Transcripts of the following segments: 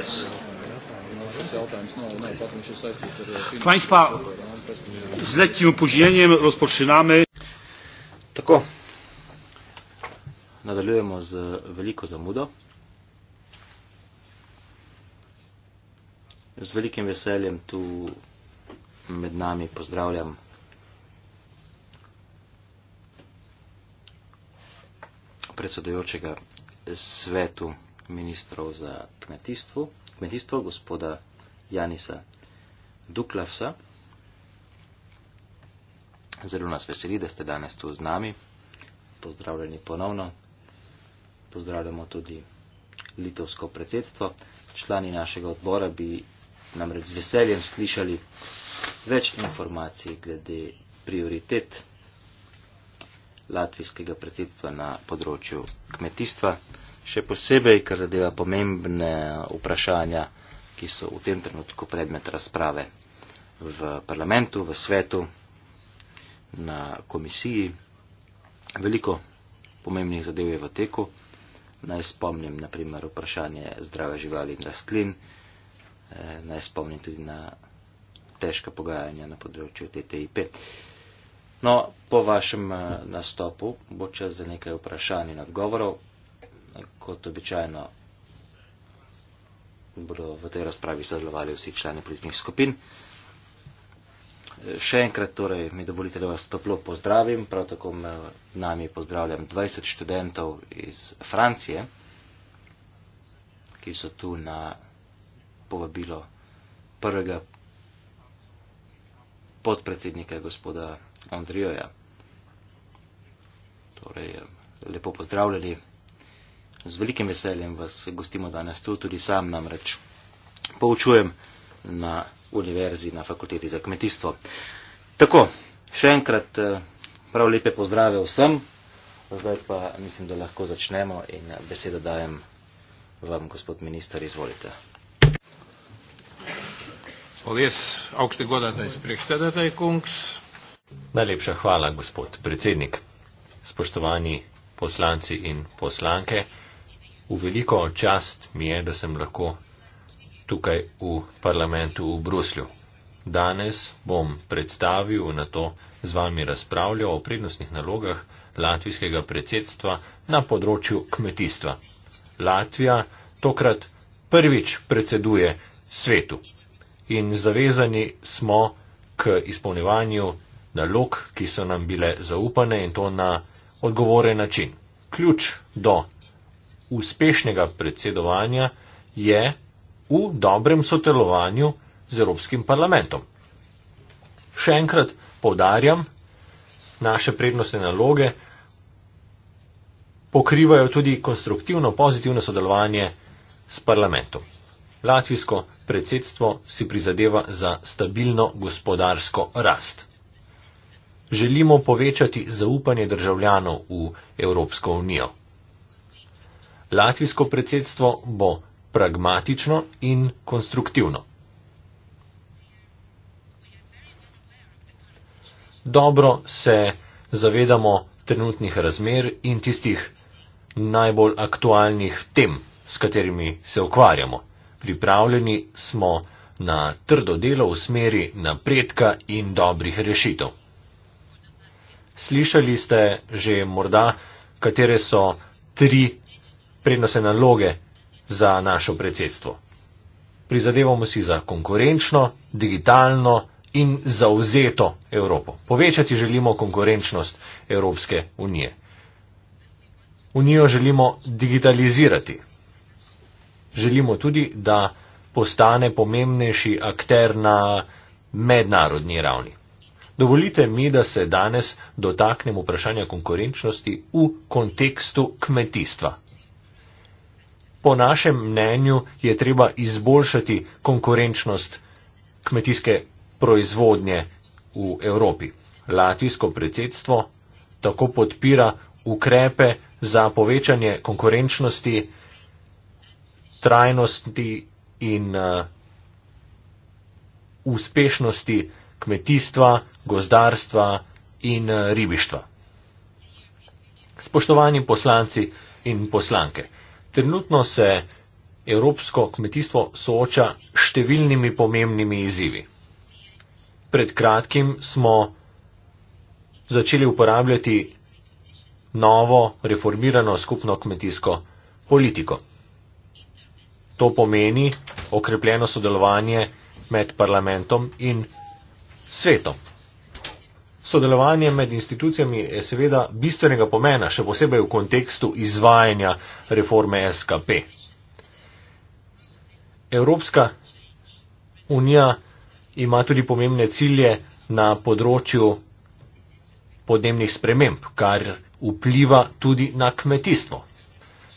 Yes. Państwa, z lekkim opóźnieniem rozpoczynamy. Tako. Nadalujemy z wielką zamudą. Z wielkim weseljem tu med nami pozdrawiam predsedującego Svetu ministrov za kmetijstvo, kmetijstvo gospoda Janisa Duklavsa. Zelo nas veseli, da ste danes tu z nami. Pozdravljeni ponovno. Pozdravljamo tudi litovsko predsedstvo. Člani našega odbora bi namreč z veseljem slišali več informacij glede prioritet latvijskega predsedstva na področju kmetijstva še posebej, kar zadeva pomembne vprašanja, ki so v tem trenutku predmet razprave v parlamentu, v svetu, na komisiji. Veliko pomembnih zadev je v teku. Naj spomnim na primer vprašanje zdrave živali in rastlin, eh, naj spomnim tudi na težka pogajanja na področju TTIP. No, po vašem eh, nastopu bo čas za nekaj vprašanj in odgovorov kot običajno bodo v tej razpravi sodelovali vsi člani političnih skupin. Še enkrat torej mi dovolite, da vas toplo pozdravim, prav tako me nami pozdravljam 20 študentov iz Francije, ki so tu na povabilo prvega podpredsednika gospoda Andrioja. Torej, lepo pozdravljeni z velikim veseljem vas gostimo danes tu, tudi sam namreč poučujem na univerzi, na fakulteti za kmetijstvo. Tako, še enkrat eh, prav lepe pozdrave vsem, zdaj pa mislim, da lahko začnemo in besedo dajem vam, gospod minister, izvolite. Najlepša hvala, gospod predsednik. Spoštovani poslanci in poslanke, v veliko čast mi je, da sem lahko tukaj v parlamentu v Bruslju. Danes bom predstavil na to z vami razpravljal o prednostnih nalogah latvijskega predsedstva na področju kmetijstva. Latvija tokrat prvič predseduje svetu in zavezani smo k izpolnjevanju nalog, ki so nam bile zaupane in to na odgovoren način. Ključ do uspešnega predsedovanja je v dobrem sodelovanju z Evropskim parlamentom. Še enkrat povdarjam, naše prednostne naloge pokrivajo tudi konstruktivno, pozitivno sodelovanje s parlamentom. Latvijsko predsedstvo si prizadeva za stabilno gospodarsko rast. Želimo povečati zaupanje državljanov v Evropsko unijo. Latvijsko predsedstvo bo pragmatično in konstruktivno. Dobro se zavedamo trenutnih razmer in tistih najbolj aktualnih tem, s katerimi se ukvarjamo. Pripravljeni smo na trdo delo v smeri napredka in dobrih rešitev. Slišali ste že morda, katere so tri prednostne naloge za našo predsedstvo. Prizadevamo si za konkurenčno, digitalno in zauzeto Evropo. Povečati želimo konkurenčnost Evropske unije. Unijo želimo digitalizirati. Želimo tudi, da postane pomembnejši akter na mednarodni ravni. Dovolite mi, da se danes dotaknem vprašanja konkurenčnosti v kontekstu kmetijstva. Po našem mnenju je treba izboljšati konkurenčnost kmetijske proizvodnje v Evropi. Latvijsko predsedstvo tako podpira ukrepe za povečanje konkurenčnosti, trajnosti in uh, uspešnosti kmetijstva, gozdarstva in uh, ribištva. Spoštovani poslanci in poslanke, Trenutno se evropsko kmetijstvo sooča s številnimi pomembnimi izzivi. Pred kratkim smo začeli uporabljati novo reformirano skupno kmetijsko politiko. To pomeni okrepljeno sodelovanje med parlamentom in svetom. Sodelovanje med institucijami je seveda bistvenega pomena, še posebej v kontekstu izvajanja reforme SKP. Evropska unija ima tudi pomembne cilje na področju podnebnih sprememb, kar vpliva tudi na kmetijstvo.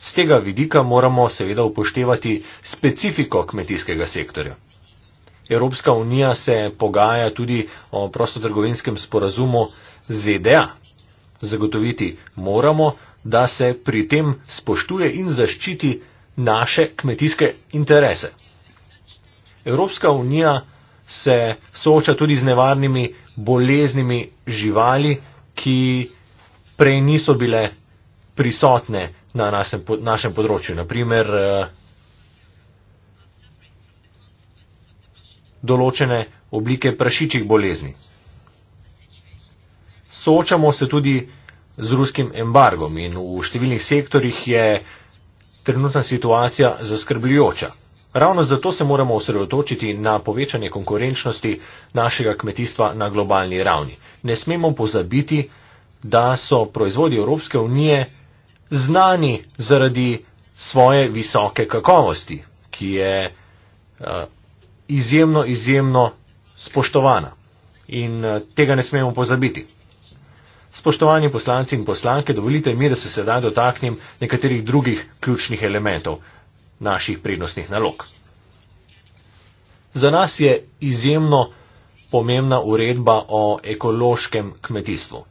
Z tega vidika moramo seveda upoštevati specifiko kmetijskega sektorja. Evropska unija se pogaja tudi o prostotrgovinskem sporazumu ZDA. Zagotoviti moramo, da se pri tem spoštuje in zaščiti naše kmetijske interese. Evropska unija se sooča tudi z nevarnimi boleznimi živali, ki prej niso bile prisotne na našem, našem področju, naprimer eh, določene oblike prašičjih bolezni. Soočamo se tudi z ruskim embargom in v številnih sektorjih je trenutna situacija zaskrbljujoča. Ravno zato se moramo osredotočiti na povečanje konkurenčnosti našega kmetijstva na globalni ravni. Ne smemo pozabiti, da so proizvodi Evropske unije znani zaradi svoje visoke kakovosti, ki je eh, izjemno, izjemno spoštovana in eh, tega ne smemo pozabiti. Spoštovani poslanci in poslanke, dovolite mi, da se sedaj dotaknem nekaterih drugih ključnih elementov naših prednostnih nalog. Za nas je izjemno pomembna uredba o ekološkem kmetijstvu.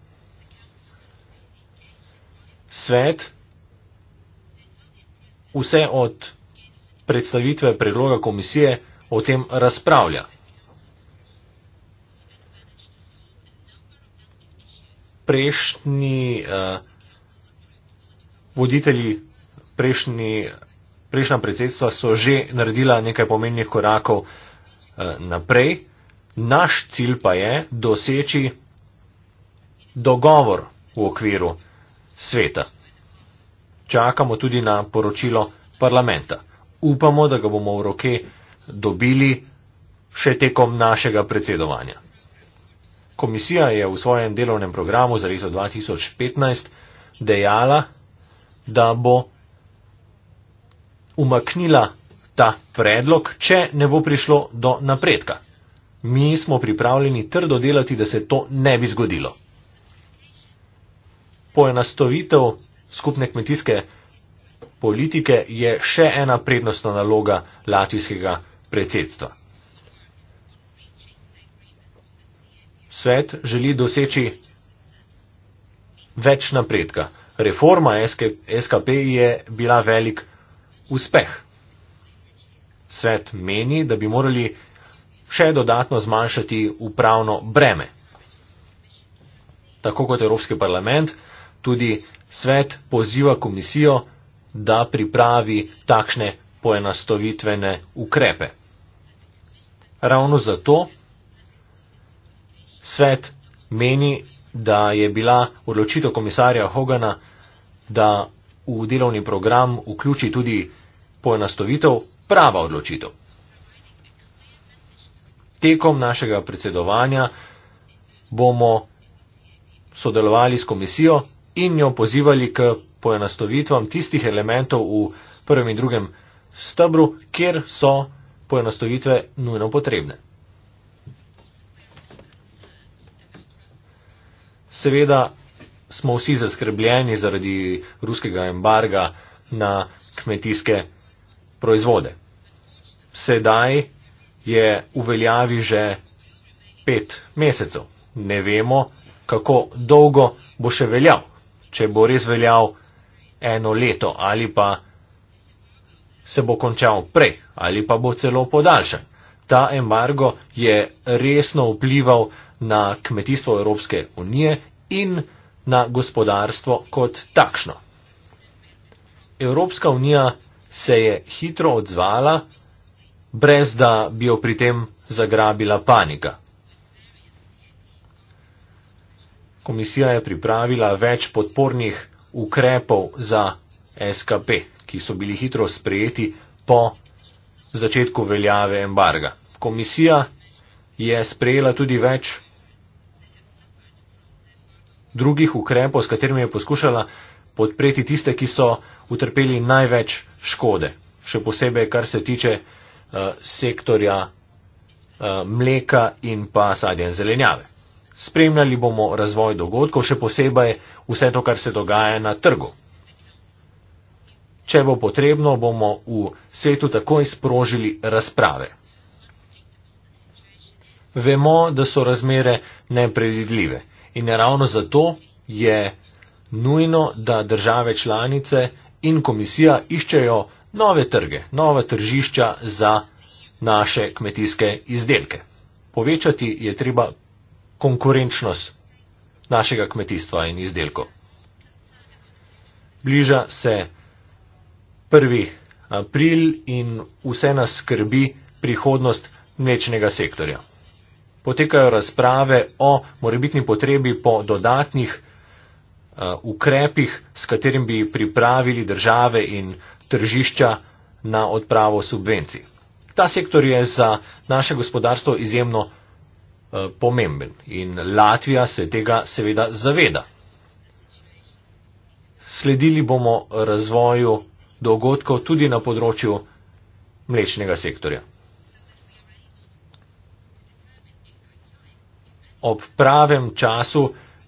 Svet vse od predstavitve predloga komisije o tem razpravlja. Prejšnji uh, voditelji, prejšnji, prejšnja predsedstva so že naredila nekaj pomembnih korakov uh, naprej. Naš cilj pa je doseči dogovor v okviru sveta. Čakamo tudi na poročilo parlamenta. Upamo, da ga bomo v roke uh, dobili še tekom našega predsedovanja. Komisija je v svojem delovnem programu za leto 2015 dejala, da bo umaknila ta predlog, če ne bo prišlo do napredka. Mi smo pripravljeni trdo delati, da se to ne bi zgodilo. Poenastovitev skupne kmetijske politike je še ena prednostna naloga latvijskega predsedstva. Svet želi doseči več napredka. Reforma SKP je bila velik uspeh. Svet meni, da bi morali še dodatno zmanjšati upravno breme. Tako kot Evropski parlament, tudi svet poziva komisijo, da pripravi takšne poenostavitvene ukrepe. Ravno zato svet meni, da je bila odločitev komisarja Hogana, da v delovni program vključi tudi poenostavitev, prava odločitev. Tekom našega predsedovanja bomo sodelovali s komisijo in jo pozivali k poenostavitvam tistih elementov v prvem in drugem stebru, kjer so poenostavitve nujno potrebne. Seveda smo vsi zaskrbljeni zaradi ruskega embarga na kmetijske proizvode. Sedaj je v veljavi že pet mesecev. Ne vemo, kako dolgo bo še veljal, če bo res veljal eno leto ali pa se bo končal prej ali pa bo celo podaljšan. Ta embargo je resno vplival na kmetijstvo Evropske unije in na gospodarstvo kot takšno. Evropska unija se je hitro odzvala, brez da bi jo pri tem zagrabila panika. Komisija je pripravila več podpornih ukrepov za SKP ki so bili hitro sprejeti po začetku veljave embarga. Komisija je sprejela tudi več drugih ukrepov, s katerimi je poskušala podpreti tiste, ki so utrpeli največ škode, še posebej kar se tiče uh, sektorja uh, mleka in pa sadja in zelenjave. Spremljali bomo razvoj dogodkov, še posebej vse to, kar se dogaja na trgu. Če bo potrebno, bomo v svetu takoj sprožili razprave. Vemo, da so razmere nepredvidljive in ravno zato je nujno, da države članice in komisija iščejo nove trge, nove tržišča za naše kmetijske izdelke. Povečati je treba konkurenčnost našega kmetijstva in izdelkov. Bliža se 1. april in vse nas skrbi prihodnost mlečnega sektorja. Potekajo razprave o morebitni potrebi po dodatnih uh, ukrepih, s katerim bi pripravili države in tržišča na odpravo subvencij. Ta sektor je za naše gospodarstvo izjemno uh, pomemben in Latvija se tega seveda zaveda. Sledili bomo razvoju dogodkov tudi na področju mlečnega sektorja. Ob pravem času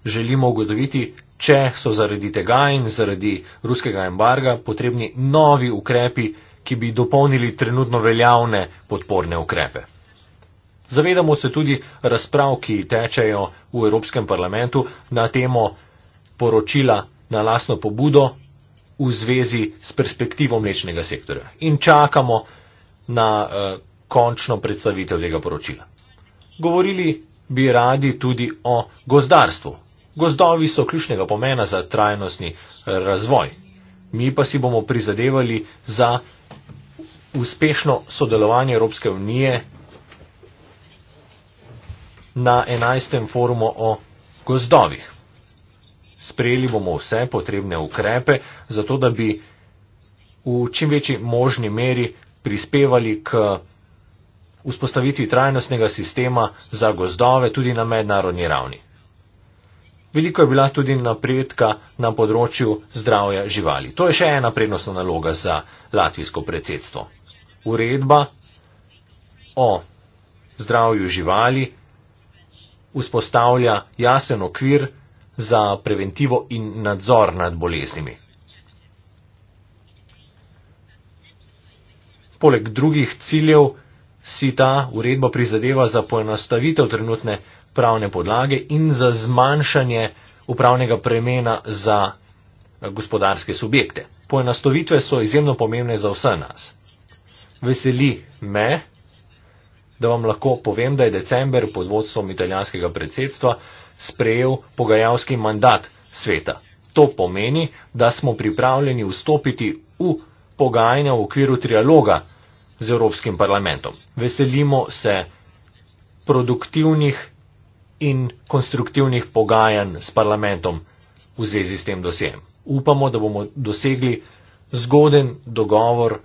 želimo ugotoviti, če so zaradi tega in zaradi ruskega embarga potrebni novi ukrepi, ki bi dopolnili trenutno veljavne podporne ukrepe. Zavedamo se tudi razprav, ki tečejo v Evropskem parlamentu na temo poročila na lasno pobudo v zvezi s perspektivo mlečnega sektorja in čakamo na uh, končno predstavitev tega poročila. Govorili bi radi tudi o gozdarstvu. Gozdovi so ključnega pomena za trajnostni eh, razvoj. Mi pa si bomo prizadevali za uspešno sodelovanje Evropske unije na 11. forumu o gozdovih. Sprejeli bomo vse potrebne ukrepe, zato da bi v čim večji možni meri prispevali k vzpostavitvi trajnostnega sistema za gozdove tudi na mednarodni ravni. Veliko je bila tudi napredka na področju zdravja živali. To je še ena prednostna naloga za latvijsko predsedstvo. Uredba o zdravju živali vzpostavlja jasen okvir, za preventivo in nadzor nad boleznimi. Poleg drugih ciljev si ta uredba prizadeva za poenostavitev trenutne pravne podlage in za zmanjšanje upravnega premena za eh, gospodarske subjekte. Poenostavitve so izjemno pomembne za vse nas. Veseli me, da vam lahko povem, da je december pod vodstvom italijanskega predsedstva sprejel pogajalski mandat sveta. To pomeni, da smo pripravljeni vstopiti v pogajanja v okviru trialoga z Evropskim parlamentom. Veselimo se produktivnih in konstruktivnih pogajanj s parlamentom v zvezi s tem dosjem. Upamo, da bomo dosegli zgoden dogovor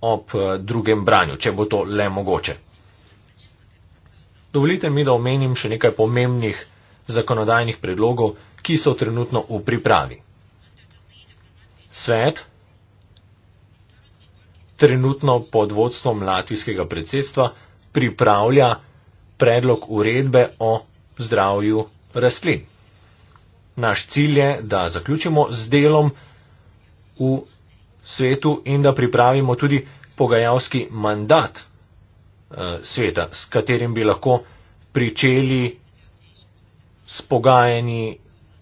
ob eh, drugem branju, če bo to le mogoče. Dovolite mi, da omenim še nekaj pomembnih zakonodajnih predlogov, ki so trenutno v pripravi. Svet trenutno pod vodstvom latvijskega predsedstva pripravlja predlog uredbe o zdravju rastlin. Naš cilj je, da zaključimo z delom v svetu in da pripravimo tudi pogajalski mandat eh, sveta, s katerim bi lahko pričeli s pogajanji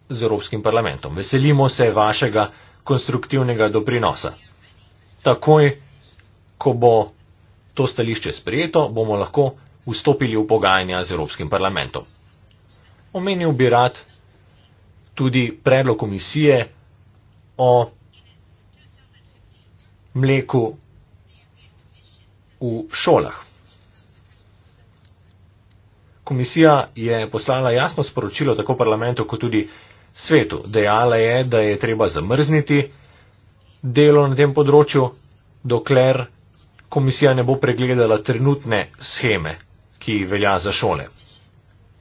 z Evropskim parlamentom. Veselimo se vašega konstruktivnega doprinosa. Takoj, ko bo to stališče sprejeto, bomo lahko vstopili v pogajanja z Evropskim parlamentom. Omenil bi rad tudi predlog komisije o mleku v šolah. Komisija je poslala jasno sporočilo tako parlamentu kot tudi svetu. Dejala je, da je treba zamrzniti delo na tem področju, dokler komisija ne bo pregledala trenutne scheme, ki velja za šole.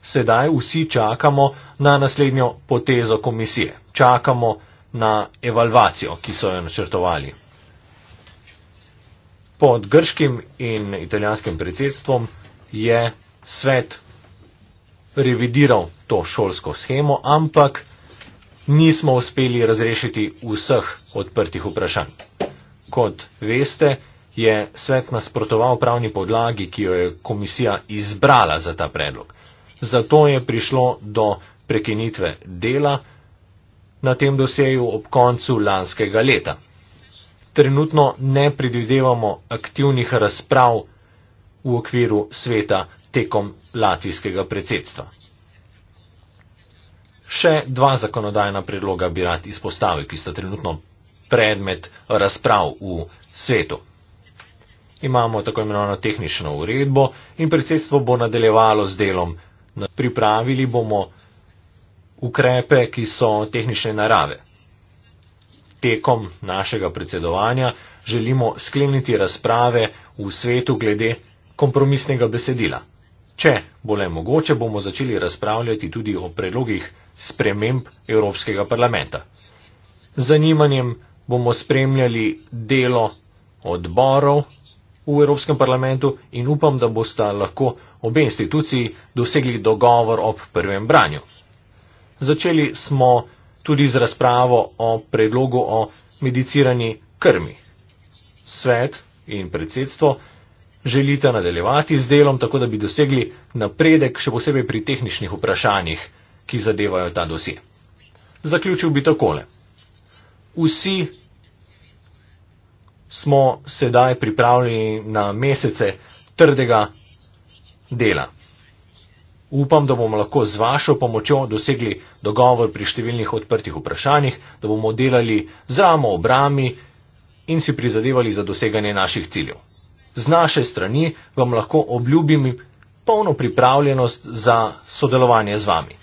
Sedaj vsi čakamo na naslednjo potezo komisije. Čakamo na evalvacijo, ki so jo načrtovali. Pod grškim in italijanskim predsedstvom je svet revidiral to šolsko schemo, ampak nismo uspeli razrešiti vseh odprtih vprašanj. Kot veste, je svet nasprotoval pravni podlagi, ki jo je komisija izbrala za ta predlog. Zato je prišlo do prekinitve dela na tem doseju ob koncu lanskega leta. Trenutno ne predvidevamo aktivnih razprav v okviru sveta tekom latvijskega predsedstva. Še dva zakonodajna predloga bi rad izpostavil, ki sta trenutno predmet razprav v svetu. Imamo tako imenovano tehnično uredbo in predsedstvo bo nadaljevalo z delom. Pripravili bomo ukrepe, ki so tehnične narave. Tekom našega predsedovanja želimo skleniti razprave v svetu glede kompromisnega besedila. Če bo le mogoče, bomo začeli razpravljati tudi o predlogih sprememb Evropskega parlamenta. Zanimanjem bomo spremljali delo odborov v Evropskem parlamentu in upam, da bosta lahko obe instituciji dosegli dogovor ob prvem branju. Začeli smo tudi z razpravo o predlogu o medicirani krmi. Svet in predsedstvo želite nadaljevati z delom, tako da bi dosegli napredek, še posebej pri tehničnih vprašanjih, ki zadevajo ta dosje. Zaključil bi takole. Vsi smo sedaj pripravljeni na mesece trdega dela. Upam, da bomo lahko z vašo pomočjo dosegli dogovor pri številnih odprtih vprašanjih, da bomo delali z ramo obrami in si prizadevali za doseganje naših ciljev. Z naše strani vam lahko obljubim polno pripravljenost za sodelovanje z vami.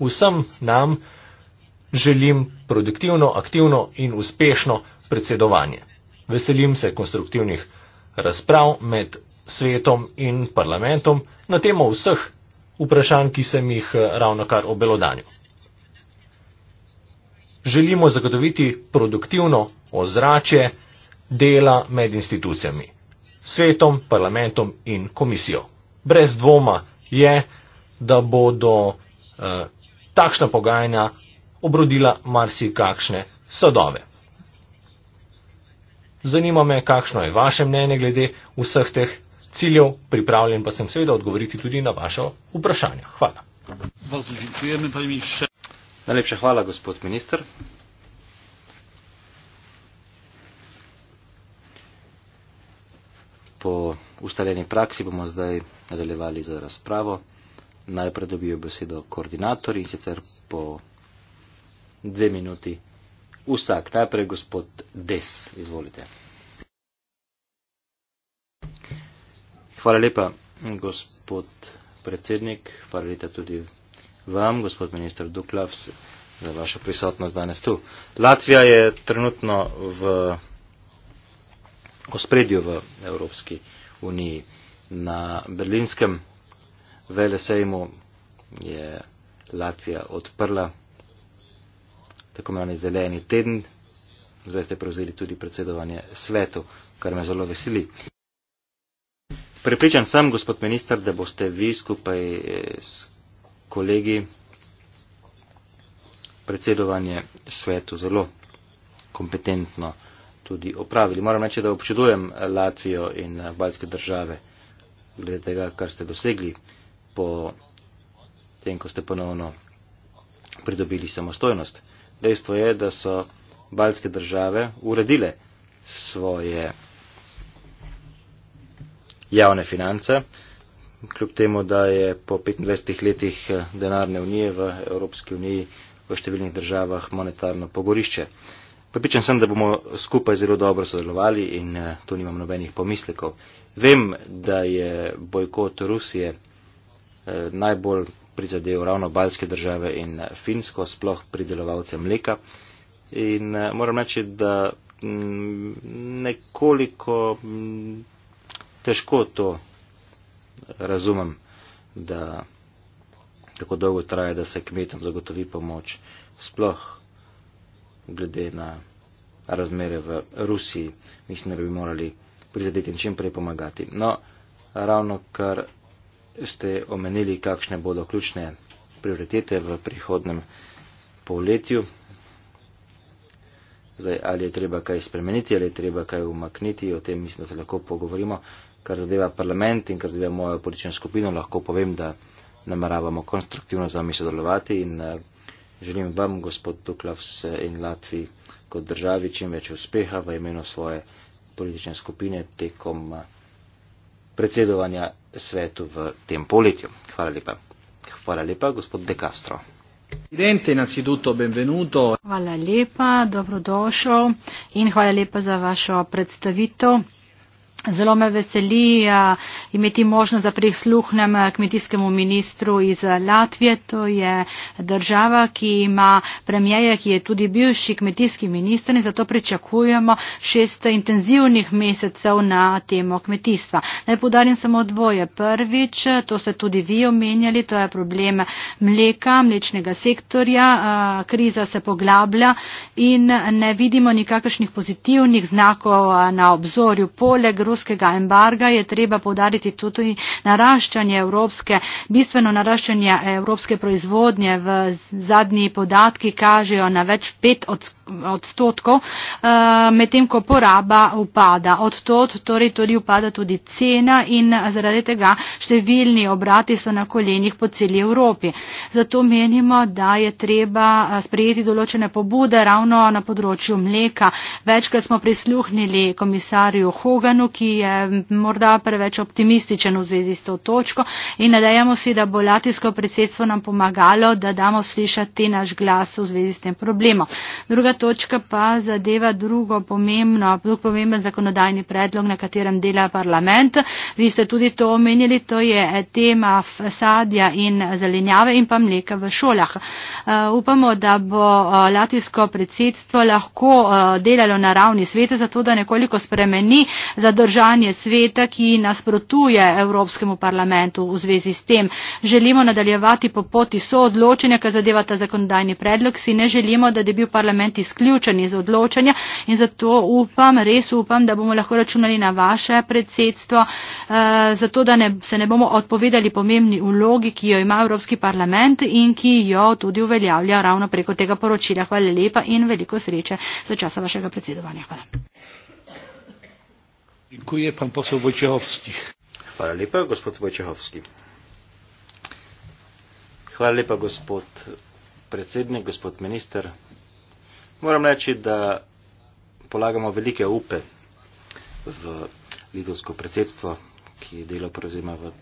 Vsem nam želim produktivno, aktivno in uspešno predsedovanje. Veselim se konstruktivnih razprav med svetom in parlamentom na temo vseh vprašanj, ki sem jih eh, ravno kar obelodanil. Želimo zagotoviti produktivno ozračje dela med institucijami svetom, parlamentom in komisijo. Brez dvoma je, da bodo eh, takšna pogajanja obrodila marsikakšne sadove. Zanima me, kakšno je vaše mnenje glede vseh teh ciljev, pripravljen pa sem seveda odgovoriti tudi na vaše vprašanje. Hvala. Najlepša hvala, gospod minister. po ustaljeni praksi bomo zdaj nadaljevali z razpravo. Najprej dobijo besedo koordinatorji in sicer po dve minuti vsak. Najprej gospod Des, izvolite. Hvala lepa, gospod predsednik, hvala lepa tudi vam, gospod minister Duklavs, za vašo prisotnost danes tu. Latvija je trenutno v ospredju v Evropski uniji. Na berlinskem velesejmu je Latvija odprla tako imenovani zeleni teden. Zdaj ste prevzeli tudi predsedovanje svetu, kar me zelo veseli. Prepričan sem, gospod minister, da boste vi skupaj eh, s kolegi predsedovanje svetu zelo kompetentno tudi opravili. Moram reči, da občudujem Latvijo in eh, baljske države glede tega, kar ste dosegli po tem, ko ste ponovno pridobili samostojnost. Dejstvo je, da so baljske države uredile svoje javne finance, kljub temu, da je po 25 letih eh, denarne unije v Evropski uniji v številnih državah monetarno pogorišče. Pripričan sem, da bomo skupaj zelo dobro sodelovali in eh, tu nimam nobenih pomislekov. Vem, da je bojkot Rusije eh, najbolj prizadel ravno balske države in eh, Finsko, sploh pridelovalce mleka. In moram reči, da mm, nekoliko mm, težko to razumem, da tako dolgo traja, da se kmetom zagotovi pomoč. Sploh glede na razmere v Rusiji. Mislim, da bi morali prizadeti in čim prej pomagati. No, ravno kar ste omenili, kakšne bodo ključne prioritete v prihodnem poletju. Zdaj, ali je treba kaj spremeniti, ali je treba kaj umakniti, o tem mislim, da se lahko pogovorimo. Kar zadeva parlament in kar zadeva mojo politično skupino, lahko povem, da nameravamo konstruktivno z vami sodelovati in eh, Želim vam, gospod Tuklavs in Latviji, kot državi čim več uspeha v imenu svoje politične skupine tekom eh, predsedovanja svetu v tem poletju. Hvala lepa. Hvala lepa, gospod De Castro. Hvala lepa, dobrodošel in hvala lepa za vašo predstavitev. Zelo me veseli imeti možnost, da prisluhnem kmetijskemu ministru iz Latvije. To je država, ki ima premijeja, ki je tudi bivši kmetijski minister in zato pričakujemo šest intenzivnih mesecev na temo kmetijstva. Naj podarim samo dvoje. Prvič, to ste tudi vi omenjali, to je problem mleka, mlečnega sektorja. Kriza se poglablja in ne vidimo nikakršnih pozitivnih znakov na obzorju. Poleg ruskega embarga je treba podariti tudi naraščanje evropske, bistveno naraščanje evropske proizvodnje. V zadnji podatki kažejo na več pet odstotkov odstotkov, eh, medtem ko poraba upada. Od tod torej tudi upada tudi cena in zaradi tega številni obrati so na kolenih po celi Evropi. Zato menimo, da je treba eh, sprejeti določene pobude ravno na področju mleka. Večkrat smo prisluhnili komisarju Hoganu, ki je morda preveč optimističen v zvezi s to točko in nadajamo se, da bo latinsko predsedstvo nam pomagalo, da damo slišati naš glas v zvezi s tem problemom. Druga točka pa zadeva drugo pomembno, drug pomemben zakonodajni predlog, na katerem dela parlament. Vi ste tudi to omenili, to je eh, tema sadja in zelenjave in pa mleka v šolah. Eh, upamo, da bo eh, latvijsko predsedstvo lahko delalo na ravni sveta, zato da nekoliko spremeni zadržanje sveta, ki nasprotuje Evropskemu parlamentu v zvezi s tem. Želimo nadaljevati po poti soodločenja, kar zadeva ta zakonodajni predlog. Si ne želimo, da bi bil parlament izključen iz odločanja in zato upam, res upam, da bomo lahko računali na vaše predsedstvo, eh, zato da ne, se ne bomo odpovedali pomembni ulogi, ki jo ima Evropski parlament in ki jo tudi uveljavlja ravno preko tega poročila. Hvala lepa in veliko sreče za časa vašega predsedovanja. Hvala. Dziękuję pan poseł Wojciechowski. Hvala lepa, gospod Wojciechowski. Hvala lepa, gospod predsednik, gospod minister, Moram reči, da polagamo velike upe v lidovsko predsedstvo, ki delo prevzema v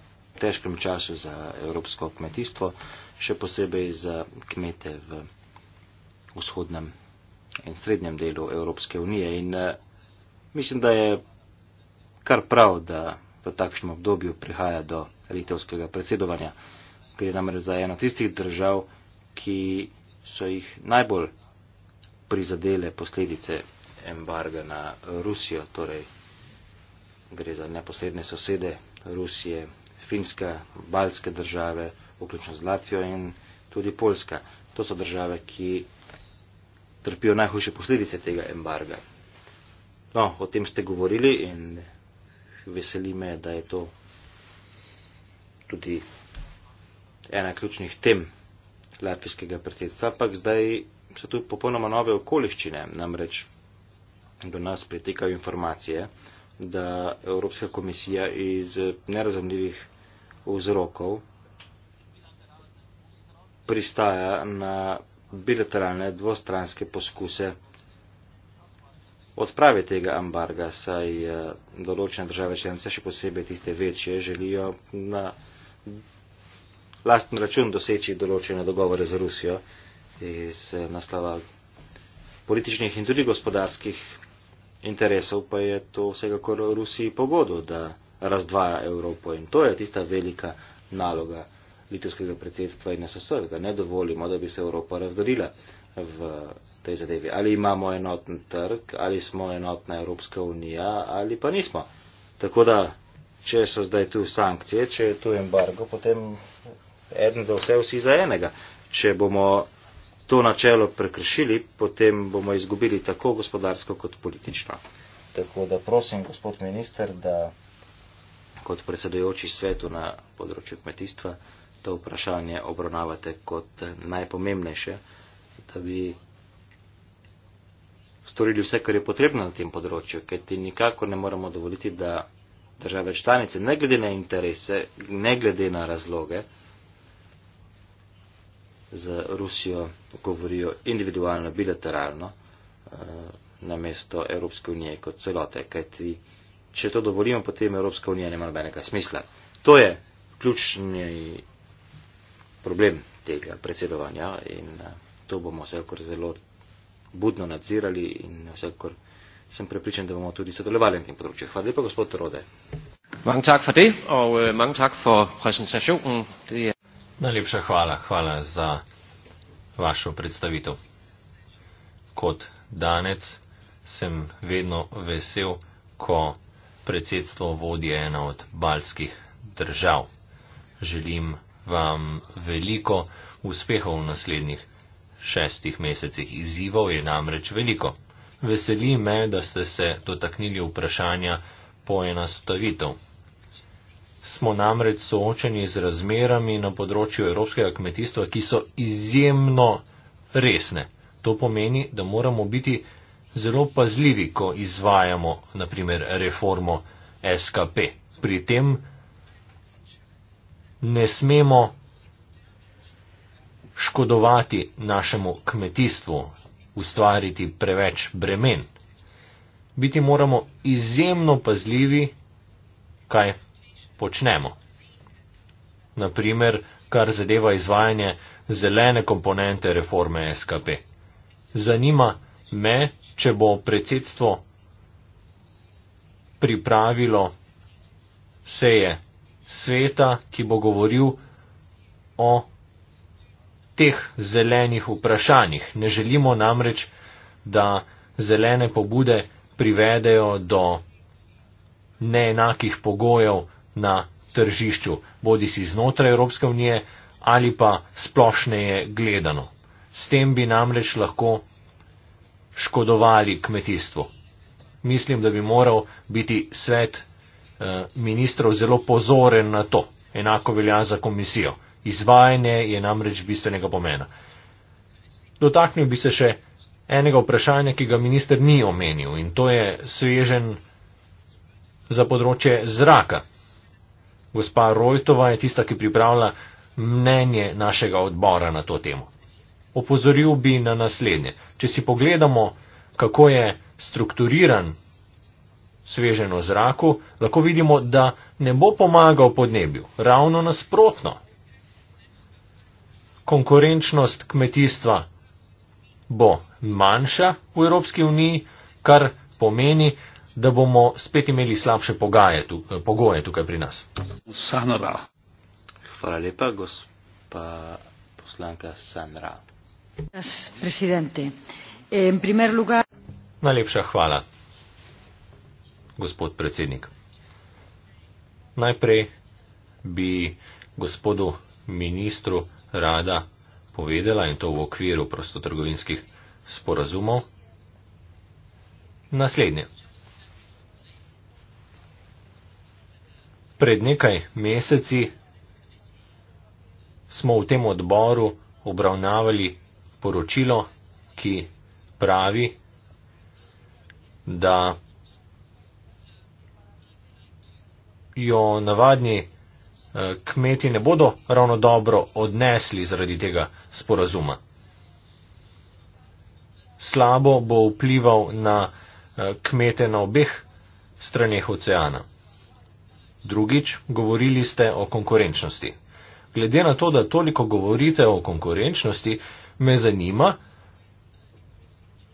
težkem času za evropsko kmetijstvo, še posebej za kmete v vzhodnem in srednjem delu Evropske unije. In eh, mislim, da je kar prav, da v takšnem obdobju prihaja do litovskega predsedovanja. Gre namreč za eno tistih držav, ki so jih najbolj prizadele posledice embarga na Rusijo, torej gre za neposredne sosede Rusije, Finska, Balske države, vključno z Latvijo in tudi Poljska. To so države, ki trpijo najhujše posledice tega embarga. No, o tem ste govorili in veseli me, da je to tudi ena ključnih tem latvijskega predsedstva, ampak zdaj so tu popolnoma nove okoliščine, namreč do nas pritekajo informacije, da Evropska komisija iz nerazumljivih vzrokov pristaja na bilateralne dvostranske poskuse odprave tega ambarga, saj eh, določene države članice, še posebej tiste večje, želijo na lasten račun doseči določene dogovore z Rusijo iz eh, naslova političnih in tudi gospodarskih interesov, pa je to vsekakor Rusiji pogodo, da razdvaja Evropo in to je tista velika naloga litovskega predsedstva in nas vseh, da ne dovolimo, da bi se Evropa razdarila v tej zadevi. Ali imamo enoten trg, ali smo enotna Evropska unija, ali pa nismo. Tako da, če so zdaj tu sankcije, če je tu embargo, potem eden za vse, vsi za enega. Če bomo to načelo prekršili, potem bomo izgubili tako gospodarsko kot politično. Tako da prosim, gospod minister, da kot predsedujoči svetu na področju kmetijstva to vprašanje obravnavate kot najpomembnejše, da bi storili vse, kar je potrebno na tem področju, ker ti nikako ne moramo dovoliti, da države članice, ne glede na interese, ne glede na razloge, z Rusijo govorijo individualno, bilateralno, eh, na mesto Evropske unije kot celote. Kajti, če to dovolimo, potem Evropska unija nima nobenega smisla. To je ključni problem tega predsedovanja in eh, to bomo vsekakor zelo budno nadzirali in vsekakor sem prepričan, da bomo tudi sodelovali na tem področju. Hvala lepa, gospod Rode. Mange tak for det, og eh, mange tak for præsentationen. Det er Najlepša hvala, hvala za vašo predstavitev. Kot danec sem vedno vesel, ko predsedstvo vodi ena od balskih držav. Želim vam veliko uspehov v naslednjih šestih mesecih. Izzivov je namreč veliko. Veseli me, da ste se dotaknili vprašanja poenostavitev smo namreč soočeni z razmerami na področju evropskega kmetijstva, ki so izjemno resne. To pomeni, da moramo biti zelo pazljivi, ko izvajamo, naprimer, reformo SKP. Pri tem ne smemo škodovati našemu kmetijstvu, ustvariti preveč bremen. Biti moramo izjemno pazljivi, kaj počnemo. Naprimer, kar zadeva izvajanje zelene komponente reforme SKP. Zanima me, če bo predsedstvo pripravilo seje sveta, ki bo govoril o teh zelenih vprašanjih. Ne želimo namreč, da zelene pobude privedejo do neenakih pogojev na tržišču, bodi si znotraj Evropske unije ali pa splošneje gledano. S tem bi namreč lahko škodovali kmetijstvu. Mislim, da bi moral biti svet eh, ministrov zelo pozoren na to. Enako velja za komisijo. Izvajanje je namreč bistvenega pomena. Dotaknil bi se še enega vprašanja, ki ga minister ni omenil in to je svežen za področje zraka gospa Rojtova je tista, ki pripravlja mnenje našega odbora na to temo. Opozoril bi na naslednje. Če si pogledamo, kako je strukturiran sveženo zraku, lahko vidimo, da ne bo pomagal podnebju. Ravno nasprotno. Konkurenčnost kmetijstva bo manjša v Evropski uniji, kar pomeni, da bomo spet imeli slabše tu, eh, pogoje tukaj pri nas. Sanra. Hvala lepa, gospa poslanka Sanra. Najlepša hvala, gospod predsednik. Najprej bi gospodu ministru rada povedala in to v okviru prostotrgovinskih sporazumov naslednje. pred nekaj meseci smo v tem odboru obravnavali poročilo, ki pravi, da jo navadni eh, kmeti ne bodo ravno dobro odnesli zaradi tega sporazuma. Slabo bo vplival na eh, kmete na obeh straneh oceana. Drugič, govorili ste o konkurenčnosti. Glede na to, da toliko govorite o konkurenčnosti, me zanima,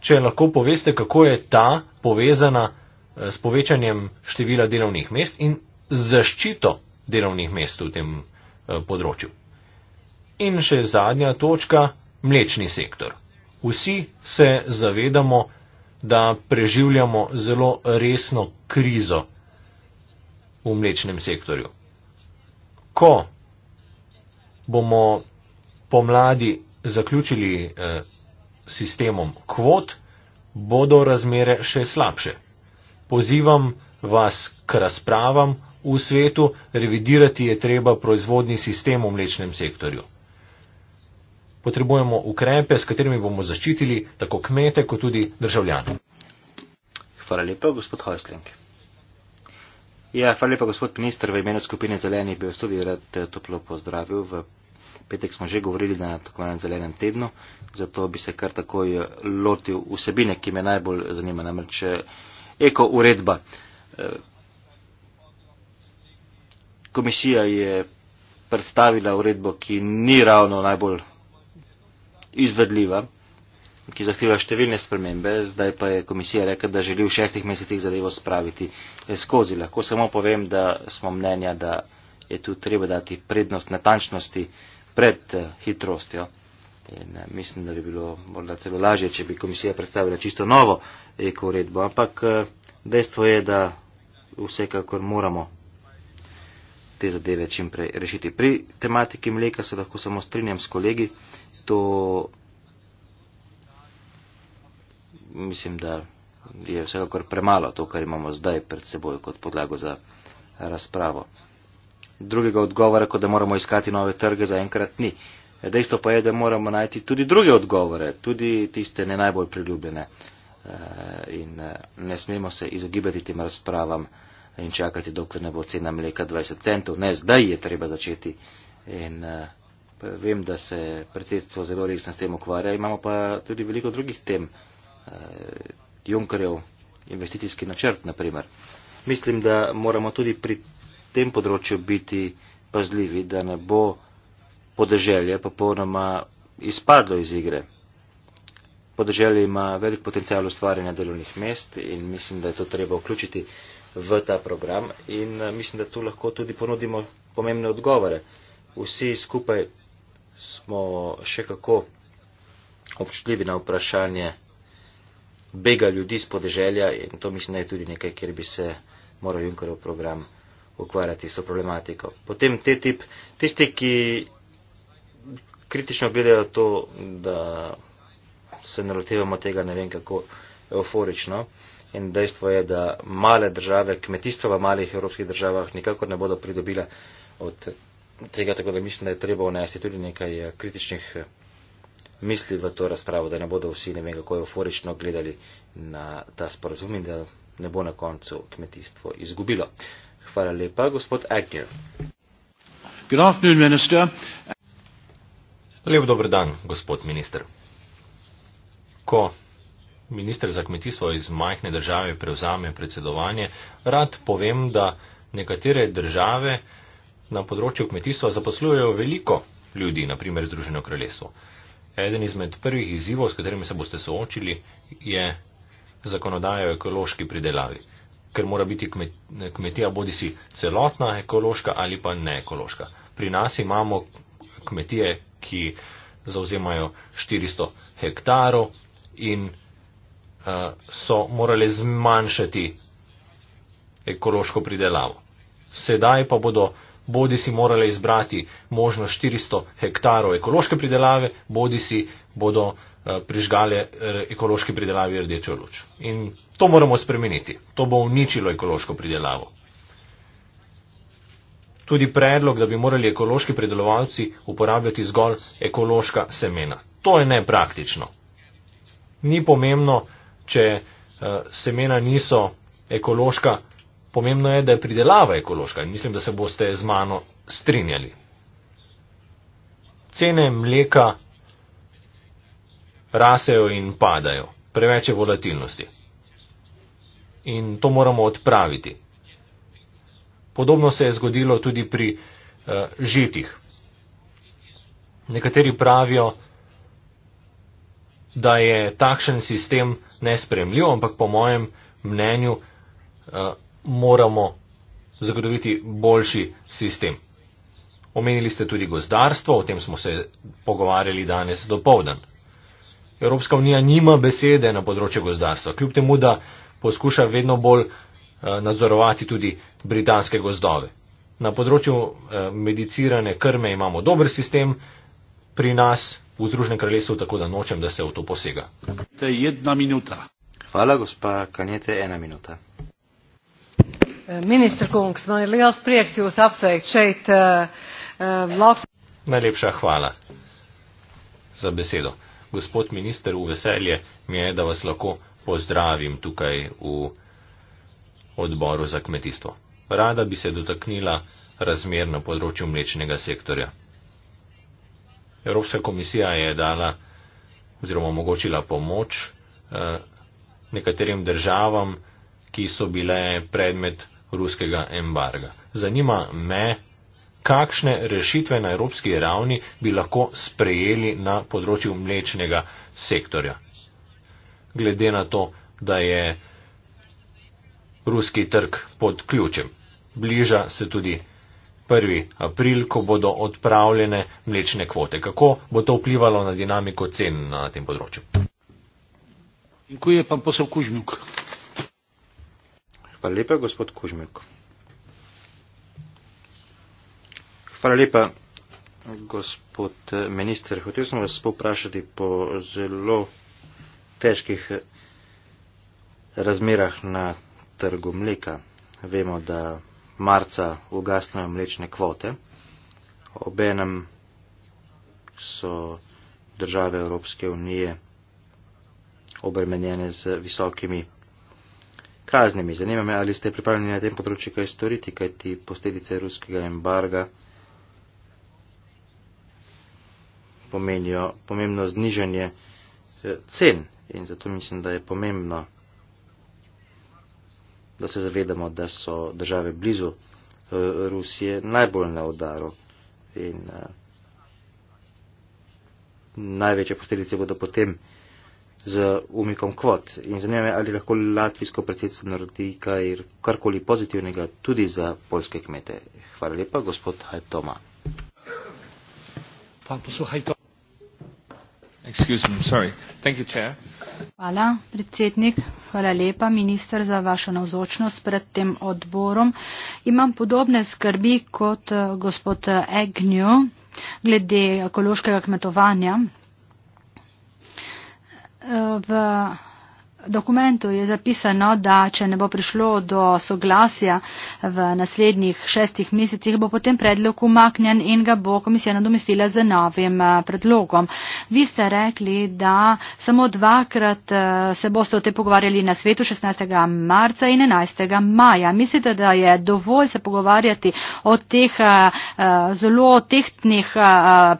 če lahko poveste, kako je ta povezana eh, s povečanjem števila delovnih mest in zaščito delovnih mest v tem eh, področju. In še zadnja točka, mlečni sektor. Vsi se zavedamo, da preživljamo zelo resno krizo v mlečnem sektorju. Ko bomo pomladi zaključili eh, sistemom kvot, bodo razmere še slabše. Pozivam vas k razpravam v svetu, revidirati je treba proizvodni sistem v mlečnem sektorju. Potrebujemo ukrepe, s katerimi bomo zaščitili tako kmete, kot tudi državljane. Hvala lepa, gospod Hojslenke. Ja, hvala lepa, gospod ministr, v imenu skupine Zeleni bi vas tudi rad eh, toplo pozdravil. V petek smo že govorili na tako enem zelenem tednu, zato bi se kar takoj eh, lotil vsebine, ki me najbolj zanima, namreč eh, eko uredba. Komisija je predstavila uredbo, ki ni ravno najbolj izvedljiva ki zahteva številne spremembe, zdaj pa je komisija rekla, da želi v šestih mesecih zadevo spraviti eh, skozi. Lahko samo povem, da smo mnenja, da je tu treba dati prednost natančnosti pred eh, hitrostjo. In eh, mislim, da bi bilo morda celo lažje, če bi komisija predstavila čisto novo eko uredbo, ampak dejstvo je, da vsekakor moramo te zadeve čimprej rešiti. Pri tematiki mleka se lahko samo strinjam s kolegi, to mislim, da je vsekakor premalo to, kar imamo zdaj pred seboj kot podlago za razpravo. Drugega odgovora, kot da moramo iskati nove trge, zaenkrat ni. Dejstvo pa je, da moramo najti tudi druge odgovore, tudi tiste ne najbolj priljubljene. Eh, in eh, ne smemo se izogibati tem razpravam in čakati, dokler ne bo cena mleka 20 centov. Ne, zdaj je treba začeti. In eh, vem, da se predsedstvo zelo resno s tem ukvarja, imamo pa tudi veliko drugih tem eh, Junkerjev investicijski načrt, naprimer. Mislim, da moramo tudi pri tem področju biti pazljivi, da ne bo podeželje popolnoma izpadlo iz igre. Podeželje ima velik potencial ustvarjanja delovnih mest in mislim, da je to treba vključiti v ta program in eh, mislim, da tu lahko tudi ponudimo pomembne odgovore. Vsi skupaj smo še kako občutljivi na vprašanje bega ljudi z podeželja in to mislim, da je tudi nekaj, kjer bi se moral Junkerov program ukvarjati s to problematiko. Potem te tip, tisti, ki kritično gledajo to, da se nalotevamo tega ne vem kako euforično in dejstvo je, da male države, kmetijstvo v malih evropskih državah nikakor ne bodo pridobila od tega, tako da mislim, da je treba unesti tudi nekaj eh, kritičnih eh, misli v to razpravo, da ne bodo vsi ne vem kako euforično gledali na ta sporazum in da ne bo na koncu kmetijstvo izgubilo. Hvala lepa, gospod Agnew. Lep dober dan, gospod minister. Ko minister za kmetijstvo iz majhne države prevzame predsedovanje, rad povem, da nekatere države na področju kmetijstva zaposlujejo veliko ljudi, naprimer Združeno kraljestvo. Eden izmed prvih izzivov, s katerimi se boste soočili, je zakonodaja o ekološki pridelavi, ker mora biti kmetija bodi si celotna ekološka ali pa neekološka. Pri nas imamo kmetije, ki zauzemajo 400 hektarov in uh, so morali zmanjšati ekološko pridelavo. Sedaj pa bodo bodi si morale izbrati možno 400 hektarov ekološke pridelave, bodi si bodo eh, prižgale eh, ekološki pridelavi rdečo luč. In to moramo spremeniti. To bo uničilo ekološko pridelavo. Tudi predlog, da bi morali ekološki pridelovalci uporabljati zgolj ekološka semena. To je nepraktično. Ni pomembno, če eh, semena niso ekološka Pomembno je, da je pridelava ekološka in mislim, da se boste z mano strinjali. Cene mleka rasejo in padajo. Preveč je volatilnosti. In to moramo odpraviti. Podobno se je zgodilo tudi pri uh, žitih. Nekateri pravijo, da je takšen sistem nespremljiv, ampak po mojem mnenju uh, moramo zagotoviti boljši sistem. Omenili ste tudi gozdarstvo, o tem smo se pogovarjali danes do povdan. Evropska unija nima besede na področju gozdarstva, kljub temu, da poskuša vedno bolj eh, nadzorovati tudi britanske gozdove. Na področju eh, medicirane krme imamo dober sistem, pri nas v Združenem kraljestvu tako da nočem, da se v to posega. Hvala, gospa Kanjete, ena minuta. Eh, Ministr Kungs, man ir liels prieks jūs apsveikt šeit. Uh, Najlepša hvala za besedo. Gospod minister, v veselje mi je, da vas lahko pozdravim tukaj v odboru za kmetijstvo. Rada bi se dotaknila razmer na področju mlečnega sektorja. Evropska komisija je dala oziroma omogočila pomoč uh, nekaterim državam, ki so bile predmet ruskega embarga. Zanima me, kakšne rešitve na evropski ravni bi lahko sprejeli na področju mlečnega sektorja. Glede na to, da je ruski trg pod ključem. Bliža se tudi 1. april, ko bodo odpravljene mlečne kvote. Kako bo to vplivalo na dinamiko cen na tem področju? In ko je pa posel Kužnjuk? Hvala lepa, gospod Kužmek. Hvala lepa, gospod eh, minister. Hotel sem vas poprašati po zelo težkih eh, razmerah na trgu mleka. Vemo, da marca ugasnajo mlečne kvote. Obenem so države Evropske unije obremenjene z visokimi kaznimi. Zanima me, ali ste pripravljeni na tem področju kaj storiti, kaj ti posledice ruskega embarga pomenijo pomembno znižanje eh, cen. In zato mislim, da je pomembno, da se zavedamo, da so države blizu eh, Rusije najbolj na udaru. In uh, največje posledice bodo potem z umikom kvot. In zanima me, ali lahko latvijsko predsedstvo naredi kaj, karkoli pozitivnega tudi za polske kmete. Hvala lepa, gospod Hajtoma. Hvala, predsednik. Hvala lepa, minister, za vašo navzočnost pred tem odborom. Imam podobne skrbi kot eh, gospod Egnjo glede ekološkega kmetovanja v dokumentu je zapisano, da če ne bo prišlo do soglasja v naslednjih šestih mesecih, bo potem predlog umaknjen in ga bo komisija nadomestila z novim eh, predlogom. Vi ste rekli, da samo dvakrat eh, se boste o te pogovarjali na svetu 16. marca in 11. maja. Mislite, da je dovolj se pogovarjati o teh eh, zelo tehtnih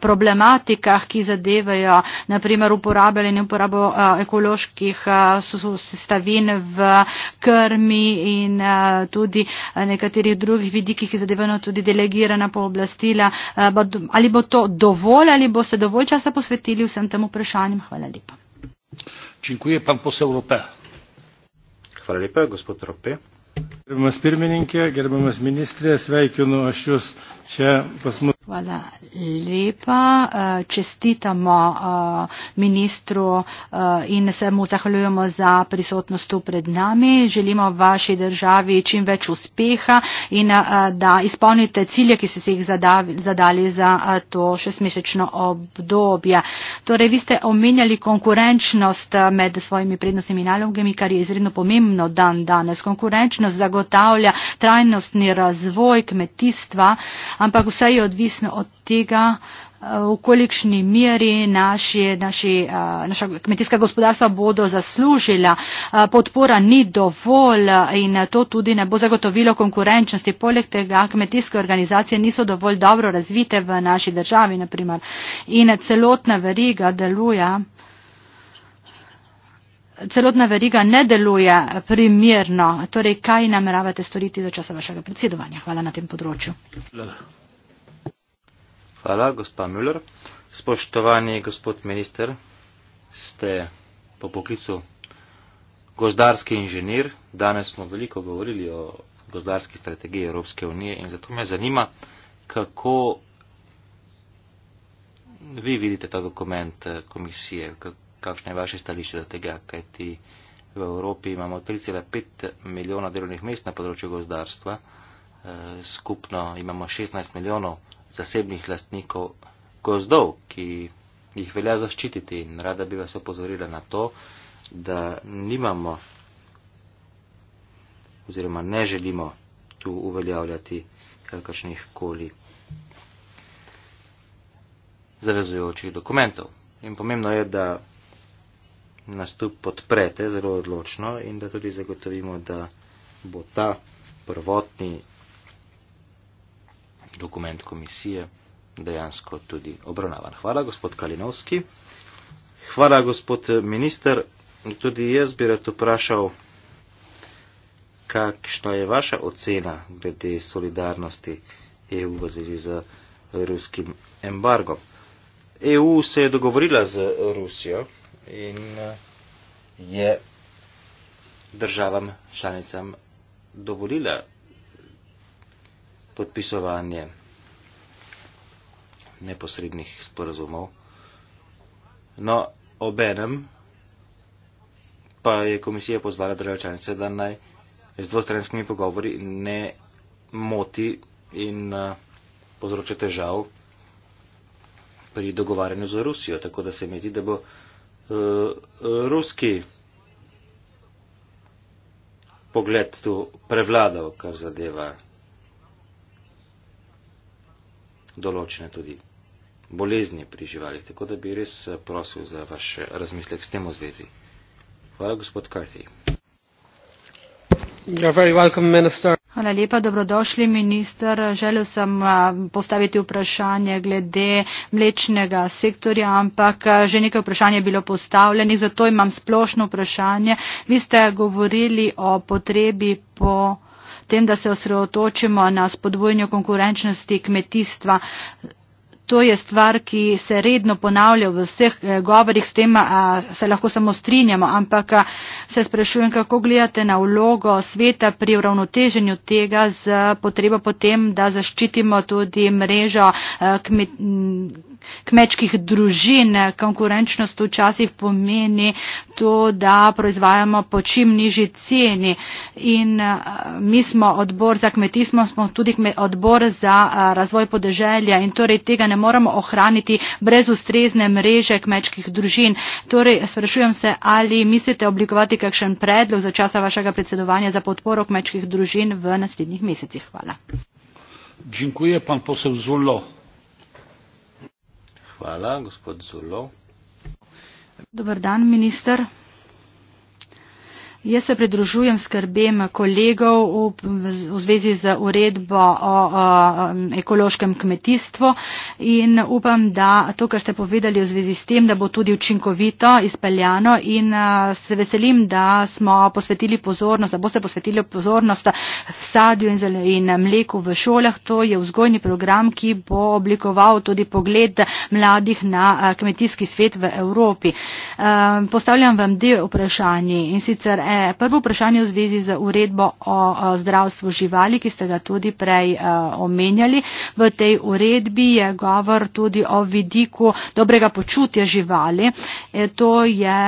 problematikah, ki zadevajo naprimer uporabo ali neuporabo ekoloških so sestavin v krmi in eh, tudi eh, nekaterih drugih vidikih, ki zadevajo tudi delegirana pooblastila. Eh, ali bo to dovolj ali bo se dovolj časa posvetili vsem tem vprašanjem? Hvala lepa. Dziękuję, pan poseł Rope. Hvala lepa, gospod Rope. Gerbiamas pirmininkė, gerbiamas ministrė, sveikinu aš jūs čia pas mus. Hvala lepa. Eh, čestitamo eh, ministru eh, in se mu zahvaljujemo za prisotnost tu pred nami. Želimo vaši državi čim več uspeha in da izpolnite cilje, ki ste si jih zadali za to šestmesečno obdobje. Torej, vi ste omenjali konkurenčnost med svojimi prednostnimi nalogami, kar je izredno pomembno dan danes. Konkurenčnost zagotavlja trajnostni razvoj kmetijstva, ampak vse je odvisno odvisno od tega, eh, v kolikšni meri naši, naši, eh, naša kmetijska gospodarstva bodo zaslužila. Eh, podpora ni dovolj in to tudi ne bo zagotovilo konkurenčnosti. Poleg tega kmetijske organizacije niso dovolj dobro razvite v naši državi, naprimer. In celotna veriga deluje. Celotna veriga ne deluje primerno. Torej, kaj nameravate storiti za časa vašega predsedovanja? Hvala na tem področju. Lala. Hvala, gospa Müller. Spoštovani gospod minister, ste po poklicu gozdarski inženir. Danes smo veliko govorili o gozdarski strategiji Evropske unije in zato me zanima, kako vi vidite ta dokument eh, komisije, kakšno je vaše stališče do tega, kajti v Evropi imamo 3,5 milijona delovnih mest na področju gozdarstva, eh, skupno imamo 16 milijonov zasebnih lastnikov gozdov, ki jih velja zaščititi in rada bi vas opozorila na to, da nimamo oziroma ne želimo tu uveljavljati kakršnih koli zavezujočih dokumentov. In pomembno je, da nas tu podprete zelo odločno in da tudi zagotovimo, da bo ta prvotni dokument komisije dejansko tudi obravnavan. Hvala, gospod Kalinovski. Hvala, gospod minister. Tudi jaz bi rad vprašal, kakšna je vaša ocena glede solidarnosti EU v zvezi z ruskim embargom. EU se je dogovorila z Rusijo in eh, je državam članicam dovolila podpisovanje neposrednih sporazumov. No, obenem pa je komisija pozvala države članice, da naj z dvostranskimi pogovori ne moti in uh, povzroča težav pri dogovarjanju za Rusijo. Tako da se mi zdi, da bo uh, ruski pogled tu prevladal, kar zadeva. določene tudi bolezni pri živalih, tako da bi res eh, prosil za vaš eh, razmislek s tem v zvezi. Hvala, gospod Karti. Hvala lepa, dobrodošli minister. Želel sem eh, postaviti vprašanje glede mlečnega sektorja, ampak že nekaj vprašanj je bilo postavljenih, zato imam splošno vprašanje. Vi ste govorili o potrebi po tem, da se osredotočimo na spodbojanje konkurenčnosti kmetijstva To je stvar, ki se redno ponavlja v vseh eh, govorih, s tem se lahko samo strinjamo, ampak se sprašujem, kako gledate na vlogo sveta pri uravnoteženju tega z potrebo potem, da zaščitimo tudi mrežo eh, kmet, kmečkih družin. Konkurenčnost včasih pomeni to, da proizvajamo po čim nižji ceni. In mi smo odbor za kmetijstvo, smo tudi odbor za razvoj podeželja in torej tega ne moramo ohraniti brez ustrezne mreže kmečkih družin. Torej, sprašujem se, ali mislite oblikovati kakšen predlog za časa vašega predsedovanja za podporo kmečkih družin v naslednjih mesecih. Hvala. Dziękuję, pan poseł Zullo. Hvala, gospod Zullo. Dobar dan, minister. Jaz se pridružujem skrbem kolegov v zvezi z uredbo o um, ekološkem kmetijstvu in upam, da to, kar ste povedali v zvezi s tem, da bo tudi učinkovito izpeljano in uh, se veselim, da smo posvetili pozornost, da boste posvetili pozornost sadju in mleku v šolah. To je vzgojni program, ki bo oblikoval tudi pogled mladih na uh, kmetijski svet v Evropi. Um, postavljam vam dve vprašanje in sicer E, prvo vprašanje v zvezi z uredbo o zdravstvu živali, ki ste ga tudi prej e, omenjali. V tej uredbi je govor tudi o vidiku dobrega počutja živali. E, to je,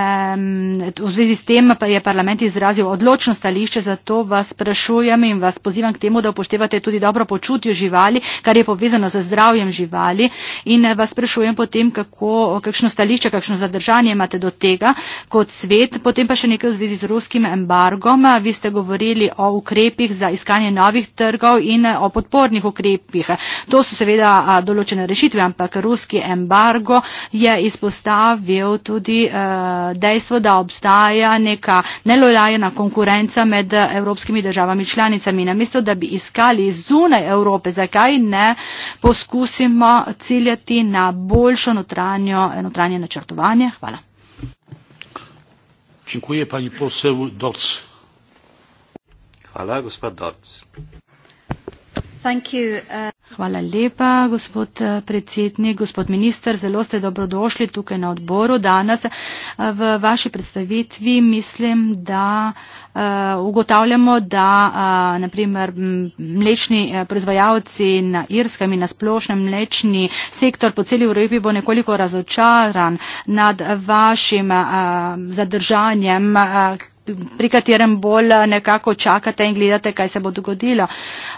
v zvezi s tem pa je parlament izrazil odločno stališče, zato vas sprašujem in vas pozivam k temu, da upoštevate tudi dobro počutje živali, kar je povezano z zdravjem živali. In vas sprašujem potem, kako, kakšno stališče, kakšno zadržanje imate do tega kot svet, potem pa še nekaj v zvezi z Rusijo trgovskim embargom. Vi ste govorili o ukrepih za iskanje novih trgov in o podpornih ukrepih. To so seveda določene rešitve, ampak ruski embargo je izpostavil tudi e, dejstvo, da obstaja neka nelojajena konkurenca med evropskimi državami članicami. Namesto, da bi iskali zunaj Evrope, zakaj ne poskusimo ciljati na boljšo notranje načrtovanje. Hvala gospa dodds Uh, Hvala lepa, gospod uh, predsednik, gospod minister. Zelo ste dobrodošli tukaj na odboru danes. Uh, v vaši predstavitvi mislim, da ugotavljamo, da naprimer mlečni proizvajalci na Irskem in na splošnem mlečni sektor po celi Evropi bo nekoliko razočaran nad vašim zadržanjem pri katerem bolj eh, nekako čakate in gledate, kaj se bo dogodilo.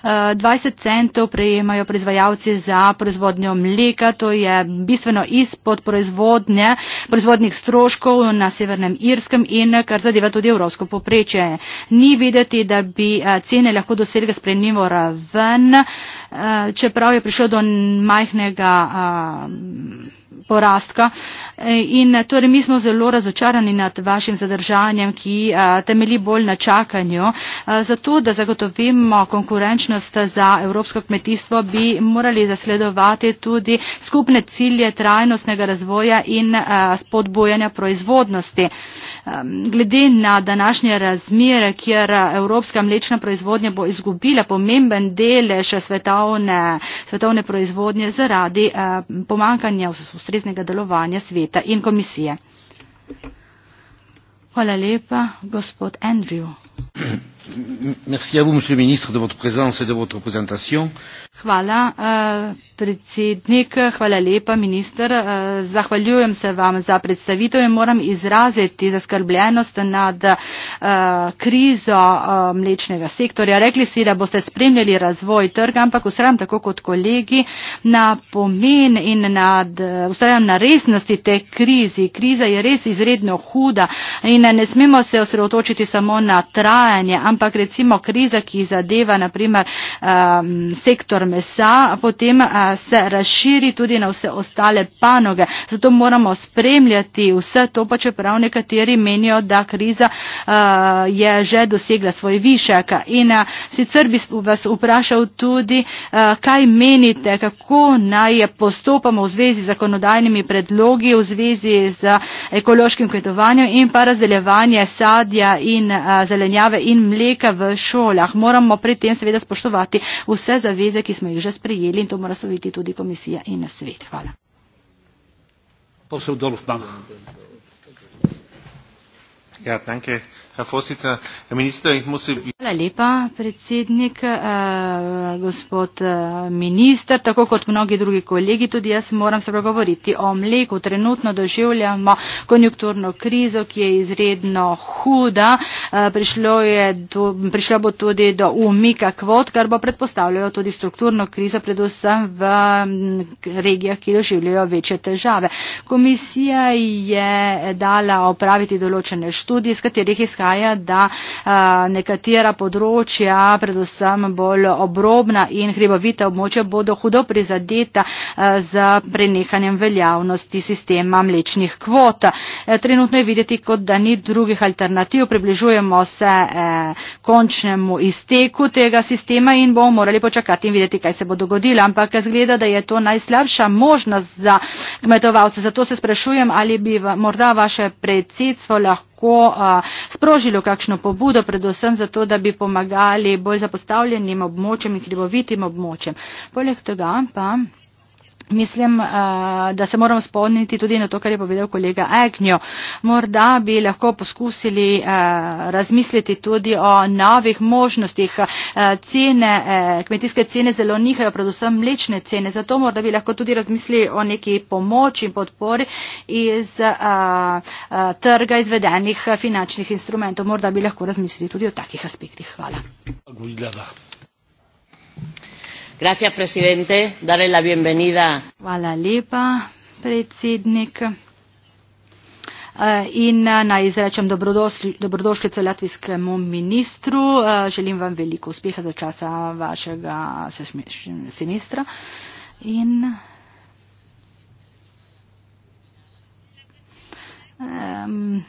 20 eh, centov prejemajo proizvajalci za proizvodnjo mleka, to je bistveno izpod proizvodnje, proizvodnih stroškov na severnem Irskem in eh, kar zadeva tudi evropsko poprečje. Ni videti, da bi cene lahko dosegle sprejemljivo raven, čeprav je prišlo do majhnega porastka. In eh, torej mi smo zelo razočarani nad vašim zadržanjem, ki eh, temeli bolj na čakanju. Eh, zato, da zagotovimo konkurenčnost za evropsko kmetijstvo, bi morali zasledovati tudi skupne cilje trajnostnega razvoja in spodbojanja proizvodnosti. Glede na današnje razmere, kjer eh, evropska mlečna proizvodnja bo izgubila pomemben delež eh, svetovne, svetovne proizvodnje zaradi eh, pomankanja ustreznega delovanja sveta in komisije. Hvala lepa, gospod Andrew. Merci à vous, monsieur le ministre, de votre présence et de votre présentation. Hvala, eh, predsednik, hvala lepa, minister. Eh, zahvaljujem se vam za predstavitev in moram izraziti zaskrbljenost nad eh, krizo mlečnega sektorja. Rekli ste, da boste spremljali razvoj trga, ampak vsem tako kot kolegi na pomen in nad, vsem na resnosti te krizi. Kriza je res izredno huda in ne smemo se osredotočiti samo na trajanje, ampak ampak recimo kriza, ki zadeva naprimer um, sektor mesa, potem uh, se razširi tudi na vse ostale panoge. Zato moramo spremljati vse to, pa čeprav nekateri menijo, da kriza uh, je že dosegla svoj višek. In uh, sicer bi vas vprašal tudi, uh, kaj menite, kako naj postopamo v zvezi z zakonodajnimi predlogi, v zvezi z ekološkim kvetovanjem in pa razdeljevanje sadja in uh, zelenjave in mleka poteka v šolah. Moramo pri tem seveda spoštovati vse zaveze, ki smo jih že sprejeli in to mora soviti tudi komisija in na svet. Hvala. Ja, danke. Hvala lepa, predsednik, eh, gospod eh, minister, tako kot mnogi drugi kolegi, tudi jaz moram se pregovoriti o mleku. Trenutno doživljamo konjunkturno krizo, ki je izredno huda. Eh, prišlo, je, prišlo bo tudi do umika kvot, kar bo predpostavljalo tudi strukturno krizo, predvsem v mm, regijah, ki doživljajo večje težave. Komisija je dala opraviti določene študije, iz katerih izhaja izhaja, da eh, nekatera področja, predvsem bolj obrobna in hribovita območja, bodo hudo prizadeta eh, z prenehanjem veljavnosti sistema mlečnih kvot. Eh, trenutno je videti, kot da ni drugih alternativ. Približujemo se končnemu izteku tega sistema in bomo morali počakati in videti, kaj se bo dogodilo. Ampak zgleda, da je to najslabša možnost za kmetovalce. Zato se sprašujem, ali bi morda vaše predsedstvo lahko lahko sprožilo kakšno pobudo, predvsem zato, da bi pomagali bolj zapostavljenim območjem in hribovitim območjem. Poleg tega pa. Mislim, eh, da se moram spomniti tudi na to, kar je povedal kolega Egnjo. Morda bi lahko poskusili eh, razmisliti tudi o novih možnostih. Eh, cene, kmetijske cene zelo nihajo, predvsem mlečne cene. Zato morda bi lahko tudi razmislili o neki pomoči in podpori iz trga izvedenih finančnih instrumentov. Morda bi lahko razmislili tudi o takih aspektih. Hvala. Gracias, presidente. Dale la bienvenida. Hvala lepa, predsednik. Eh, in eh, naj izrečem dobrodošljico latvijskemu ministru. Eh, želim vam veliko uspeha za časa vašega semestra. In Um,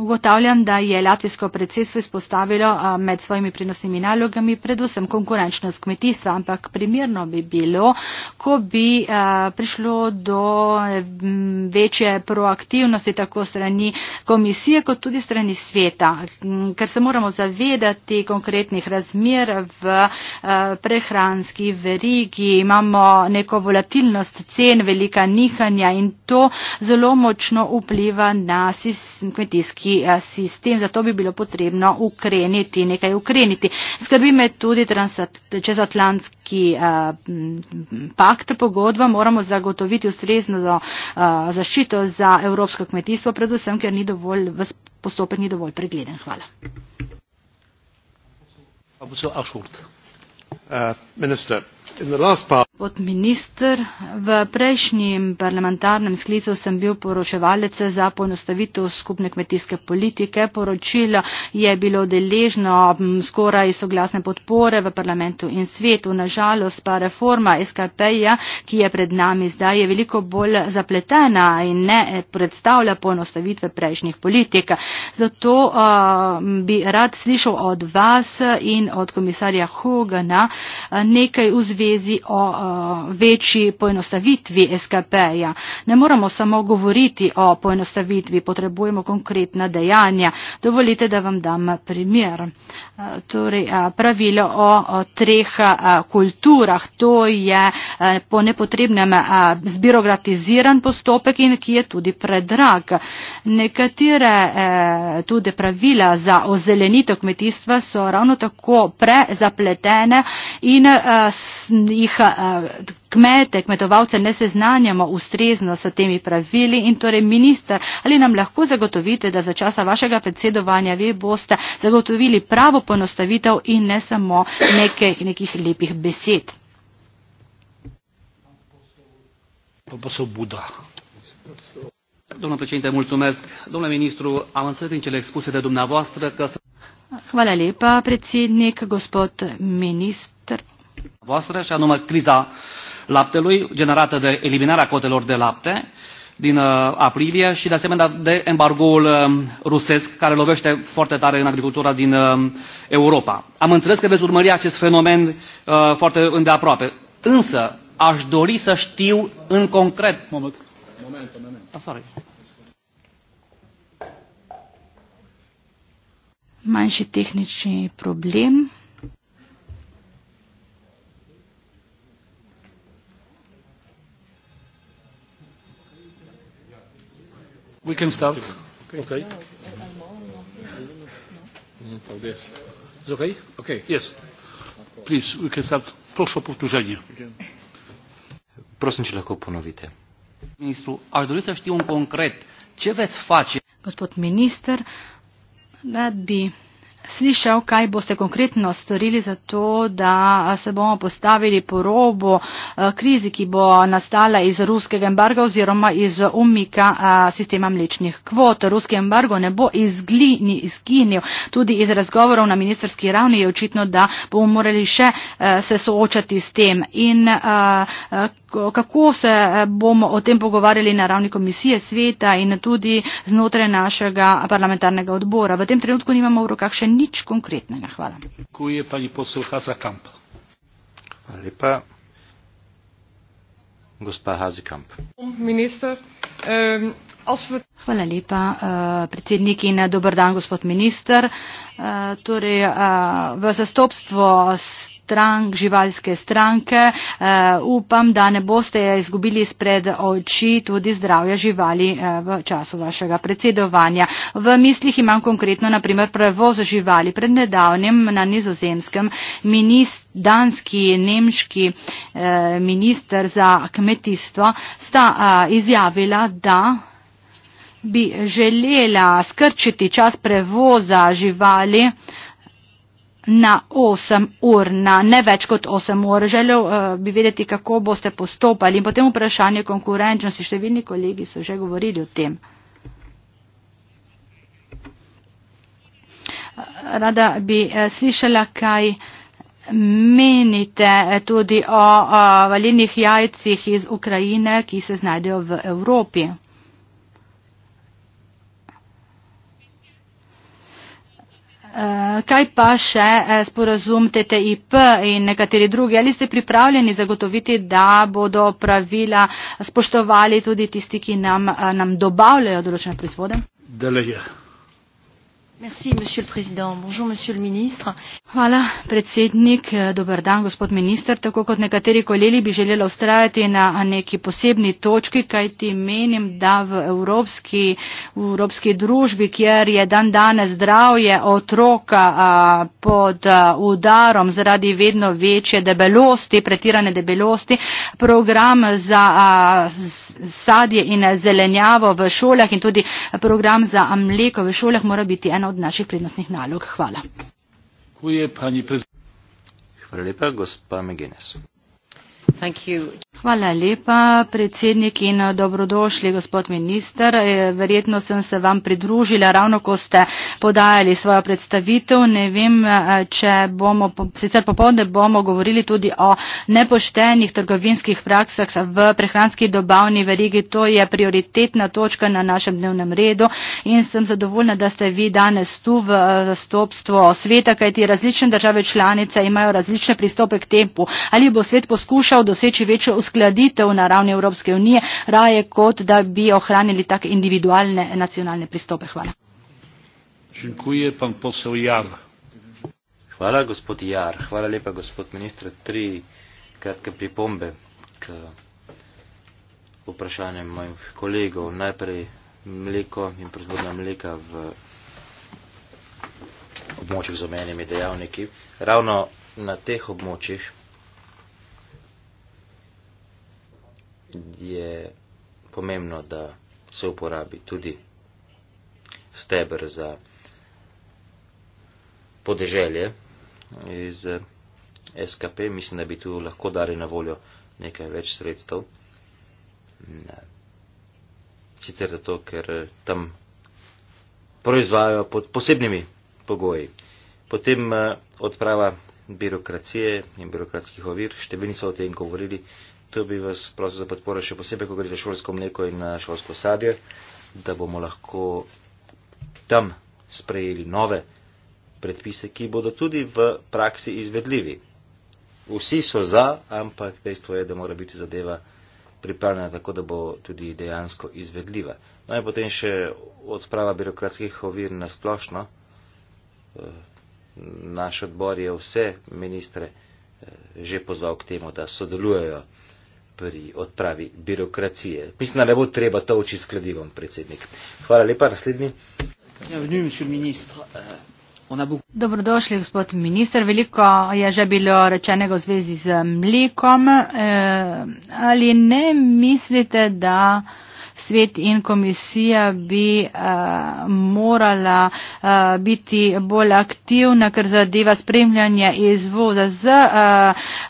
ugotavljam, da je latvijsko predsedstvo izpostavilo um, med svojimi prinosnimi nalogami predvsem konkurenčnost kmetijstva, ampak primirno bi bilo, ko bi uh, prišlo do um, večje proaktivnosti tako strani komisije kot tudi strani sveta, um, ker se moramo zavedati konkretnih razmer v uh, prehranski verigi. Imamo neko volatilnost cen, velika nihanja in to zelo močno vpliva na sistem, kmetijski eh, sistem. Zato bi bilo potrebno ukreniti, nekaj ukreniti. Skrbi me tudi čezatlantski eh, pakt, pogodba. Moramo zagotoviti ustrezno eh, zaščito za evropsko kmetijstvo, predvsem, ker ni dovolj, postopek ni dovolj pregleden. Hvala. Uh, minister. Pod minister, v prejšnjem parlamentarnem sklicu sem bil poročevalec za ponostavitev skupne kmetijske politike. Poročilo je bilo deležno skoraj soglasne podpore v parlamentu in svetu. Nažalost pa reforma SKP-ja, ki je pred nami zdaj, je veliko bolj zapletena in ne eh, predstavlja ponostavitve prejšnjih politik. Zato uh, bi rad slišal od vas in od komisarja Hogana nekaj vzvedenja zavezi o uh, večji poenostavitvi SKP-ja. Ne moramo samo govoriti o poenostavitvi, potrebujemo konkretna dejanja. Dovolite, da vam dam primer. Uh, torej, uh, pravilo o, o treh uh, kulturah, to je uh, po nepotrebnem uh, zbirokratiziran postopek in ki je tudi predrag. Nekatere uh, tudi pravila za ozelenitev kmetijstva so ravno tako prezapletene in uh, jih eh, kmete, kmetovalce ne seznanjamo ustrezno s temi pravili in torej minister, ali nam lahko zagotovite, da za časa vašega predsedovanja vi boste zagotovili pravo ponostavitev in ne samo nekih, nekih lepih besed. Hvala lepa, predsednik, gospod minister voastră, și anume criza laptelui generată de eliminarea cotelor de lapte din uh, aprilie și de asemenea de embargoul uh, rusesc care lovește foarte tare în agricultura din uh, Europa. Am înțeles că veți urmări acest fenomen foarte îndeaproape, însă aș dori să știu în concret... Moment, moment. moment. Oh, sorry. Mai și tehnici problemi. we can start. Okay. Is okay? Okay. Yes. Please, we can start. Proszę o powtórzenie. Proszę, czy lekko ponowite. Ministru, aș dori să știu un concret. Ce veți face? Gospod minister, rad bi... Be slišal, kaj boste konkretno storili za to, da se bomo postavili po robu eh, krizi, ki bo nastala iz ruskega embarga oziroma iz umika eh, sistema mlečnih kvot. Ruski embargo ne bo izglini, izginil. Tudi iz razgovorov na ministerski ravni je očitno, da bomo morali še eh, se soočati s tem. In, a, a, kako se eh, bomo o tem pogovarjali na ravni komisije sveta in tudi znotraj našega parlamentarnega odbora. V tem trenutku nimamo v rokah še nič konkretnega. Hvala. Hvala lepa, eh, predsednik in eh, dober dan, gospod minister. Torej, v zastopstvo strank, živalske stranke. Uh, upam, da ne boste izgubili spred oči tudi zdravja živali uh, v času vašega predsedovanja. V mislih imam konkretno, naprimer, prevoz živali. Pred nedavnim na nizozemskem minist, danski, nemški uh, minister za kmetijstvo sta uh, izjavila, da bi želela skrčiti čas prevoza živali na 8 ur, na ne več kot 8 ur. Želel uh, bi vedeti, kako boste postopali in potem vprašanje konkurenčnosti. Številni kolegi so že govorili o tem. Rada bi uh, slišala, kaj menite eh, tudi o uh, valjenih jajcih iz Ukrajine, ki se znajdejo v Evropi. Eh, kaj pa še eh, sporazum TTIP in nekateri drugi? Ali ste pripravljeni zagotoviti, da bodo pravila spoštovali tudi tisti, ki nam, eh, nam dobavljajo določene proizvode? Delegir monsieur le président bonjour monsieur le ministre voilà predsednik dober dan gospod minister tako kot nekateri kolegi bi želela ustrajati na neki posebni točki kajti menim da v evropski v evropski družbi kjer je dan danes zdravje otroka a, pod a, udarom zaradi vedno večje debelosti pretirane debelosti program za a, sadje in zelenjavo v šolah in tudi program za mleko v šolah mora biti ena od naših prednostnih nalog. Hvala. Hvala lepa, gospa McGuinness. Hvala lepa, predsednik in eh, dobrodošli, gospod minister. Eh, verjetno sem se vam pridružila ravno, ko ste podajali svojo predstavitev. Ne vem, eh, če bomo, sicer popolne bomo govorili tudi o nepoštenih trgovinskih praksah v prehranski dobavni verigi. To je prioritetna točka na našem dnevnem redu in sem zadovoljna, da ste vi danes tu v zastopstvo sveta, kajti različne države članice imajo različne pristope k tempu. Ali bo svet poskušal doseči večjo uskladitev na ravni Evropske unije, raje kot da bi ohranili tak individualne nacionalne pristope. Hvala. Žinkuje pa posel Jar. Hvala, gospod Jar. Hvala lepa, gospod ministr. Tri kratke pripombe k vprašanjem mojih kolegov. Najprej mleko in proizvodna mleka v območjih z omenjenimi dejavniki. Ravno na teh območjih je pomembno, da se uporabi tudi steber za podeželje iz SKP. Mislim, da bi tu lahko dali na voljo nekaj več sredstev. Sicer zato, ker tam proizvajajo pod posebnimi pogoji. Potem eh, odprava birokracije in birokratskih ovir. Številni so o tem govorili, To bi vas prosil za podporo, še posebej, ko gre za šolsko mleko in eh, šolsko sadje, da bomo lahko tam sprejeli nove predpise, ki bodo tudi v praksi izvedljivi. Vsi so za, ampak dejstvo je, da mora biti zadeva pripravljena tako, da bo tudi dejansko izvedljiva. No in potem še odprava birokratskih ovir na splošno. Eh, naš odbor je vse ministre eh, že pozval k temu, da sodelujejo pri odpravi birokracije. Mislim, da ne bo treba to učiti s kladivom, predsednik. Hvala lepa, naslednji. Euh, Dobrodošli, gospod minister. Veliko je že bilo rečenega v zvezi z mlekom. Eh, ali ne mislite, da svet in komisija bi uh, morala uh, biti bolj aktivna, ker zadeva spremljanje izvoza z uh,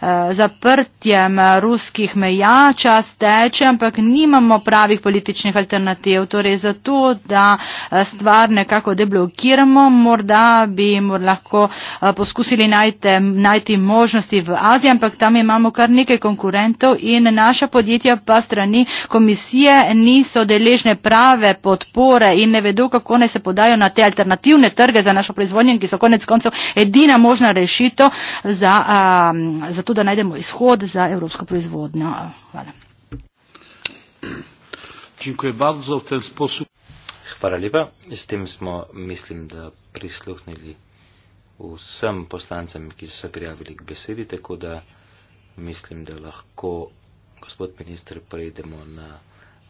uh, zaprtjem ruskih meja. Čas teče, ampak nimamo pravih političnih alternativ. Torej, zato, da stvar nekako deblokiramo, morda bi mor lahko uh, poskusili najte, najti možnosti v Aziji, ampak tam imamo kar nekaj konkurentov in naša podjetja pa strani komisije ni niso deležne prave podpore in ne vedo, kako ne se podajo na te alternativne trge za našo proizvodnjo, ki so konec koncev edina možna rešito za, um, za to, da najdemo izhod za evropsko proizvodnjo. Hvala. Hvala lepa. S tem smo, mislim, da prisluhnili vsem poslancem, ki so se prijavili k besedi, tako da mislim, da lahko, gospod ministr, prejdemo na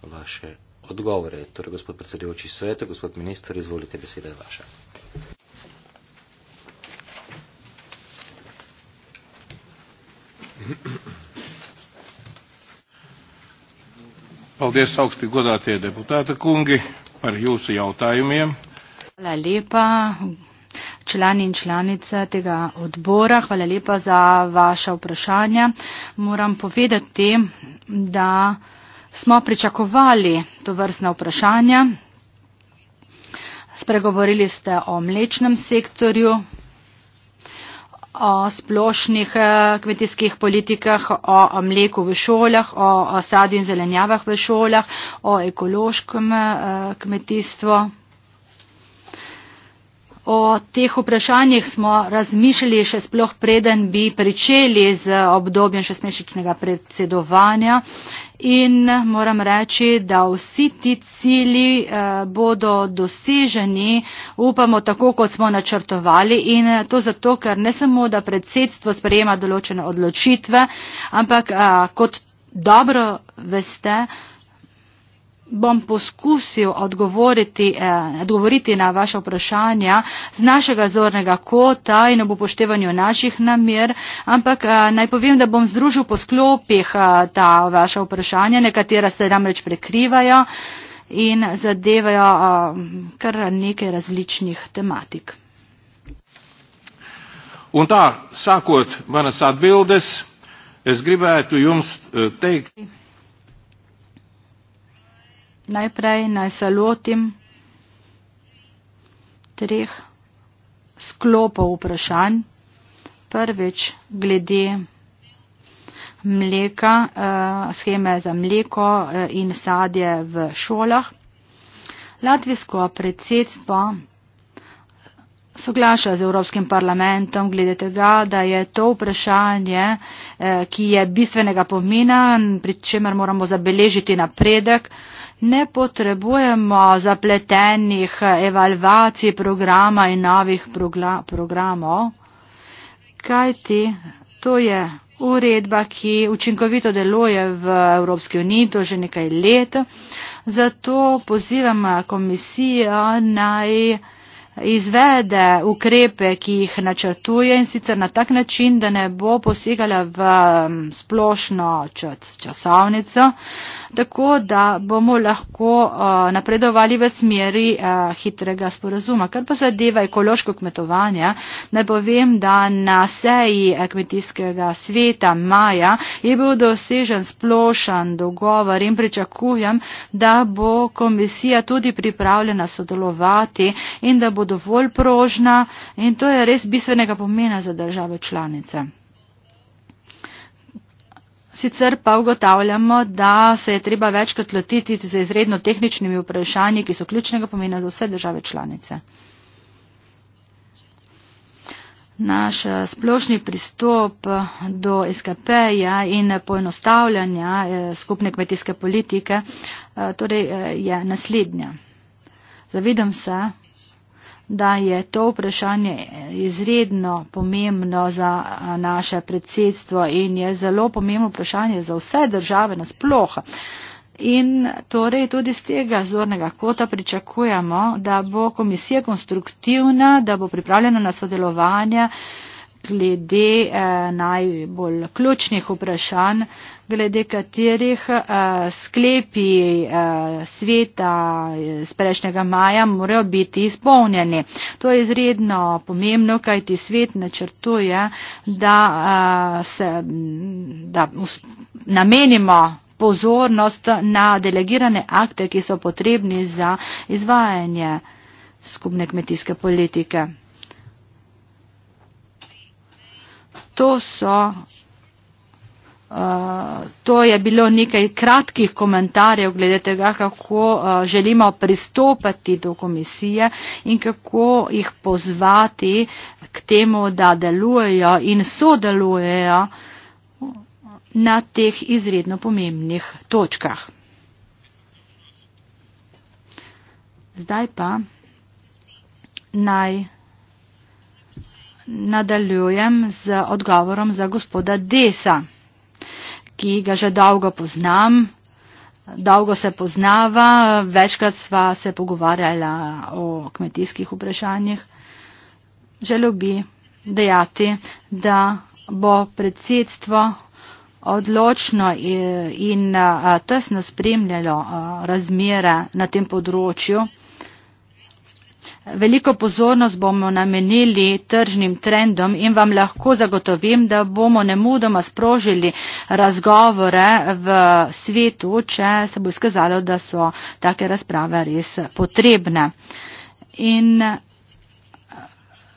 vaše odgovore. Torej, gospod predsedujoči svete, gospod minister, izvolite, beseda je vaša. Paldies augsti godātie deputāte kungi par jūsu jautājumiem. Hvala lepa, člani in članice tega odbora, hvala lepa za vaša vprašanja. Moram povedati, da smo pričakovali to vrstne vprašanja. Spregovorili ste o mlečnem sektorju, o splošnih eh, kmetijskih politikah, o mleku v šolah, o sadju in zelenjavah v šolah, o ekološkem eh, kmetijstvu o teh vprašanjih smo razmišljali še sploh preden bi pričeli z obdobjem šestmesečnega predsedovanja in moram reči da vsi ti cilji eh, bodo doseženi upamo tako kot smo načrtovali in eh, to zato ker ne samo da predsedstvo sprejema določene odločitve ampak eh, kot dobro veste bom poskusil odgovoriti, eh, odgovoriti na vaše vprašanja z našega zornega kota in ob upoštevanju naših namer, ampak eh, naj povem, da bom združil po sklopih eh, ta vaša vprašanja, nekatera se namreč prekrivajo in zadevajo eh, kar nekaj različnih tematik. Und da sagt man es hat Bildes, es gibt ja zu Jungs äh, eh, Najprej naj se lotim treh sklopov vprašanj. Prvič glede mleka, eh, scheme za mleko eh, in sadje v šolah. Latvijsko predsedstvo soglaša z Evropskim parlamentom glede tega, da je to vprašanje, eh, ki je bistvenega pomena, pri čemer moramo zabeležiti napredek, ne potrebujemo zapletenih evalvacij programa in novih programov, kajti to je uredba, ki učinkovito deluje v Evropski uniji, to že nekaj let. Zato pozivam komisijo naj izvede ukrepe, ki jih načrtuje in sicer na tak način, da ne bo posegala v splošno čas, časovnico, tako da bomo lahko uh, napredovali v smeri uh, hitrega sporazuma. Kar pa zadeva ekološko kmetovanje, naj povem, da na seji eh, kmetijskega sveta maja je bil dosežen splošen dogovor in pričakujem, da bo komisija tudi pripravljena sodelovati in da bo dovolj prožna in to je res bistvenega pomena za države članice. Sicer pa ugotavljamo, da se je treba večkrat lotiti z izredno tehničnimi vprašanji, ki so ključnega pomena za vse države članice. Naš eh, splošni pristop eh, do SKP-ja in poenostavljanja eh, skupne kmetijske politike torej je naslednja. Zavedam se, da je to vprašanje izredno pomembno za naše predsedstvo in je zelo pomembno vprašanje za vse države nasploh. In torej tudi z tega zornega kota pričakujemo, da bo komisija konstruktivna, da bo pripravljena na sodelovanje glede eh, najbolj ključnih vprašanj, glede katerih eh, sklepi eh, sveta z prejšnjega maja morajo biti izpolnjeni. To je izredno pomembno, kajti svet načrtuje, da, se, da namenimo pozornost na delegirane akte, ki so potrebni za izvajanje skupne kmetijske politike. to so. Uh, to je bilo nekaj kratkih komentarjev glede tega, kako uh, želimo pristopati do komisije in kako jih pozvati k temu, da delujejo in sodelujejo na teh izredno pomembnih točkah. Zdaj pa naj nadaljujem z odgovorom za gospoda Desa, ki ga že dolgo poznam. Dolgo se poznava, večkrat sva se pogovarjala o kmetijskih vprašanjih. Želel bi dejati, da bo predsedstvo odločno in tesno spremljalo razmere na tem področju. Veliko pozornost bomo namenili tržnim trendom in vam lahko zagotovim, da bomo nemudoma sprožili razgovore v svetu, če se bo izkazalo, da so take razprave res potrebne. In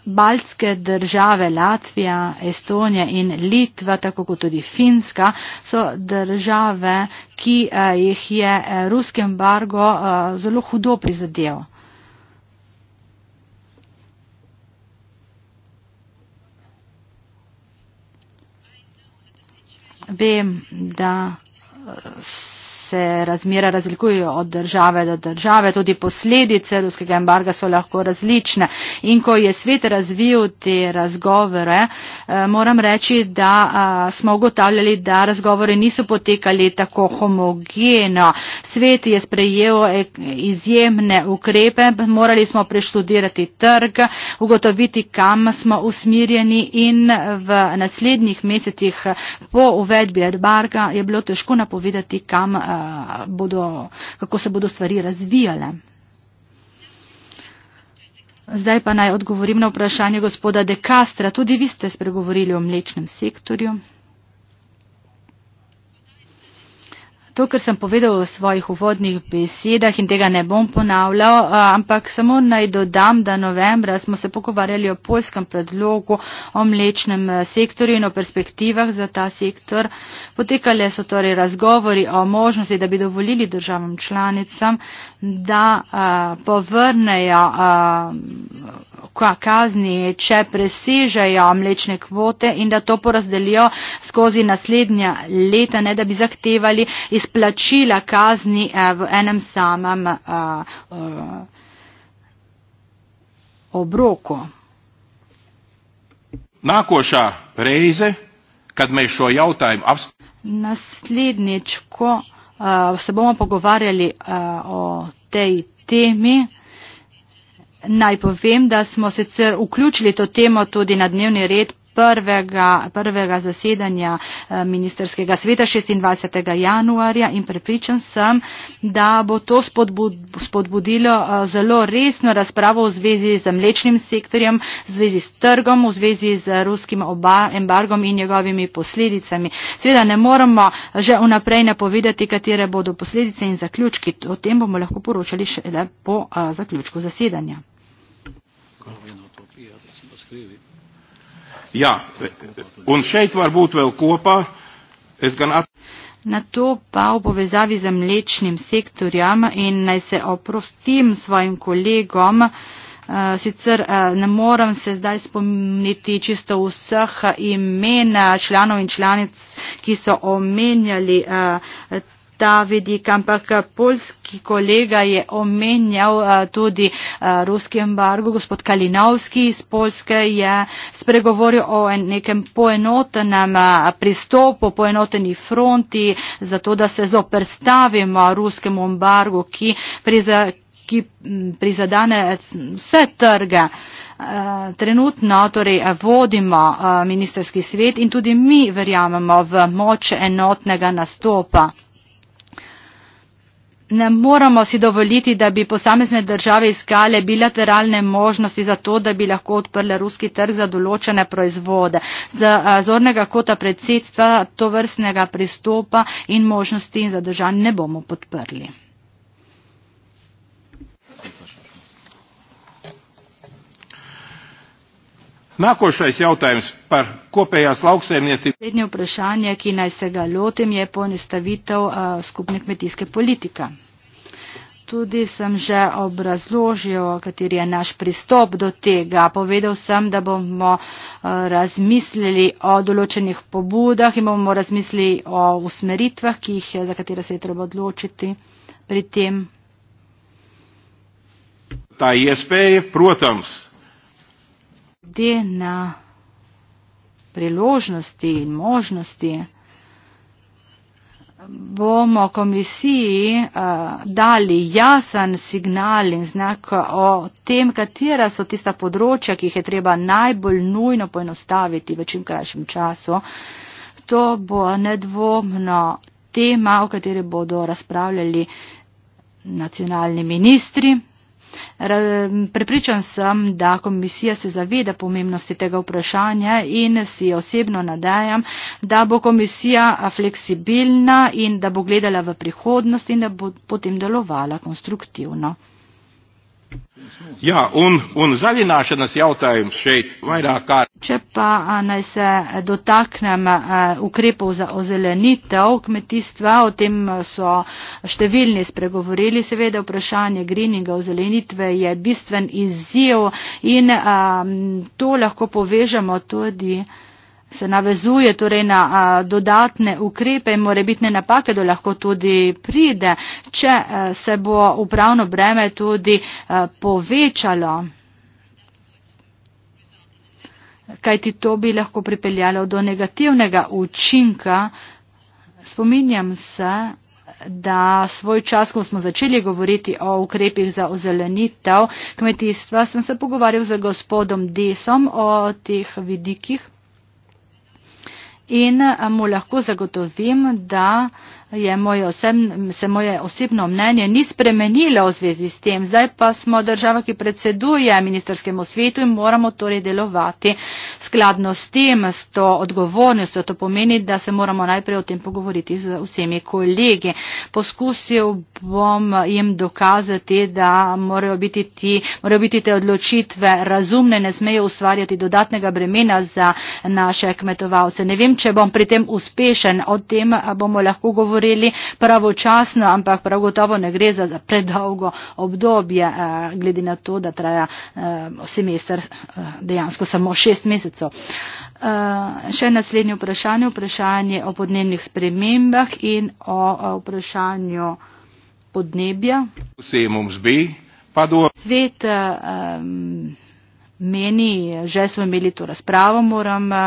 Baltske države Latvija, Estonija in Litva, tako kot tudi Finska, so države, ki eh, jih je eh, ruski embargo eh, zelo hudo prizadel. vem, da eh, se razmere razlikujejo od države do države, tudi posledice ruskega embarga so lahko različne. In ko je svet razvil te razgovore, eh, moram reči, da eh, smo ugotavljali, da razgovori niso potekali tako homogeno. Svet je sprejel izjemne ukrepe, morali smo preštudirati trg, ugotoviti, kam smo usmirjeni in v naslednjih mesecih po uvedbi embarga je bilo težko napovedati, kam eh, bodo, kako se bodo stvari razvijale. Zdaj pa naj odgovorim na vprašanje gospoda De Castra. Tudi vi ste spregovorili o mlečnem sektorju. To, kar sem povedal v svojih uvodnih besedah in tega ne bom ponavljal, ampak samo naj dodam, da novembra smo se pogovarjali o polskem predlogu o mlečnem eh, sektorju in o perspektivah za ta sektor. Potekale so torej razgovori o možnosti, da bi dovolili državam članicam, da a, eh, povrnejo. A, eh, kazni, če presežejo mlečne kvote in da to porazdelijo skozi naslednja leta, ne da bi zahtevali izplačila kazni eh, v enem samem eh, eh, obroku. Nākošā reize, kad mēs šo jautājumu apspriežam, uh, uh, o tej temi. Naj povem, da smo sicer vključili to temo tudi na dnevni red prvega, prvega zasedanja eh, ministerskega sveta 26. januarja in prepričan sem, da bo to spodbudilo eh, zelo resno razpravo v zvezi z mlečnim sektorjem, v zvezi s trgom, v zvezi z ruskim embargom in njegovimi posledicami. Sveda ne moramo eh, že vnaprej napovedati, katere bodo posledice in zaključki. O tem bomo lahko poročali šele po zaključku zasedanja. Ja, un šeit var būt vēl kopā. Es gan at. Na to pa v povezavi z mlečnim sektorjem in naj se oprostim svojim kolegom, eh, sicer eh, ne moram se zdaj spomniti čisto vseh imen eh, članov in članic, ki so omenjali ta vidik, ampak polski kolega je omenjal eh, tudi eh, ruski embargo. Gospod Kalinovski iz Polske je spregovoril o nekem poenotenem eh, pristopu, poenoteni fronti, zato da se zoprstavimo ruskemu embargo, ki, priza, ki prizadane vse trge. Trenutno torej vodimo ministerski svet in tudi mi verjamemo v moč enotnega nastopa ne moramo si dovoliti, da bi posamezne države iskale bilateralne možnosti za to, da bi lahko odprle ruski trg za določene proizvode. Z zornega kota predsedstva to vrstnega pristopa in možnosti za držanje ne bomo podprli. Nākošais jautājums par kopējās lauksaimniecības. Pēdējā vprašanja, ki naj se ga lotim, je ponestavitev uh, skupne kmetijske politike. Tudi sem že obrazložil, kater je naš pristop do tega. Povedal sem, da bomo eh, razmislili o določenih pobudah in bomo razmislili o usmeritvah, jih, za katere se je treba odločiti pri tem. Ta je spej, protams glede na priložnosti in možnosti bomo komisiji uh, dali jasen signal in znak o tem, katera so tista področja, ki jih je treba najbolj nujno poenostaviti v čim krajšem času. To bo nedvomno tema, o kateri bodo razpravljali nacionalni ministri. Prepričan sem, da komisija se zaveda pomembnosti tega vprašanja in si osebno nadejam, da bo komisija fleksibilna in da bo gledala v prihodnost in da bo potem delovala konstruktivno. Ja, un, un zaļināšanas jautājums šeit vairāk kā. Čepā, mēs dotaknam ukripu uz zelenīte, augmetistvā, un tim so številnis pregovorili, seveda, vprašanje grininga uz zelenitve je bistven izziv in a, to lahko povežamo tudi se navezuje torej na dodatne ukrepe in morebitne napake, da lahko tudi pride, če se bo upravno breme tudi povečalo. Kaj ti to bi lahko pripeljalo do negativnega učinka? Spominjam se, da svoj čas, ko smo začeli govoriti o ukrepih za ozelenitev kmetijstva, sem se pogovarjal z gospodom Desom o teh vidikih in eh, mu lahko zagotovim, da je moje osem, se moje osebno mnenje ni spremenilo v zvezi s tem. Zdaj pa smo država, ki predseduje ministerskemu svetu in moramo torej delovati skladno s tem, s to odgovornostjo. To pomeni, da se moramo najprej o tem pogovoriti z vsemi kolegi. Poskusil bom jim dokazati, da morajo biti, ti, morajo biti te odločitve razumne, ne smejo ustvarjati dodatnega bremena za naše kmetovalce. Ne vem, če bom pri tem uspešen, o tem bomo lahko govorili storili pravočasno, ampak prav gotovo ne gre za predolgo obdobje, eh, glede na to, da traja eh, semester eh, dejansko samo šest mesecev. Še naslednje vprašanje, vprašanje o podnebnih spremembah in o vprašanju podnebja. Svet um, meni, že smo imeli to razpravo, moram eh,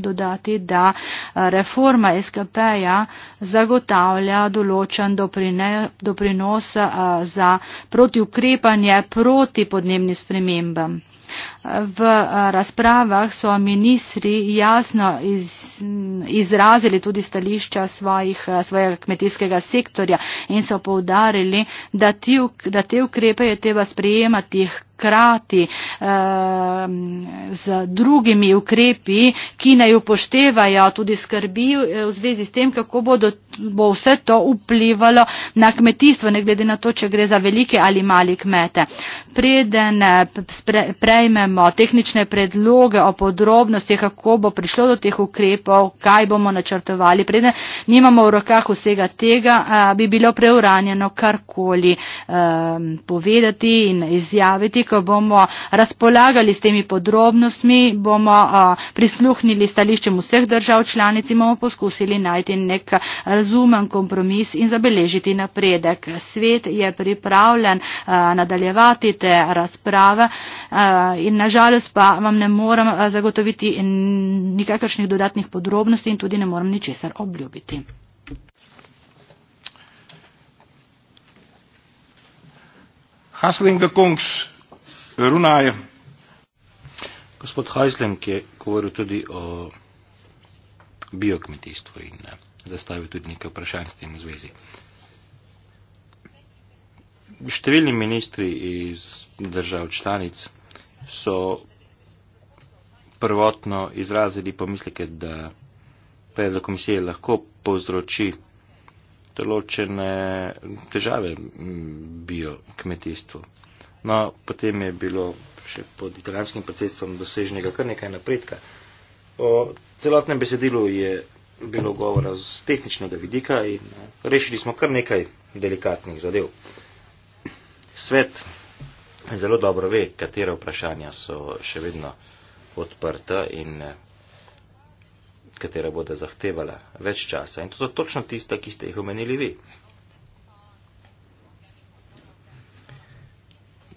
dodati, da eh, reforma SKP-ja zagotavlja določen doprinos eh, za protiukrepanje proti podnebnim spremembam. V eh, razpravah so ministri jasno iz, izrazili tudi stališča svojih, eh, svojega kmetijskega sektorja in so povdarili, da, ti, da te ukrepe je treba sprejemati hkrati eh, z drugimi ukrepi, ki naj upoštevajo tudi skrbi eh, v zvezi s tem, kako bodo, bo vse to vplivalo na kmetijstvo, ne glede na to, če gre za velike ali mali kmete. Preden spre, prejmemo imamo tehnične predloge o podrobnosti, kako bo prišlo do teh ukrepov, kaj bomo načrtovali. Preden nimamo v rokah vsega tega, bi bilo preuranjeno karkoli povedati in izjaviti. Ko bomo razpolagali s temi podrobnostmi, bomo prisluhnili stališčem vseh držav članic in bomo poskusili najti nek razumen kompromis in zabeležiti napredek. Svet je pripravljen nadaljevati te razprave in nažalost pa vam ne moram eh, zagotoviti nikakršnih dodatnih podrobnosti in tudi ne moram ničesar obljubiti. Haslinga Kongs, Runaje. Gospod Haslinga je govoril tudi o biokmetijstvu in eh, zastavil tudi nekaj vprašanj s tem v zvezi. Številni ministri iz držav članic so prvotno izrazili pomisleke, da predlog komisije lahko povzroči določene težave bio kmetijstvu. No, potem je bilo še pod italijanskim predsedstvom dosežnega kar nekaj napredka. O celotnem besedilu je bilo govora z tehničnega vidika in rešili smo kar nekaj delikatnih zadev. Svet zelo dobro ve, katera vprašanja so še vedno odprta in eh, katera bodo zahtevala več časa. In to so točno tiste, ki ste jih omenili vi.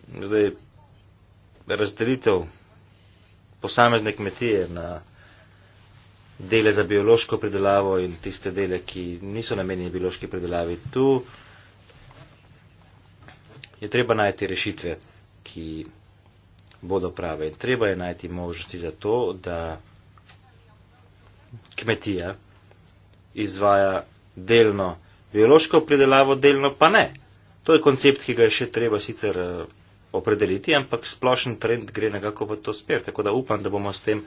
Zdaj, razdelitev posamezne kmetije na dele za biološko pridelavo in tiste dele, ki niso namenjeni biološki pridelavi, tu je treba najti rešitve ki bodo prave. In treba je najti možnosti za to, da kmetija izvaja delno biološko pridelavo, delno pa ne. To je koncept, ki ga je še treba sicer eh, opredeliti, ampak splošen trend gre nekako v to smer. Tako da upam, da bomo s tem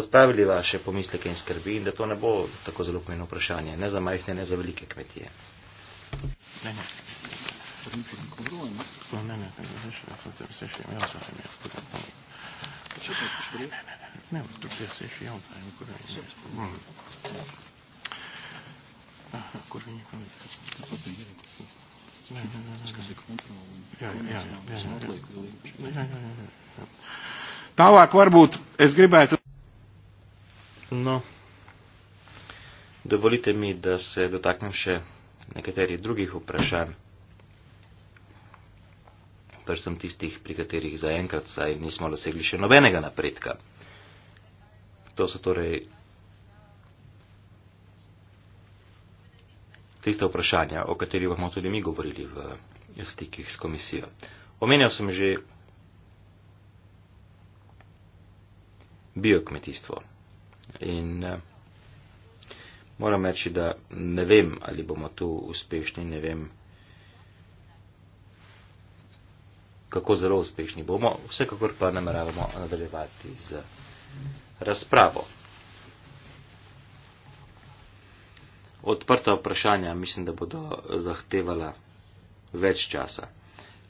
odpravili vaše pomisleke in skrbi in da to ne bo tako zelo pomeno vprašanje, ne za majhne, ne za velike kmetije. Ne, ne. Nem, tudok érzési jantány, amikor ő is lesz. Akkor ő nyitva. Nem, nem, nem, nem. Tavá, Kvarbút, ez gribált. No. Dovolite mi, da se dotaknem še nekaterih drugih vprašanj predvsem tistih, pri katerih zaenkrat saj nismo dosegli še nobenega napredka. To so torej tiste vprašanja, o katerih bomo tudi mi govorili v stikih s komisijo. Omenjal sem že biokmetijstvo in eh, moram reči, da ne vem, ali bomo tu uspešni, ne vem. kako zelo uspešni bomo, vsekakor pa nameravamo nadaljevati z razpravo. Odprta vprašanja mislim, da bodo zahtevala več časa.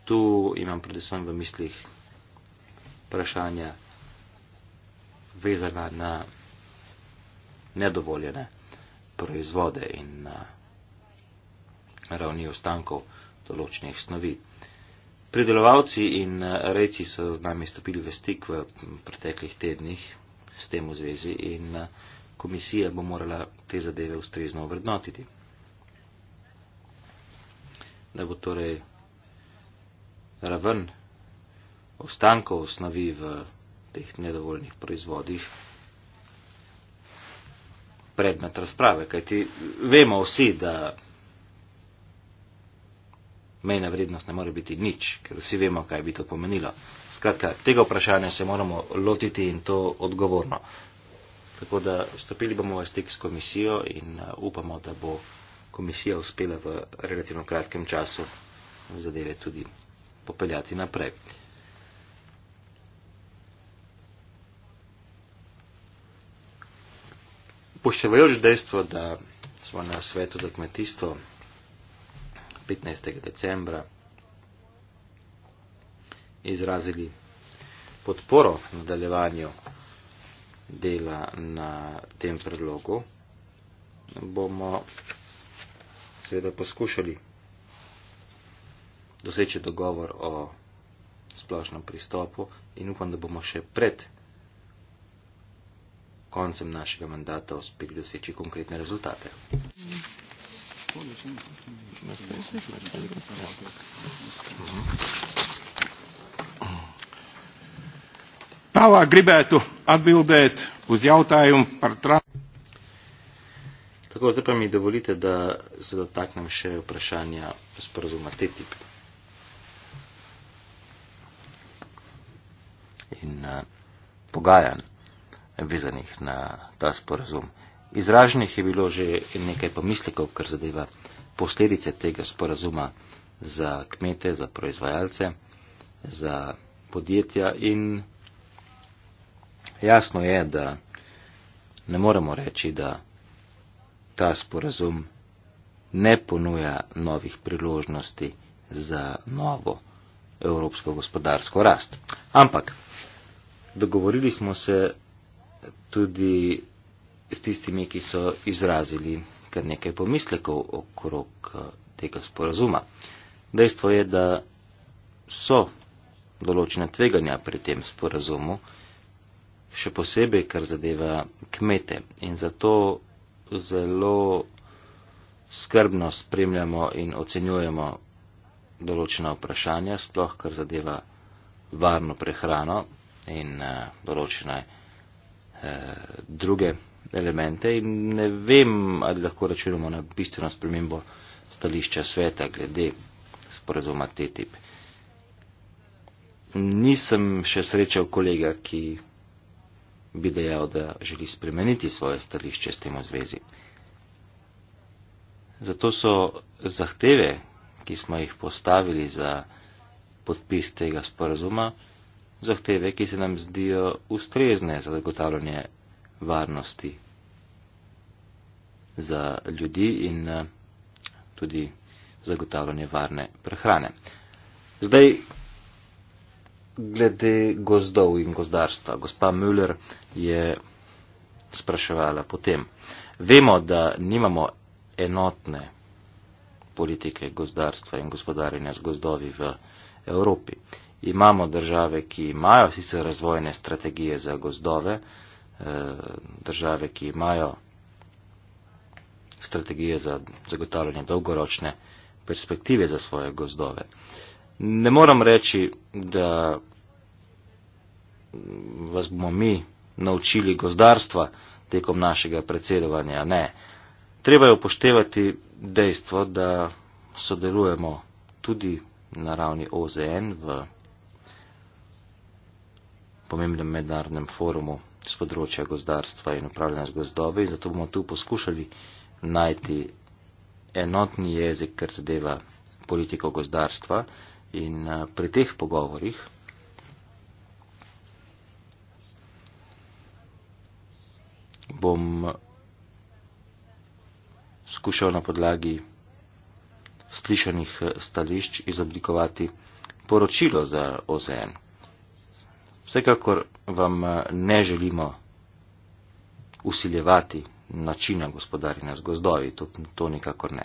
Tu imam predvsem v mislih vprašanja vezana na nedovoljene proizvode in na ravni ostankov določenih snovi. Pridelovalci in eh, rejci so z nami stopili v stik v preteklih tednih s tem v zvezi in eh, komisija bo morala te zadeve ustrezno vrednotiti. Da bo torej raven ostankov osnovi v teh nedovoljnih proizvodih predmet razprave, kajti vemo vsi, da mejna vrednost ne more biti nič, ker vsi vemo, kaj bi to pomenilo. Skratka, tega vprašanja se moramo lotiti in to odgovorno. Tako da stopili bomo v stik s komisijo in uh, upamo, da bo komisija uspela v relativno kratkem času zadeve tudi popeljati naprej. Poštevajoč dejstvo, da smo na svetu za kmetijstvo 15. decembra izrazili podporo nadaljevanju dela na tem predlogu, bomo seveda poskušali doseči dogovor o splošnem pristopu in upam, da bomo še pred koncem našega mandata uspeli doseči konkretne rezultate. Mm. Tālāk gribētu atbildēt uz jautājumu par trānu. Tako zdaj pa mi dovolite, da se dotaknem še vprašanja sporozuma TTIP. In uh, pogajanj vezanih na ta sporozum. Izraženih je bilo že nekaj pomislekov, kar zadeva posledice tega sporazuma za kmete, za proizvajalce, za podjetja in jasno je, da ne moremo reči, da ta sporazum ne ponuja novih priložnosti za novo evropsko gospodarsko rast. Ampak dogovorili smo se tudi s tistimi, ki so izrazili kar nekaj pomislekov okrog eh, tega sporazuma. Dejstvo je, da so določene tveganja pri tem sporazumu, še posebej, kar zadeva kmete. In zato zelo skrbno spremljamo in ocenjujemo določena vprašanja, sploh kar zadeva varno prehrano in eh, določene eh, druge elemente in ne vem, ali lahko računamo na bistveno spremembo stališča sveta glede sporazuma TTIP. Nisem še srečal kolega, ki bi dejal, da želi spremeniti svoje stališče s tem v zvezi. Zato so zahteve, ki smo jih postavili za podpis tega sporazuma, zahteve, ki se nam zdijo ustrezne za zagotavljanje varnosti za ljudi in eh, tudi zagotavljanje varne prehrane. Zdaj, glede gozdov in gozdarstva. Gospa Müller je spraševala potem. Vemo, da nimamo enotne politike gozdarstva in gospodarjenja z gozdovi v Evropi. Imamo države, ki imajo sicer razvojne strategije za gozdove, Eh, države, ki imajo strategije za zagotavljanje dolgoročne perspektive za svoje gozdove. Ne moram reči, da vas bomo mi naučili gozdarstva tekom našega predsedovanja, ne. Treba je upoštevati dejstvo, da sodelujemo tudi na ravni OZN v pomembnem mednarodnem forumu z področja gozdarstva in upravljanja z gozdovi, zato bomo tu poskušali najti enotni jezik, ker zadeva politiko gozdarstva in eh, pri teh pogovorih bom skušal na podlagi slišanih eh, stališč izoblikovati poročilo za OZN. Vsekakor vam eh, ne želimo usiljevati načina gospodarjenja z gozdovi, to, to nikakor ne.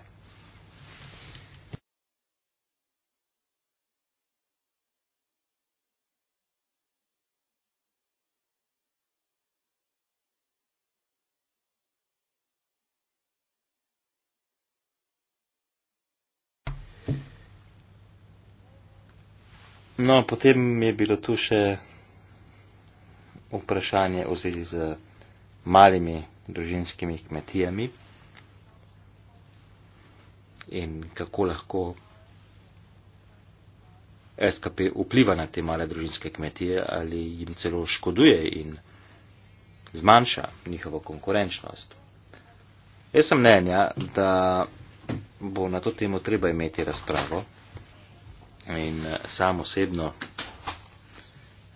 No, potem je bilo tu še vprašanje v zvezi z malimi družinskimi kmetijami in kako lahko SKP vpliva na te male družinske kmetije ali jim celo škoduje in zmanjša njihovo konkurenčnost. Jaz sem mnenja, da bo na to temo treba imeti razpravo in eh, sam osebno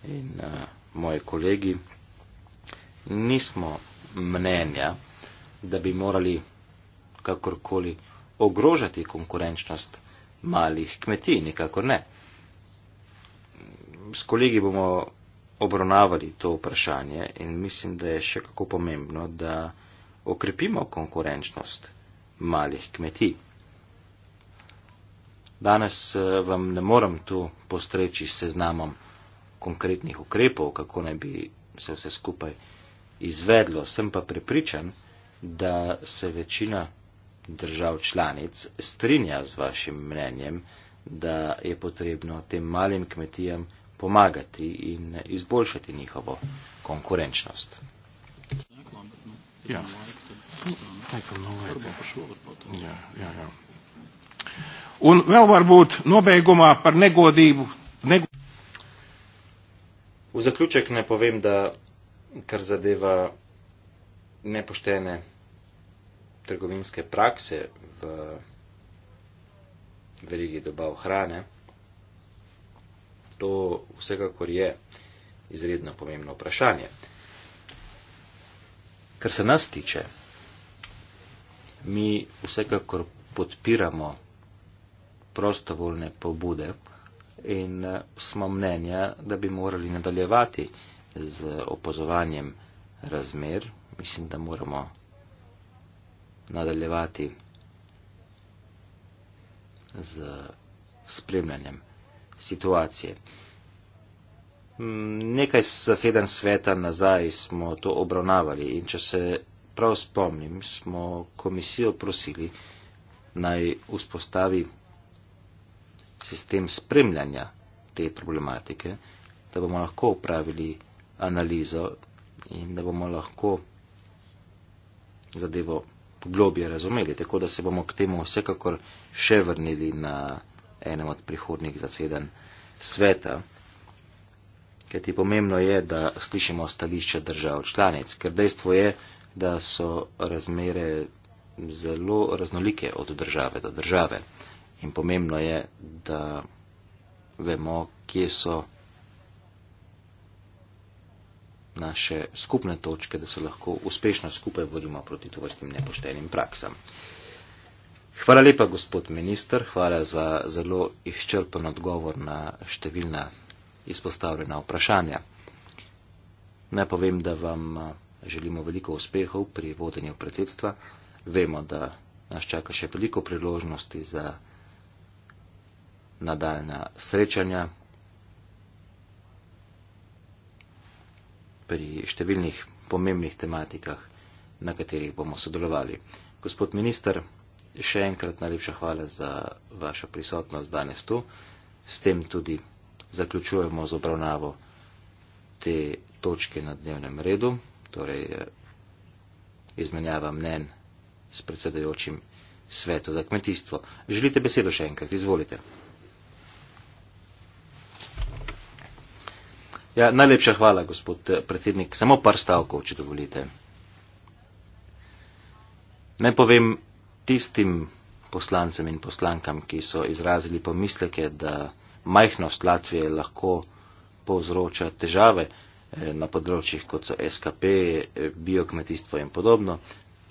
in uh, moji kolegi, nismo mnenja, da bi morali kakorkoli ogrožati konkurenčnost malih kmetij, nikakor ne. S kolegi bomo obravnavali to vprašanje in mislim, da je še kako pomembno, da okrepimo konkurenčnost malih kmetij. Danes eh, vam ne morem tu postreči seznamom konkretnih ukrepov, kako naj bi se vse skupaj izvedlo. Sem pa prepričan, da se večina držav članic strinja z vašim mnenjem, da je potrebno tem malim kmetijam pomagati in izboljšati njihovo konkurenčnost. Ja. Ja, ja, ja. Un vēl varbūt nobeigumā par negodību V zaključek ne povem, da kar zadeva nepoštene trgovinske prakse v verigi dobav hrane, to vsekakor je izredno pomembno vprašanje. Kar se nas tiče, mi vsekakor podpiramo prostovoljne pobude, in eh, smo mnenja, da bi morali nadaljevati z opozovanjem razmer. Mislim, da moramo nadaljevati z spremljanjem situacije. Mm, nekaj zaseden sveta nazaj smo to obravnavali in če se prav spomnim, smo komisijo prosili naj vzpostavi sistem spremljanja te problematike, da bomo lahko upravili analizo in da bomo lahko zadevo globje razumeli. Tako da se bomo k temu vsekakor še vrnili na enem od prihodnjih zasedanj sveta. Ker ti pomembno je, da slišimo stališče držav članic, ker dejstvo je, da so razmere zelo raznolike od države do države. In pomembno je, da vemo, kje so naše skupne točke, da se lahko uspešno skupaj vodimo proti tovrstnim nepoštenim praksam. Hvala lepa, gospod minister, hvala za zelo izčrpen odgovor na številna izpostavljena vprašanja. Naj povem, da vam želimo veliko uspehov pri vodenju predsedstva. Vemo, da nas čaka še veliko priložnosti za nadaljna srečanja pri številnih pomembnih tematikah, na katerih bomo sodelovali. Gospod minister, še enkrat najlepša hvala za vašo prisotnost danes tu. S tem tudi zaključujemo z obravnavo te točke na dnevnem redu, torej eh, izmenjava mnen s predsedajočim svetu za kmetijstvo. Želite besedo še enkrat? Izvolite. Ja, najlepša hvala, gospod eh, predsednik. Samo par stavkov, če dovolite. Naj povem tistim poslancem in poslankam, ki so izrazili pomisleke, da majhnost Latvije lahko povzroča težave eh, na področjih, kot so SKP, eh, biokmetijstvo in podobno.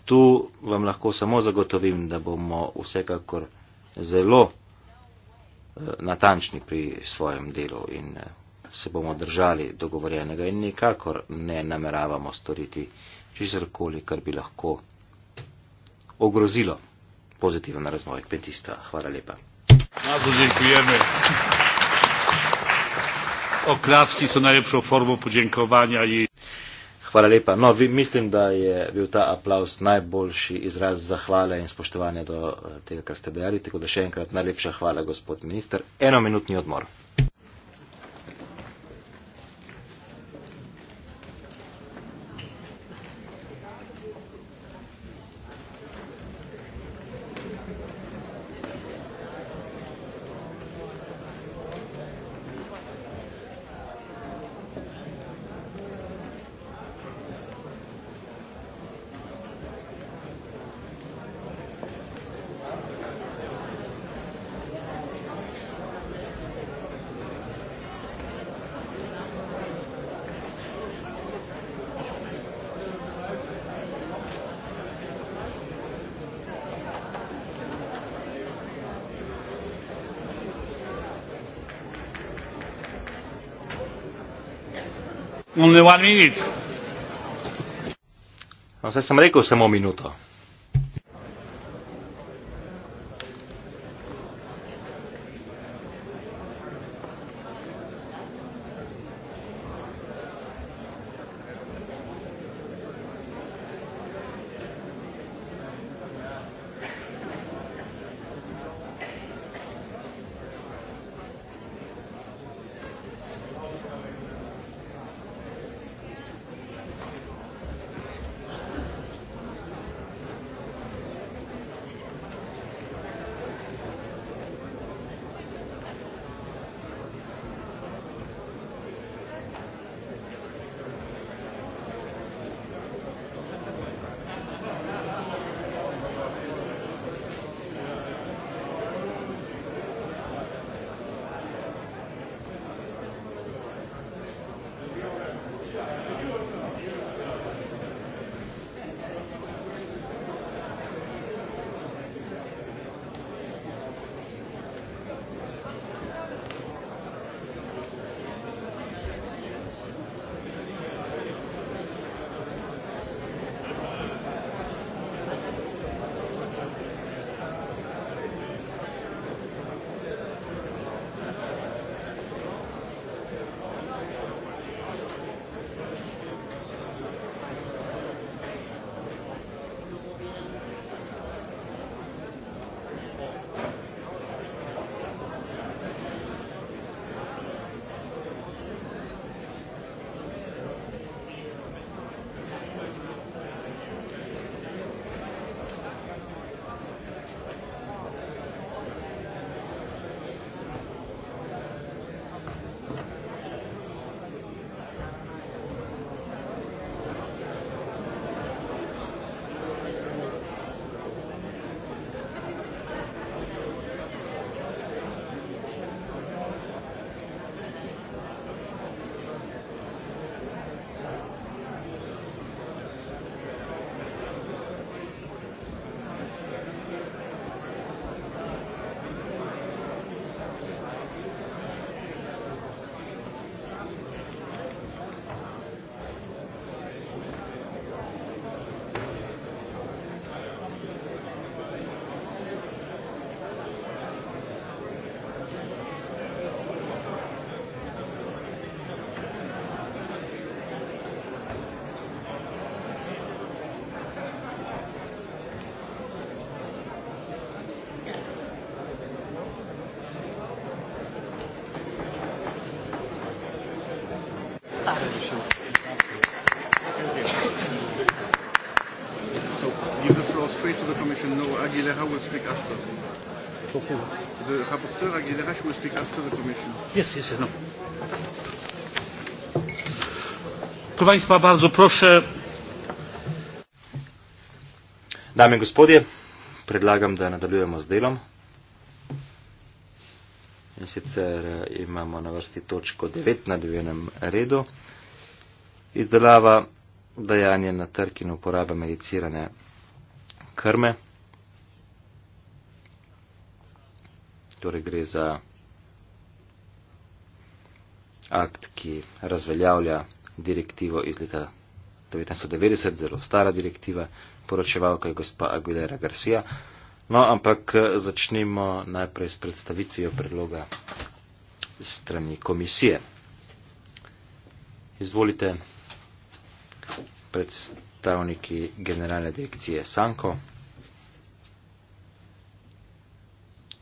Tu vam lahko samo zagotovim, da bomo vsekakor zelo natančni pri svojem delu in se bomo držali dogovorjenega in nikakor ne nameravamo storiti čizrkoli, kar bi lahko ogrozilo pozitiven razvoj kmetijstva. Hvala lepa. Oklaski so najlepšo formo podjenkovanja. Hvala lepa. No, vi, mislim, da je bil ta aplaus najboljši izraz zahvale in spoštovanja do eh, tega, kar ste dejali. Tako da še enkrat najlepša hvala, gospod minister. Eno minutni odmor. one minute. No, sem rekel samo minuto. No. Proszę Państwa, bardzo proszę. Dame i gospodje, predlagam, da nadaljujemo z delom. In sicer eh, imamo na vrsti točko 9 na dnevnem redu. Izdelava dajanje na trg in uporaba medicirane krme. Torej gre za akt, ki razveljavlja direktivo iz leta 1990, zelo stara direktiva, poročevalka je gospa Aguilera Garcia. No, ampak eh, začnimo najprej s predstavitvijo predloga strani komisije. Izvolite, predstavniki generalne direkcije Sanko.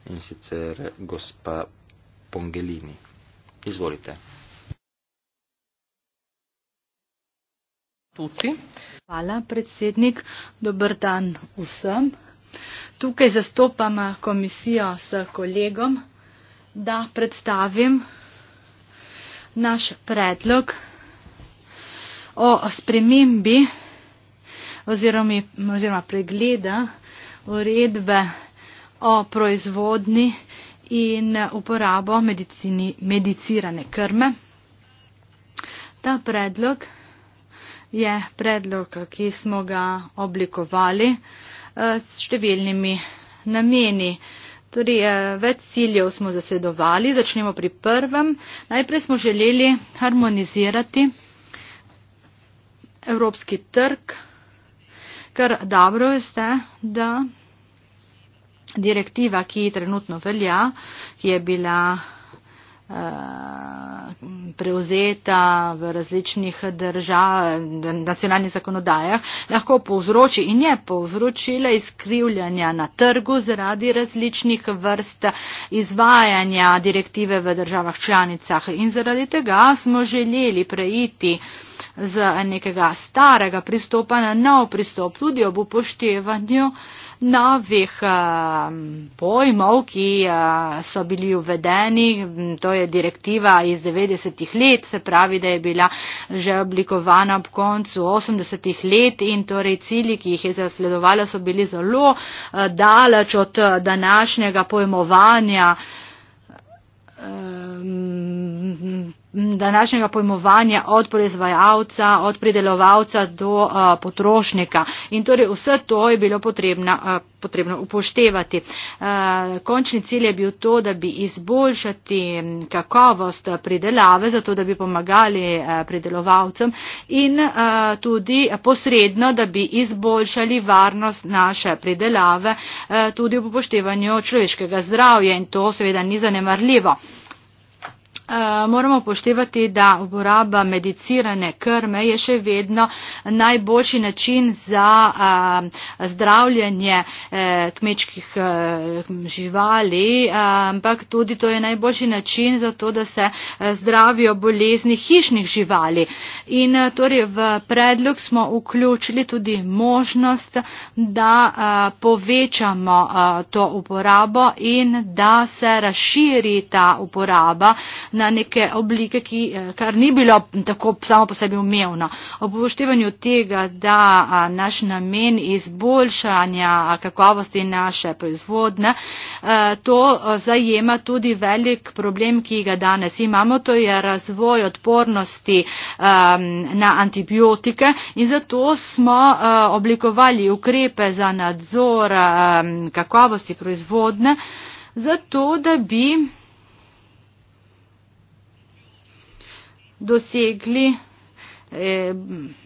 In sicer gospa Pongelini. Izvolite. tudi. Hvala, predsednik. Dobr dan vsem. Tukaj zastopam komisijo s kolegom, da predstavim naš predlog o spremembi oziroma, oziroma pregleda uredbe o proizvodni in uporabo medicini, medicirane krme. Ta predlog je predlog, ki smo ga oblikovali eh, s številnimi nameni. Tudi torej, eh, več ciljev smo zasedovali. Začnemo pri prvem. Najprej smo želeli harmonizirati evropski trg, ker dobro veste, da direktiva, ki trenutno velja, ki je bila Eh, prevzeta v različnih državah, nacionalnih zakonodajah, lahko povzroči in je povzročila izkrivljanja na trgu zaradi različnih vrst izvajanja direktive v državah članicah. In zaradi tega smo želeli preiti z nekega starega pristopa na nov pristop tudi ob upoštevanju novih um, pojmov, ki uh, so bili uvedeni. Mm, to je direktiva iz 90-ih let, se pravi, da je bila že oblikovana ob koncu 80-ih let in torej cilji, ki jih je zasledovala, so bili zelo uh, daleč od uh, današnjega pojmovanja. Um, današnjega pojmovanja od proizvajalca, od pridelovalca do a, uh, potrošnika. In torej vse to je bilo potrebno, a, uh, potrebno upoštevati. A, uh, končni cilj je bil to, da bi izboljšati kakovost pridelave, zato da bi pomagali a, pridelovalcem in a, tudi posredno, da bi izboljšali varnost naše pridelave a, tudi v upoštevanju človeškega zdravja in to seveda ni zanemarljivo. Eh, moramo upoštevati, da uporaba medicirane krme je še vedno najboljši način za eh, zdravljanje eh, kmečkih živali, ampak tudi to je najboljši način za to, da se zdravijo bolezni hišnih živali. In torej v predlog smo vključili tudi možnost, da povečamo to uporabo in da se razširi ta uporaba na neke oblike, ki, eh, kar ni bilo tako samo po sebi umevno. Ob upoštevanju tega, da naš namen izboljšanja kakovosti naše proizvodne, eh, to eh, zajema tudi velik problem, ki ga danes imamo, to je razvoj odpornosti ehm, na antibiotike in zato smo oblikovali ukrepe za nadzor ehm, kakovosti proizvodne, zato da bi dosegli, eh,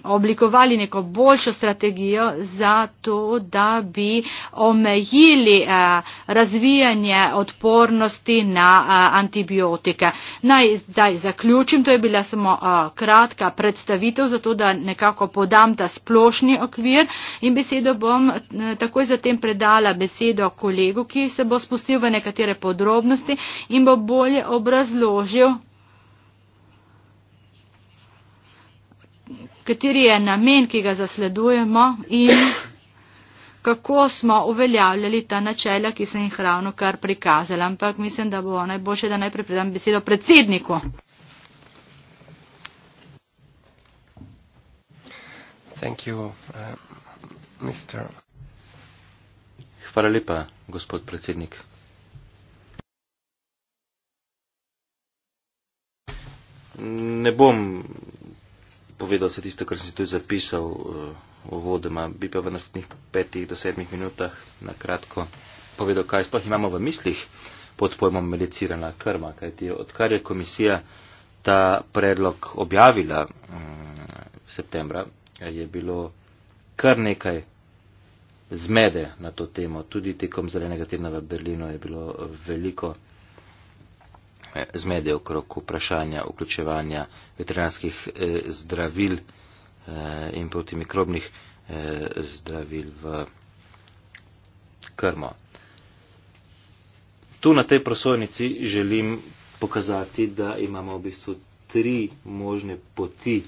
oblikovali neko boljšo strategijo za to, da bi omejili eh, razvijanje odpornosti na eh, antibiotike. Naj zdaj zaključim, to je bila samo eh, kratka predstavitev, zato da nekako podam ta splošni okvir in besedo bom eh, takoj zatem predala besedo kolegu, ki se bo spustil v nekatere podrobnosti in bo bolje obrazložil kateri je namen, ki ga zasledujemo in kako smo uveljavljali ta načela, ki sem jih ravno kar prikazala. Ampak mislim, da bo najboljše, da najprej predam besedo predsedniku. Thank you, uh, Mr. Hvala lepa, gospod predsednik. Ne bom povedal vse tisto, kar si tu zapisal uh, eh, v vodoma, bi pa v naslednjih petih do sedmih minutah na kratko povedal, kaj sploh imamo v mislih pod pojmom medicirana krma. Kajti odkar je komisija ta predlog objavila um, mm, v septembra, je bilo kar nekaj zmede na to temo. Tudi tekom zelenega tedna v Berlinu je bilo veliko zmede okrog vprašanja vključevanja veterinarskih eh, zdravil eh, in protimikrobnih eh, zdravil v krmo. Tu na tej prosojnici želim pokazati, da imamo v bistvu tri možne poti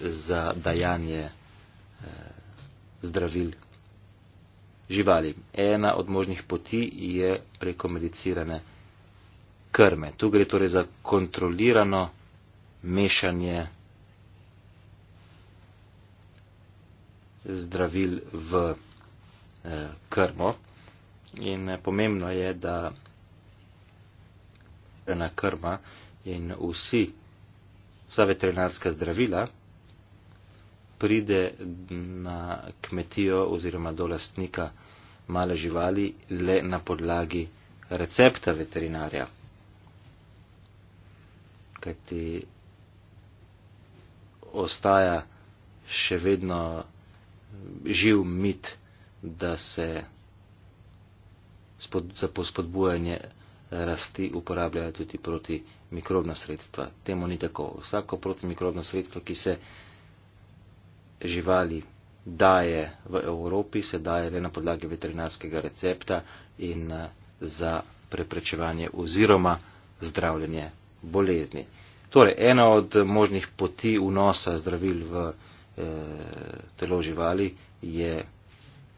za dajanje zdravil živali. Ena od možnih poti je preko medicirane zdravil krme. Tu gre torej za kontrolirano mešanje zdravil v eh, krmo. In eh, pomembno je, da ena krma in vsi, vsa veterinarska zdravila pride na kmetijo oziroma do lastnika male živali le na podlagi recepta veterinarja kajti ostaja še vedno živ mit, da se spod, za pospodbujanje rasti uporabljajo tudi protimikrobna sredstva. Temu ni tako. Vsako protimikrobno sredstvo, ki se živali daje v Evropi, se daje le na podlagi veterinarskega recepta in eh, za preprečevanje oziroma zdravljenje bolezni. Torej, ena od možnih poti vnosa zdravil v eh, telo živali je,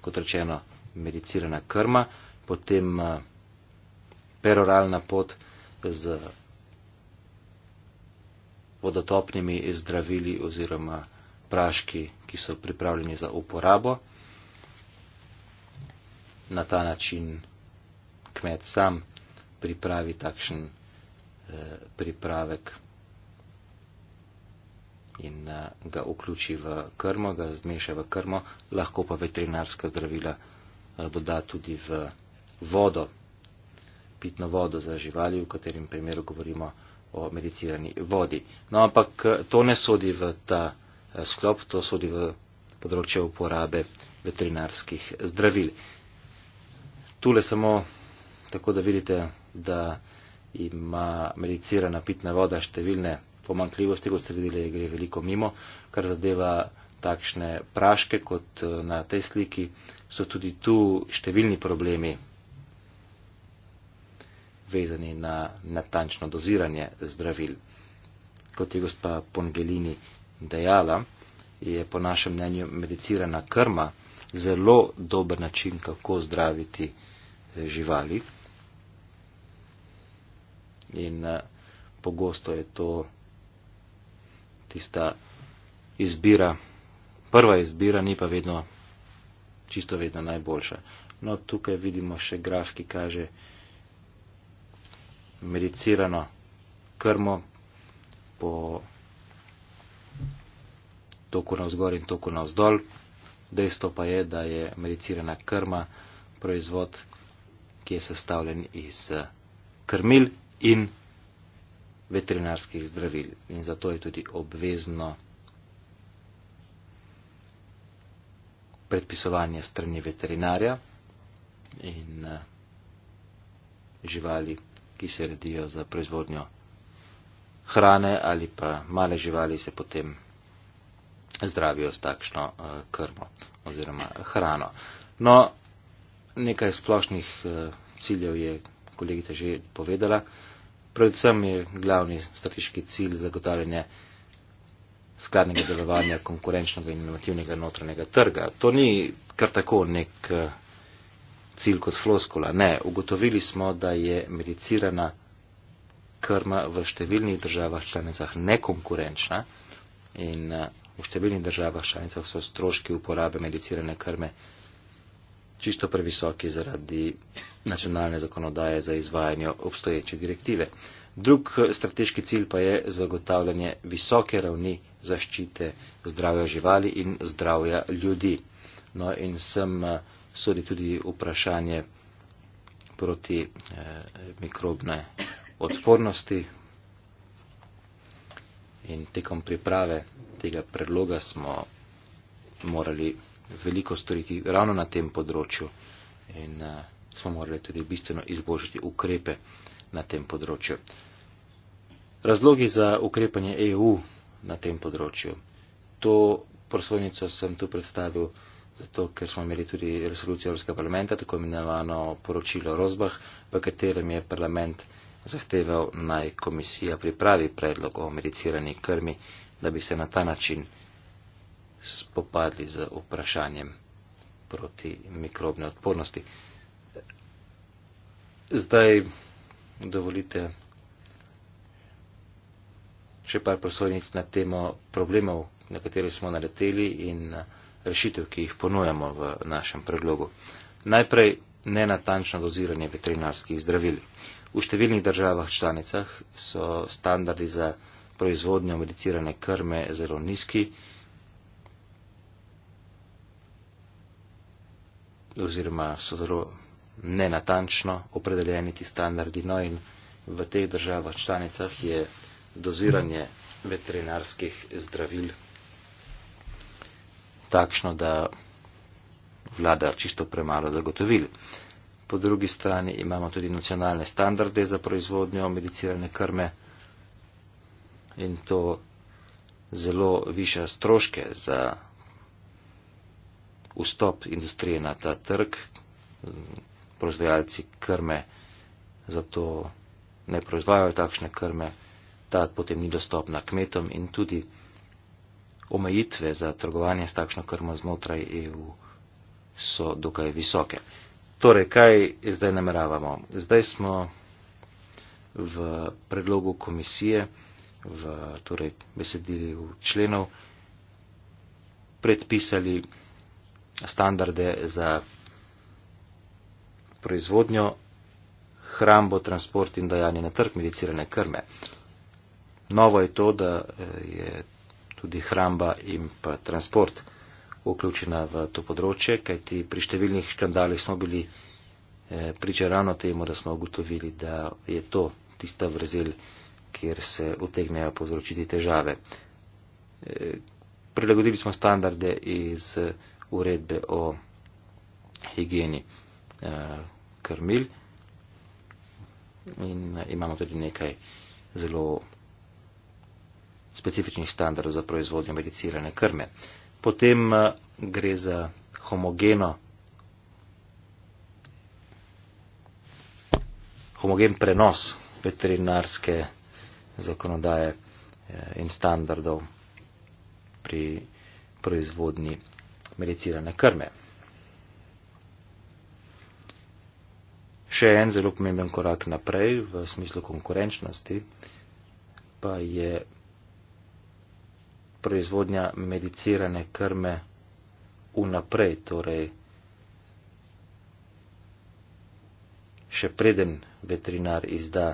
kot rečeno, medicirana krma, potem eh, peroralna pot z vodotopnimi zdravili oziroma praški, ki so pripravljeni za uporabo. Na ta način kmet sam pripravi takšen pripravek in eh, ga vključi v krmo, ga zmeša v krmo, lahko pa veterinarska zdravila eh, doda tudi v vodo, pitno vodo za živali, v katerem primeru govorimo o medicirani vodi. No, ampak eh, to ne sodi v ta sklop, to sodi v področje uporabe veterinarskih zdravil. Tule samo tako, da vidite, da ima medicirana pitna voda številne pomankljivosti, kot ste videli, gre veliko mimo, kar zadeva takšne praške, kot eh, na tej sliki, so tudi tu številni problemi vezani na natančno doziranje zdravil. Kot je gospa Pongelini dejala, je po našem mnenju medicirana krma zelo dober način, kako zdraviti eh, živali in eh, pogosto je to tista izbira, prva izbira, ni pa vedno, čisto vedno najboljša. No, tukaj vidimo še graf, ki kaže medicirano krmo po toku na vzgor in toku na vzdol. Dejstvo pa je, da je medicirana krma proizvod, ki je sestavljen iz eh, krmil, in veterinarskih zdravil. In zato je tudi obvezno predpisovanje strani veterinarja in eh, živali, ki se redijo za proizvodnjo hrane ali pa male živali se potem zdravijo s takšno eh, krmo oziroma hrano. No, nekaj splošnih eh, ciljev je kolegica že povedala predvsem je glavni strateški cilj zagotavljanje skladnega delovanja konkurenčnega in inovativnega notranjega trga. To ni kar tako nek eh, cilj kot floskola. Ne, ugotovili smo, da je medicirana krma v številnih državah članicah nekonkurenčna in eh, v številnih državah članicah so stroški uporabe medicirane krme čisto previsoki zaradi nacionalne zakonodaje za izvajanje obstoječe direktive. Drug eh, strateški cilj pa je zagotavljanje visoke ravni zaščite zdravja živali in zdravja ljudi. No in sem eh, sodi tudi vprašanje proti eh, mikrobne odpornosti in tekom priprave tega predloga smo morali veliko storiti ravno na tem področju in uh, smo morali tudi bistveno izboljšati ukrepe na tem področju. Razlogi za ukrepanje EU na tem področju. To prosvojnico sem tu predstavil zato, ker smo imeli tudi resolucijo Evropskega parlamenta, tako imenovano poročilo Rozbah, v katerem je parlament zahteval naj komisija pripravi predlog o mediciranih krmi, da bi se na ta način spopadli z vprašanjem proti mikrobne odpornosti. Zdaj dovolite še par prosojnic na temo problemov, na katere smo naleteli in rešitev, ki jih ponujamo v našem predlogu. Najprej nenatančno doziranje veterinarskih zdravil. V številnih državah članicah so standardi za proizvodnjo medicirane krme zelo nizki. oziroma so zelo nenatančno opredeljeni ti standardi. No in v teh državah članicah je doziranje veterinarskih zdravil takšno, da vlada čisto premalo zagotovil. Po drugi strani imamo tudi nacionalne standarde za proizvodnjo medicirane krme in to zelo viša stroške za vstop industrije na ta trg, proizvajalci krme zato ne proizvajajo takšne krme, ta potem ni dostopna kmetom in tudi omejitve za trgovanje s takšno krmo znotraj EU so dokaj visoke. Torej, kaj zdaj nameravamo? Zdaj smo v predlogu komisije, v torej, besedili v členov, predpisali standarde za proizvodnjo, hrambo, transport in dajanje na trg medicirane krme. Novo je to, da eh, je tudi hramba in pa transport vključena v to področje, kajti pri številnih škandalih smo bili eh, priča ravno temu, da smo ugotovili, da je to tista vrzel, kjer se utegnejo povzročiti težave. Eh, prilagodili smo standarde iz uredbe o higieni eh, krmil. In eh, imamo tudi nekaj zelo specifičnih standardov za proizvodnjo medicirane krme. Potem eh, gre za homogeno, homogen prenos veterinarske zakonodaje in standardov pri proizvodni medicirane krme. Še en zelo pomemben korak naprej v smislu konkurenčnosti pa je proizvodnja medicirane krme vnaprej, torej še preden veterinar izda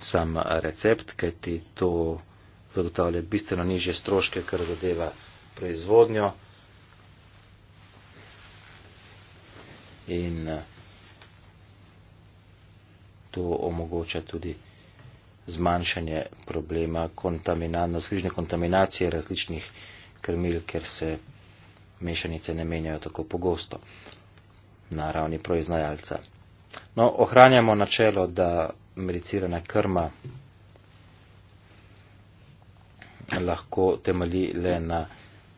sam recept, kajti to zagotavlja bistveno nižje stroške, kar zadeva proizvodnjo in eh, to omogoča tudi zmanjšanje problema sližne kontaminacije različnih krmil, ker se mešanice ne menjajo tako pogosto na ravni proiznajalca. No, ohranjamo načelo, da medicirana krma lahko temelji le na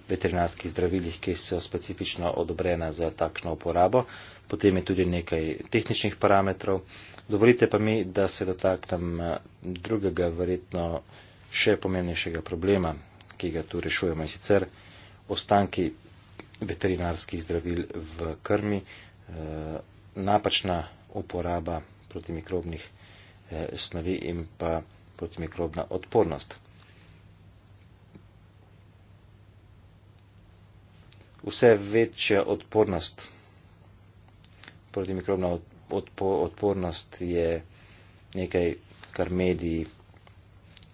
veterinarskih zdravilih, ki so specifično odobrena za takšno uporabo. Potem je tudi nekaj tehničnih parametrov. Dovolite pa mi, da se dotaknem eh, drugega, verjetno še pomembnejšega problema, ki ga tu rešujemo in sicer ostanki veterinarskih zdravil v krmi, eh, napačna uporaba protimikrobnih eh, snovi in pa protimikrobna odpornost. vse večja odpornost. Protimikrobna odpo, odpornost je nekaj, kar mediji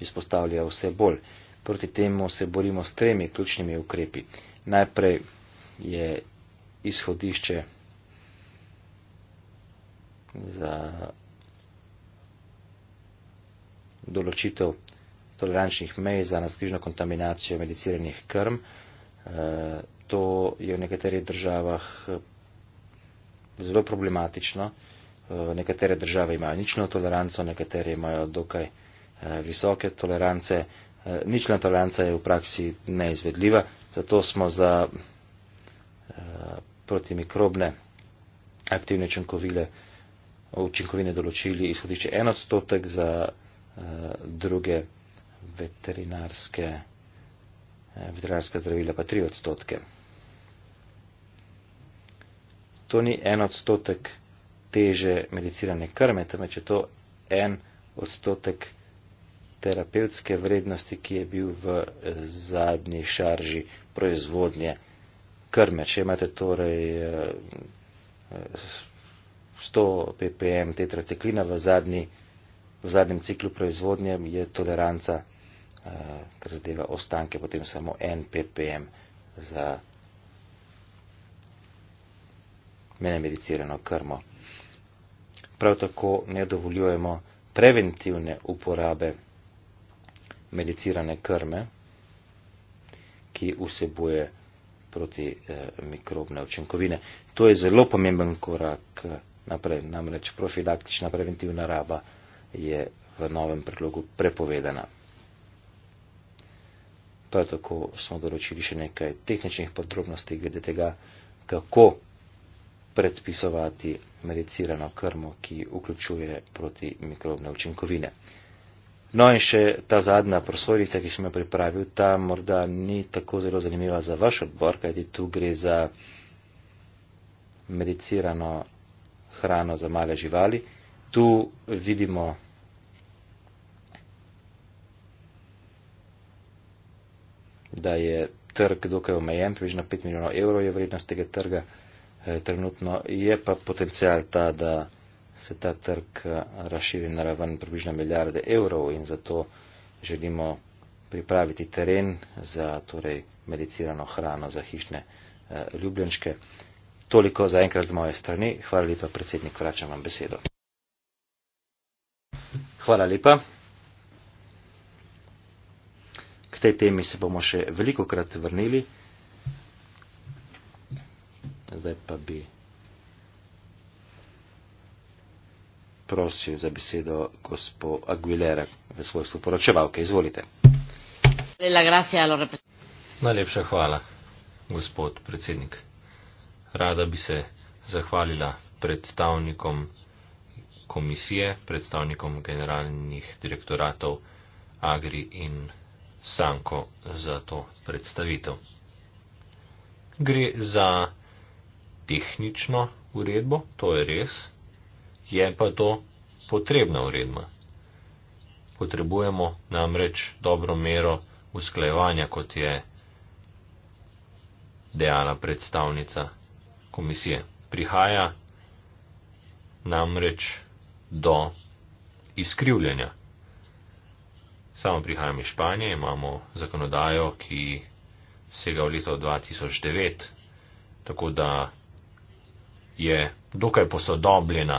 izpostavljajo vse bolj. Proti temu se borimo s tremi ključnimi ukrepi. Najprej je izhodišče za določitev tolerančnih mej za nadkrižno kontaminacijo mediciranih krm. Eh, to je v nekaterih državah eh, zelo problematično. Eh, nekatere države imajo nično toleranco, nekatere imajo dokaj visoke tolerance. Nična toleranca je v praksi neizvedljiva, zato smo za protimikrobne aktivne učinkovine, učinkovine določili izhodišče en odstotek za druge veterinarske. Eh, veterinarska zdravila pa 3 odstotke. To ni en odstotek teže medicirane krme, temveč je to en odstotek terapevtske vrednosti, ki je bil v eh, zadnji šarži proizvodnje krme. Če imate torej 100 eh, ppm tetraciklina v, zadnji, v zadnjem ciklu proizvodnje, je toleranca Eh, kar zadeva ostanke, potem samo en ppm za menemedicirano krmo. Prav tako ne dovoljujemo preventivne uporabe medicirane krme, ki vsebuje proti eh, mikrobne učinkovine. To je zelo pomemben korak eh, naprej, namreč profilaktična preventivna raba je v novem predlogu prepovedana. Prav tako smo določili še nekaj tehničnih podrobnosti glede tega, kako predpisovati medicirano krmo, ki vključuje protimikrobne učinkovine. No in še ta zadnja prosorica, ki sem jo pripravil, ta morda ni tako zelo zanimiva za vaš odbor, kajti tu gre za medicirano hrano za male živali. Tu vidimo da je trg dokaj omejen, približno 5 milijonov evrov je vrednost tega trga eh, trenutno, je pa potencial ta, da se ta trg eh, razširi na raven približno milijarde evrov in zato želimo pripraviti teren za torej, medicirano hrano za hišne eh, ljubljenčke. Toliko za enkrat z moje strani. Hvala lepa, predsednik, vračam vam besedo. Hvala lepa tej temi se bomo še veliko krat vrnili. Zdaj pa bi prosil za besedo gospo Aguilera v svojstvu poročevalke. Izvolite. Najlepša hvala, gospod predsednik. Rada bi se zahvalila predstavnikom komisije, predstavnikom generalnih direktoratov Agri in Sanko za to predstavitev. Gre za tehnično uredbo, to je res, je pa to potrebna uredba. Potrebujemo namreč dobro mero usklajevanja, kot je dejala predstavnica komisije. Prihaja namreč do izkrivljanja. Samo prihajam iz Španije, imamo zakonodajo, ki sega v leto 2009, tako da je dokaj posodobljena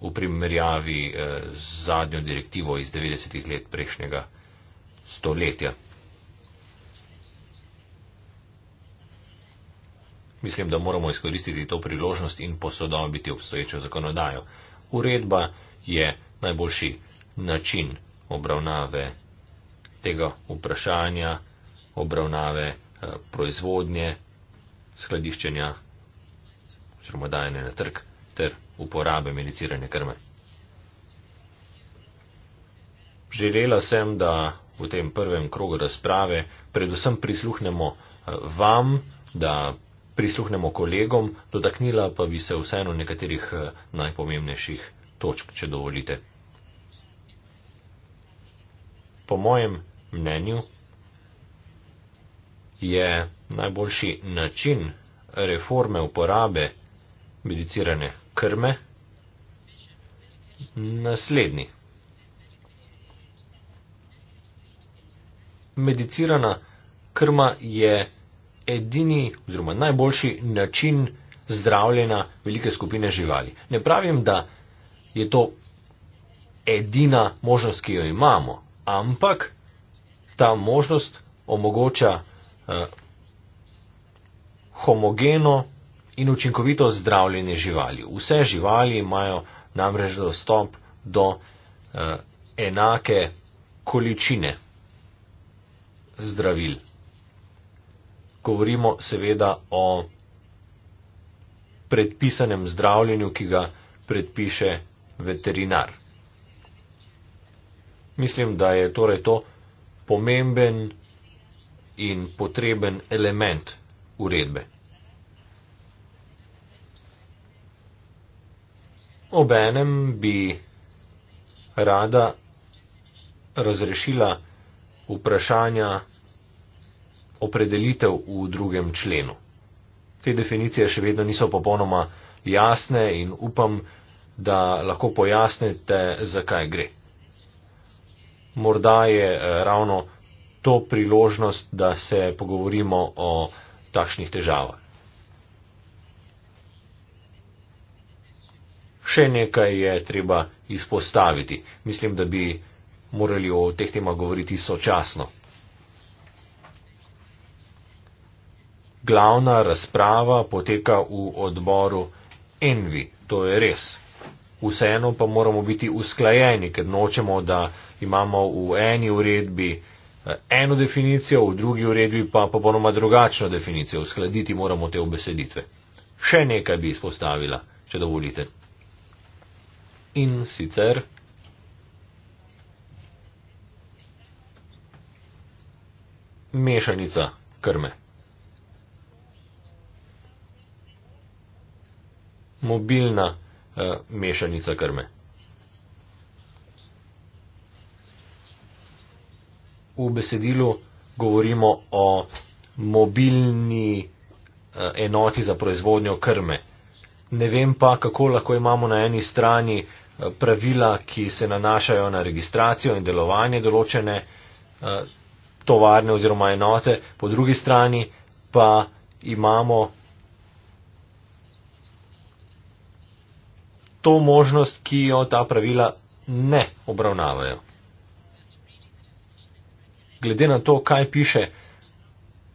v primerjavi eh, z zadnjo direktivo iz 90-ih let prejšnjega stoletja. Mislim, da moramo izkoristiti to priložnost in posodobiti obstoječo zakonodajo. Uredba je najboljši način obravnave tega vprašanja, obravnave eh, proizvodnje, skladiščenja, oziroma dajanja na trg ter uporabe medicirane krme. Želela sem, da v tem prvem krogu razprave predvsem prisluhnemo eh, vam, da prisluhnemo kolegom, dotaknila pa bi se vseeno nekaterih eh, najpomembnejših točk, če dovolite po mojem mnenju, je najboljši način reforme uporabe medicirane krme naslednji. Medicirana krma je edini oziroma najboljši način zdravljena velike skupine živali. Ne pravim, da je to edina možnost, ki jo imamo, ampak ta možnost omogoča eh, homogeno in učinkovito zdravljenje živali. Vse živali imajo namreč dostop do eh, enake količine zdravil. Govorimo seveda o predpisanem zdravljenju, ki ga predpiše veterinar. Mislim, da je torej to pomemben in potreben element uredbe. Obenem bi rada razrešila vprašanja opredelitev v drugem členu. Te definicije še vedno niso popolnoma jasne in upam, da lahko pojasnite, zakaj gre morda je eh, ravno to priložnost, da se pogovorimo o takšnih težavah. Še nekaj je treba izpostaviti. Mislim, da bi morali o teh temah govoriti sočasno. Glavna razprava poteka v odboru Envi, to je res vseeno pa moramo biti usklajeni, ker nočemo, da imamo v eni uredbi eh, eno definicijo, v drugi uredbi pa popolnoma drugačno definicijo. Uskladiti moramo te obeseditve. Še nekaj bi izpostavila, če dovolite. In sicer. Mešanica krme. Mobilna Eh, mešanica krme. V besedilu govorimo o mobilni eh, enoti za proizvodnjo krme. Ne vem pa, kako lahko imamo na eni strani eh, pravila, ki se nanašajo na registracijo in delovanje določene tovarne oziroma enote, po drugi strani pa imamo to možnost, ki jo ta pravila ne obravnavajo. Glede na to, kaj piše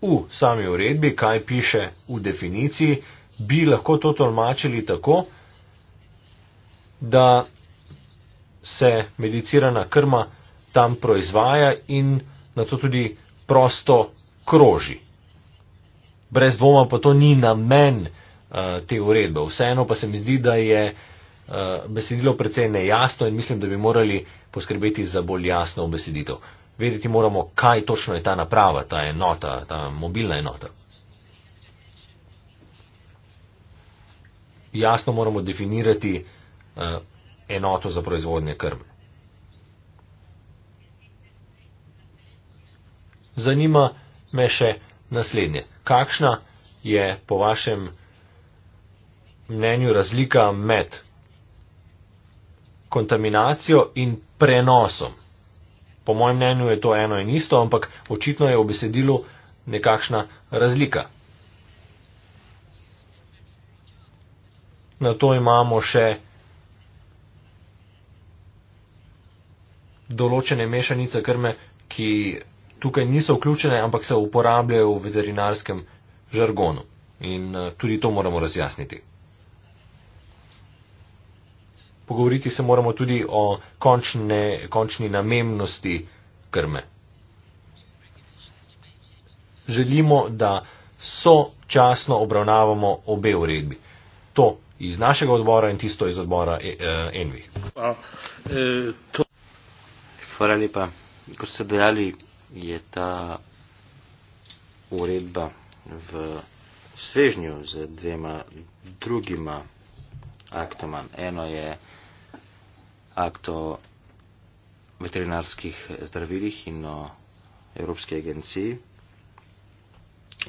v sami uredbi, kaj piše v definiciji, bi lahko to tolmačili tako, da se medicirana krma tam proizvaja in na to tudi prosto kroži. Brez dvoma pa to ni namen uh, te uredbe. Vseeno pa se mi zdi, da je uh, Eh, besedilo precej nejasno in mislim, da bi morali poskrbeti za bolj jasno obeseditev. Vedeti moramo, kaj točno je ta naprava, ta enota, ta mobilna enota. Jasno moramo definirati uh, enoto za proizvodnje krme. Zanima me še naslednje. Kakšna je po vašem mnenju razlika med kontaminacijo in prenosom. Po mojem mnenju je to eno in isto, ampak očitno je v besedilu nekakšna razlika. Na to imamo še določene mešanice krme, ki tukaj niso vključene, ampak se uporabljajo v veterinarskem žargonu. In eh, tudi to moramo razjasniti pogovoriti se moramo tudi o končne, končni namennosti krme. Želimo, da sočasno obravnavamo obe uredbi. To iz našega odbora in tisto iz odbora e, e, Envi. E, Hvala lepa. Kot ste dejali, je ta uredba v svežnju z dvema drugima aktoma. Eno je akt o veterinarskih zdravilih in o Evropski agenciji.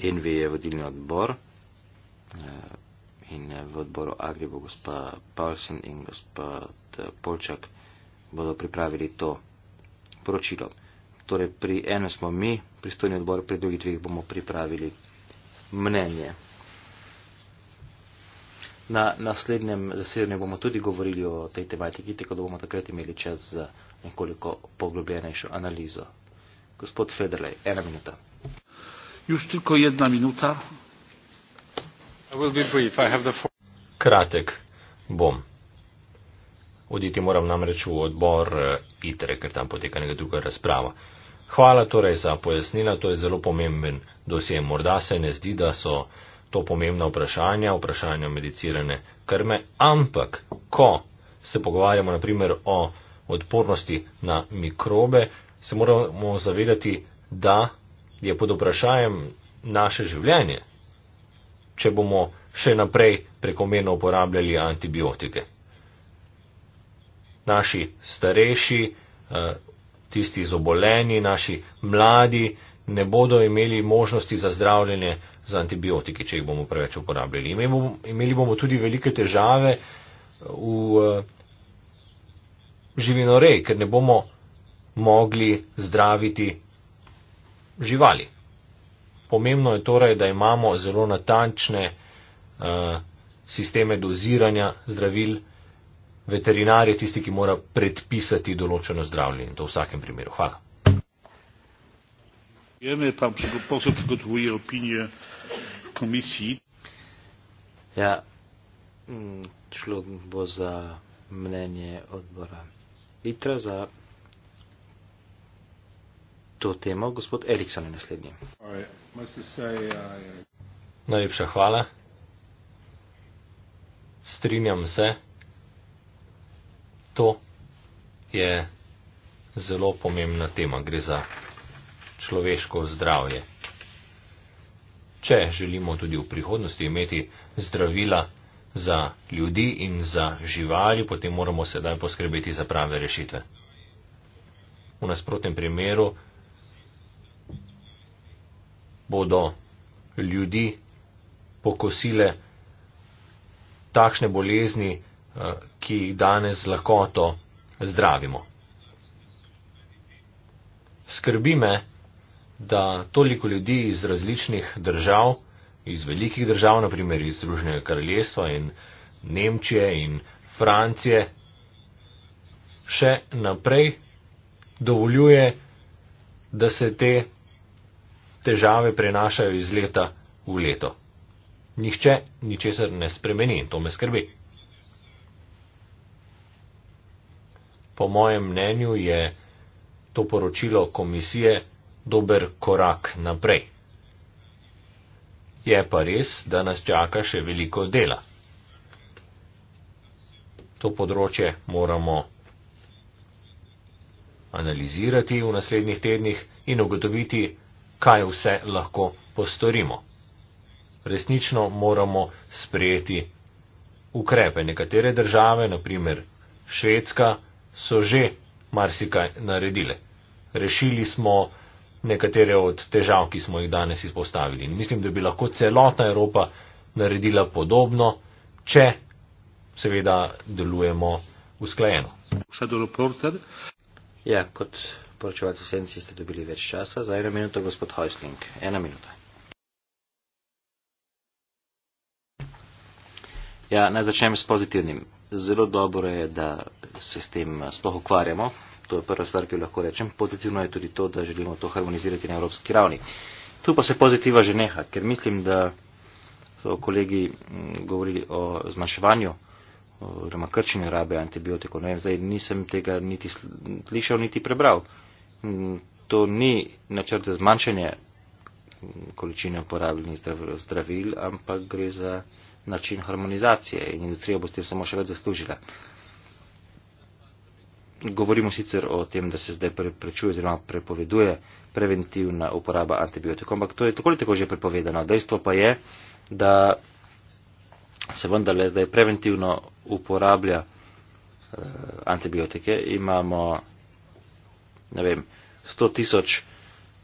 Envi je vodilni odbor eh, in v odboru Agri bo gospa Paulsen in gospa Polčak bodo pripravili to poročilo. Torej, pri enem smo mi, pristojni odbor, pri drugih dveh bomo pripravili mnenje. Na naslednjem zasedanju bomo tudi govorili o tej tematiki, tako da bomo takrat imeli čas za nekoliko poglobljenejšo analizo. Gospod Federlej, ena minuta. Justiko, jedna minuta. Brief, Kratek bom. Oditi moram namreč v odbor eh, ITRE, ker tam poteka neka druga razprava. Hvala torej za pojasnila, to je zelo pomemben dosje. Morda se ne zdi, da so to pomembna vprašanja, vprašanja medicirane krme, ampak ko se pogovarjamo naprimer o odpornosti na mikrobe, se moramo zavedati, da je pod vprašanjem naše življenje, če bomo še naprej prekomerno uporabljali antibiotike. Naši starejši, eh, tisti zobolenji, naši mladi ne bodo imeli možnosti za zdravljenje z antibiotiki, če jih bomo preveč uporabljali. Imeli bomo tudi velike težave v eh, živinoreji, ker ne bomo mogli zdraviti živali. Pomembno je torej, da imamo zelo natančne uh, sisteme doziranja zdravil, veterinar je tisti, ki mora predpisati določeno zdravljenje. To v vsakem primeru. Hvala. Vieme, pán Pšikopov sa prigotovuje opinie komisiji. Ja, mm, šlo bo za mnenje odbora ITRA za to temo. Gospod Erikson je naslednji. Najlepša hvala. Strinjam se, to je zelo pomembna tema. Gre za človeško zdravje če želimo tudi v prihodnosti imeti zdravila za ljudi in za živali, potem moramo sedaj poskrbeti za prave rešitve. V nasprotnem primeru bodo ljudi pokosile takšne bolezni, eh, ki jih danes lahko to zdravimo. Skrbi me, da toliko ljudi iz različnih držav, iz velikih držav, naprimer iz Združenega kraljestva in Nemčije in Francije, še naprej dovoljuje, da se te težave prenašajo iz leta v leto. Nihče ničesar ne spremeni in to me skrbi. Po mojem mnenju je to poročilo komisije dober korak naprej. Je pa res, da nas čaka še veliko dela. To področje moramo analizirati v naslednjih tednih in ugotoviti, kaj vse lahko postorimo. Resnično moramo sprejeti ukrepe. Nekatere države, naprimer Švedska, so že marsikaj naredile. Rešili smo nekatere od težav, ki smo jih danes izpostavili. In mislim, da bi lahko celotna Evropa naredila podobno, če seveda delujemo usklajeno. Ja, kot poročevalci senci ste dobili več časa. Za eno minuto, gospod Hojsling. Ena minuta. Ja, naj začnem s pozitivnim. Zelo dobro je, da se s tem sploh ukvarjamo, To je prva stvar, ki jo lahko rečem. Pozitivno je tudi to, da želimo to harmonizirati na evropski ravni. Tu pa se pozitiva že neha, ker mislim, da so kolegi mm, govorili o zmanjševanju oziroma krčenju rabe antibiotikov. Ne vem, zdaj nisem tega niti slišal, niti prebral. Mm, to ni načrt za zmanjšanje mm, količine uporabljenih zdravil, ampak gre za način harmonizacije in industrija bo s tem samo še več zaslužila govorimo sicer o tem, da se zdaj preprečuje oziroma prepoveduje preventivna uporaba antibiotikov, ampak to je tako ali tako že prepovedano. Dejstvo pa je, da se vendarle zdaj preventivno uporablja eh, antibiotike. Imamo, ne vem, 100 tisoč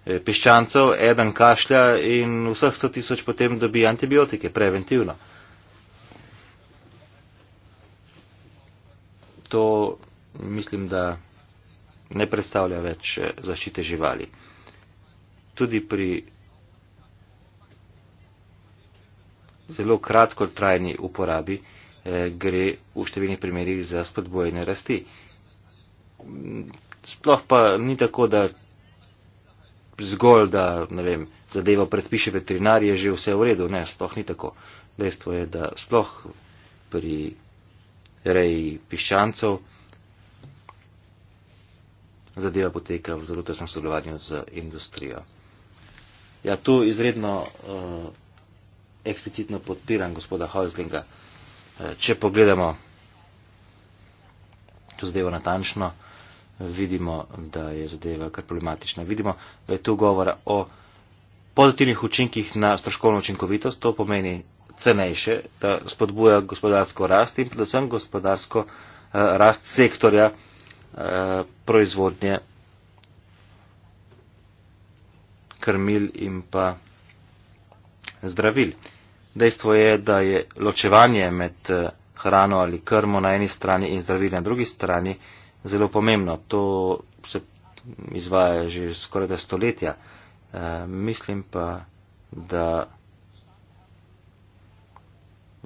eh, piščancev, eden kašlja in vseh 100 tisoč potem dobi antibiotike preventivno. To mislim, da ne predstavlja več eh, zaščite živali. Tudi pri zelo kratkotrajni uporabi eh, gre v številnih primerjih za spodbojene rasti. Sploh pa ni tako, da zgolj, da ne vem, zadevo predpiše veterinar, je že vse v redu. Ne, sploh ni tako. Dejstvo je, da sploh pri reji piščancov zadeva poteka v zelo tesnem sodelovanju z industrijo. Ja, tu izredno uh, eksplicitno podpiram gospoda Hauslinga. Uh, eh, če pogledamo to zadevo natančno, vidimo, da je zadeva kar problematična. Vidimo, da je tu govora o pozitivnih učinkih na stroškovno učinkovitost, to pomeni cenejše, da spodbuja gospodarsko rast in predvsem gospodarsko uh, rast sektorja, uh, Eh, proizvodnje krmil in pa zdravil. Dejstvo je, da je ločevanje med eh, hrano ali krmo na eni strani in zdravil na drugi strani zelo pomembno. To se izvaja že skoraj da stoletja. Eh, mislim pa, da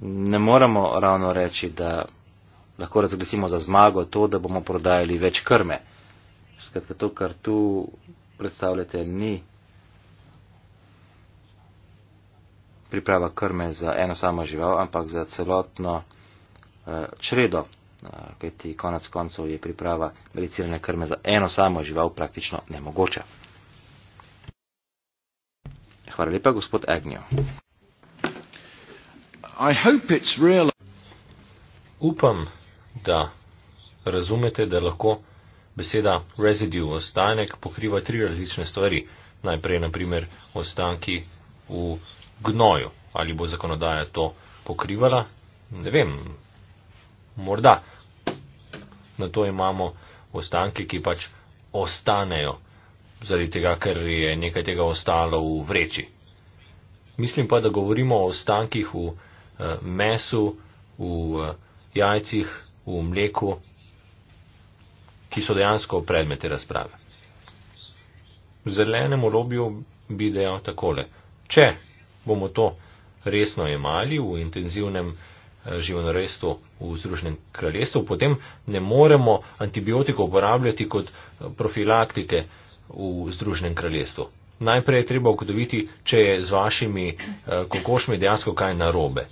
ne moramo ravno reči, da lahko razglasimo za zmago to, da bomo prodajali več krme. Skratka, to, kar tu predstavljate, ni priprava krme za eno samo žival, ampak za celotno uh, čredo. Uh, eh, Kaj ti konec koncev je priprava medicirane krme za eno samo žival praktično nemogoča. Hvala lepa, gospod Agnjo. Upam, da razumete, da lahko beseda residue, ostanek, pokriva tri različne stvari. Najprej, naprimer, ostanki v gnoju. Ali bo zakonodaja to pokrivala? Ne vem, morda. Na to imamo ostanke, ki pač ostanejo, zaradi tega, ker je nekaj tega ostalo v vreči. Mislim pa, da govorimo o ostankih v eh, mesu, v eh, jajcih, v mleku, ki so dejansko predmete razprave. V zelenem orobju bi dejal takole. Če bomo to resno imali v intenzivnem eh, živonorejstvu v Združenem kraljestvu, potem ne moremo antibiotikov uporabljati kot eh, profilaktike v Združenem kraljestvu. Najprej je treba ugotoviti, če je z vašimi eh, kokošmi dejansko kaj narobe.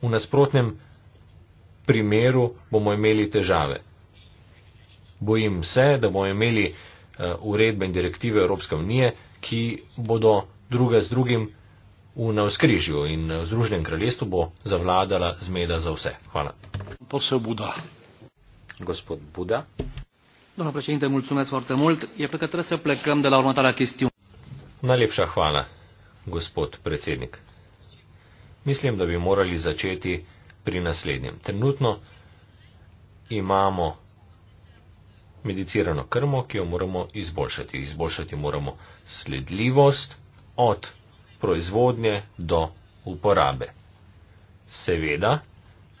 V nasprotnem primeru bomo imeli težave. Bojim se, da bomo imeli eh, uredbe in direktive Evropske unije, ki bodo druga z drugim v navskrižju in eh, v Združenem kraljestvu bo zavladala zmeda za vse. Hvala. Posel Buda. Gospod Buda. Domnul președinte, mulțumesc foarte mult. E pentru că trebuie să plecăm de la următoarea chestiune. Nalipșa hvala, gospod președinte. Mislim, da bi morali začeti pri naslednjem. Trenutno imamo medicirano krmo, ki jo moramo izboljšati. Izboljšati moramo sledljivost od proizvodnje do uporabe. Seveda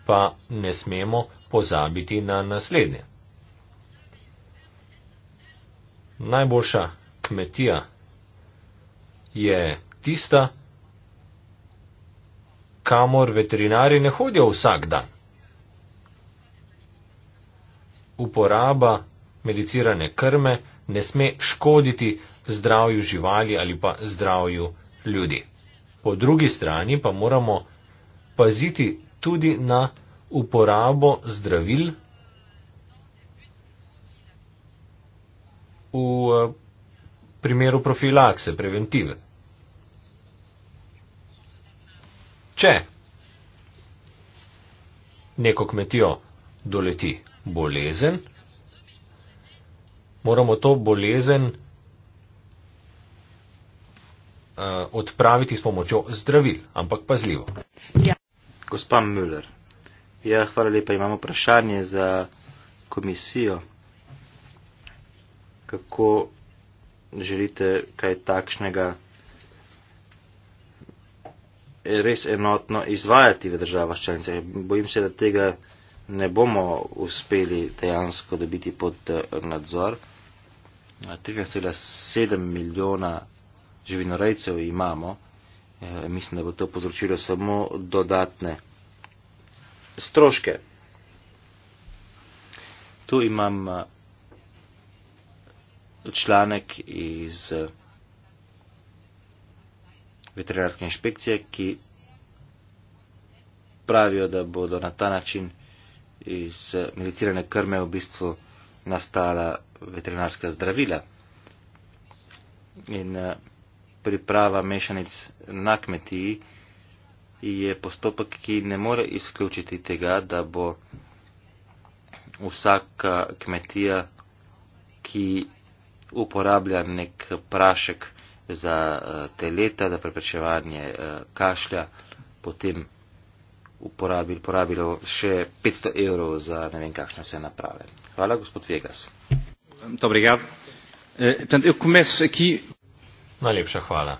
pa ne smemo pozabiti na naslednje. Najboljša kmetija je tista, kamor veterinari ne hodijo vsak dan. Uporaba medicirane krme ne sme škoditi zdravju živali ali pa zdravju ljudi. Po drugi strani pa moramo paziti tudi na uporabo zdravil v eh, primeru profilakse, preventive. Če neko kmetijo doleti bolezen, moramo to bolezen uh, odpraviti s pomočjo zdravil, ampak pazljivo. Ja. Gospa Müller, ja, hvala lepa, imamo vprašanje za komisijo. Kako želite kaj takšnega? res enotno izvajati v državah članicah. Bojim se, da tega ne bomo uspeli dejansko dobiti pod eh, nadzor. 3,7 milijona živinorejcev imamo. Eh, mislim, da bo to povzročilo samo dodatne stroške. Tu imam eh, članek iz veterinarske inšpekcije, ki pravijo, da bodo na ta način iz medicirane krme v bistvu nastala veterinarska zdravila. In eh, priprava mešanic na kmetiji je postopek, ki ne more izključiti tega, da bo vsaka kmetija, ki uporablja nek prašek, za eh, teleta, za preprečevanje eh, kašlja, potem uporabil, porabilo še 500 evrov za ne vem kakšne vse naprave. Hvala, gospod Vegas. Eh, Najlepša hvala.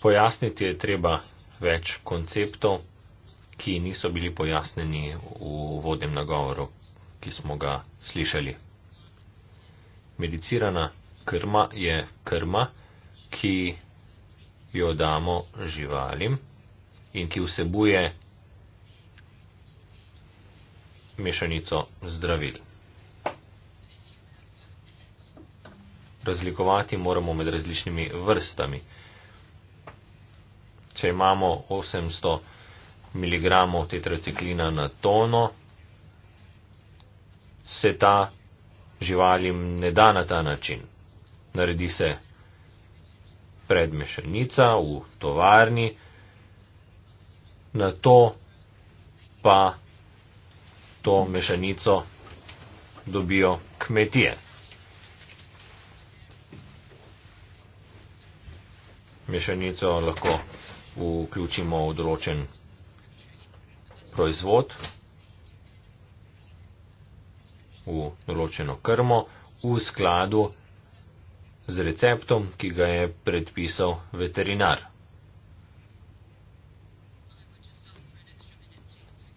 Pojasniti je treba več konceptov, ki niso bili pojasneni v vodnem nagovoru, ki smo ga slišali medicirana krma je krma, ki jo damo živalim in ki vsebuje mešanico zdravil. Razlikovati moramo med različnimi vrstami. Če imamo 800 mg tetraciklina na tono, se ta živalim ne da na ta način. Naredi se predmešanica v tovarni, na to pa to mešanico dobijo kmetije. Mešanico lahko vključimo v določen proizvod, v določeno krmo v skladu z receptom, ki ga je predpisal veterinar.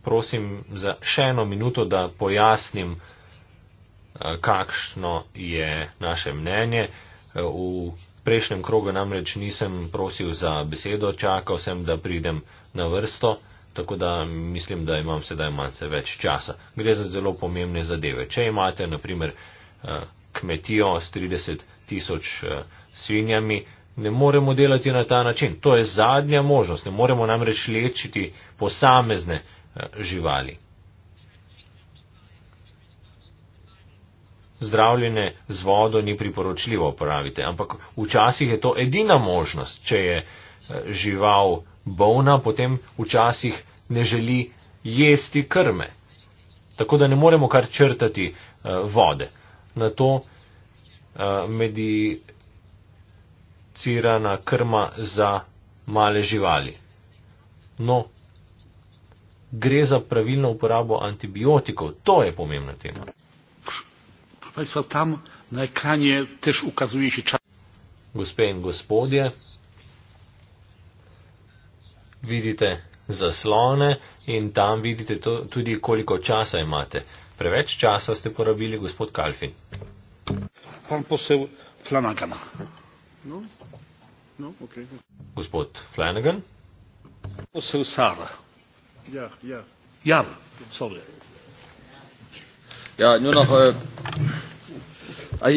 Prosim za še eno minuto, da pojasnim, eh, kakšno je naše mnenje. Eh, v prejšnjem krogu namreč nisem prosil za besedo, čakal sem, da pridem na vrsto tako da mislim, da imam sedaj malce več časa. Gre za zelo pomembne zadeve. Če imate, naprimer, eh, kmetijo s 30 tisoč eh, svinjami, ne moremo delati na ta način. To je zadnja možnost. Ne moremo namreč lečiti posamezne eh, živali. Zdravljenje z vodo ni priporočljivo, pravite, ampak včasih je to edina možnost, če je žival bolna, potem včasih ne želi jesti krme. Tako da ne moremo kar črtati uh, vode. Na to uh, eh, medicirana krma za male živali. No, gre za pravilno uporabo antibiotikov, to je pomembna tema. Gospe in gospodje, vidite zaslone in tam vidite to, tudi, koliko časa imate. Preveč časa ste porabili, gospod Kalfin. No? No? Gospod Flanagan. Posel Sara. Ja, ja. Ja, nujno. Äh, ah,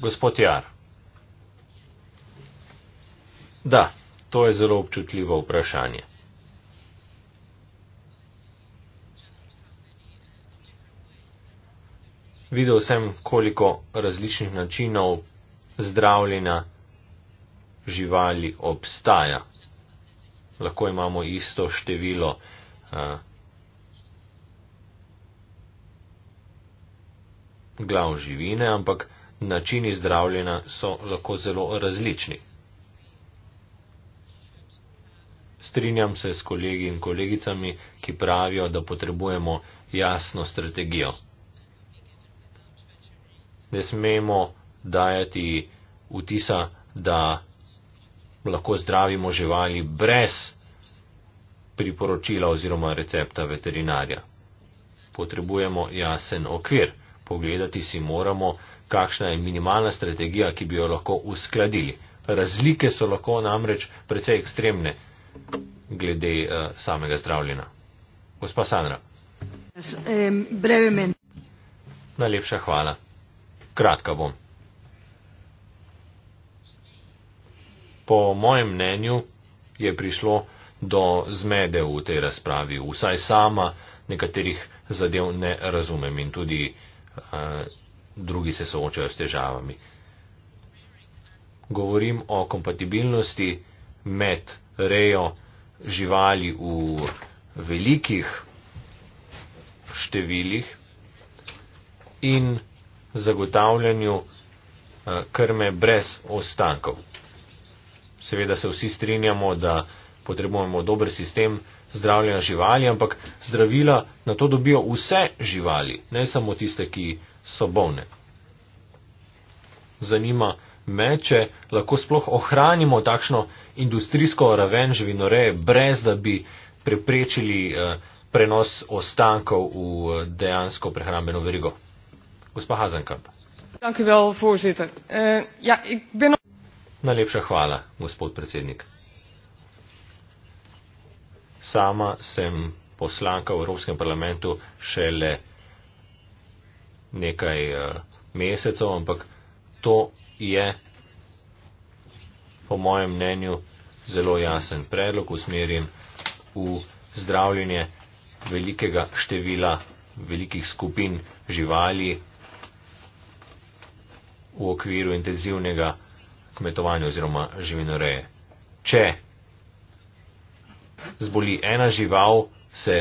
gospod Jar. Da. To je zelo občutljivo vprašanje. Videl sem, koliko različnih načinov zdravljenja živali obstaja. Lahko imamo isto število uh, glav živine, ampak načini zdravljenja so lahko zelo različni. strinjam se s kolegi in kolegicami, ki pravijo, da potrebujemo jasno strategijo. Ne smemo dajati vtisa, da lahko zdravimo živali brez priporočila oziroma recepta veterinarja. Potrebujemo jasen okvir. Pogledati si moramo, kakšna je minimalna strategija, ki bi jo lahko uskladili. Razlike so lahko namreč precej ekstremne glede uh, samega zdravljena. Gospa Sandra. Brevemen. Najlepša hvala. Kratka bom. Po mojem mnenju je prišlo do zmede v tej razpravi. Vsaj sama nekaterih zadev ne razumem in tudi uh, drugi se soočajo s težavami. Govorim o kompatibilnosti med rejo živali v velikih številih in zagotavljanju eh, krme brez ostankov. Seveda se vsi strinjamo, da potrebujemo dober sistem zdravljenja živali, ampak zdravila na to dobijo vse živali, ne samo tiste, ki so bolne. Zanima me, me, če lahko sploh ohranimo takšno industrijsko raven živinoreje, brez da bi preprečili eh, prenos ostankov v eh, dejansko prehrambeno verigo. Gospa Hazenkamp. Eh, ja, Najlepša hvala, gospod predsednik. Sama sem poslanka v Evropskem parlamentu šele nekaj mesecev, ampak to je po mojem mnenju zelo jasen predlog usmerjen v zdravljenje velikega števila velikih skupin živali v okviru intenzivnega kmetovanja oziroma živinoreje. Če zboli ena žival, se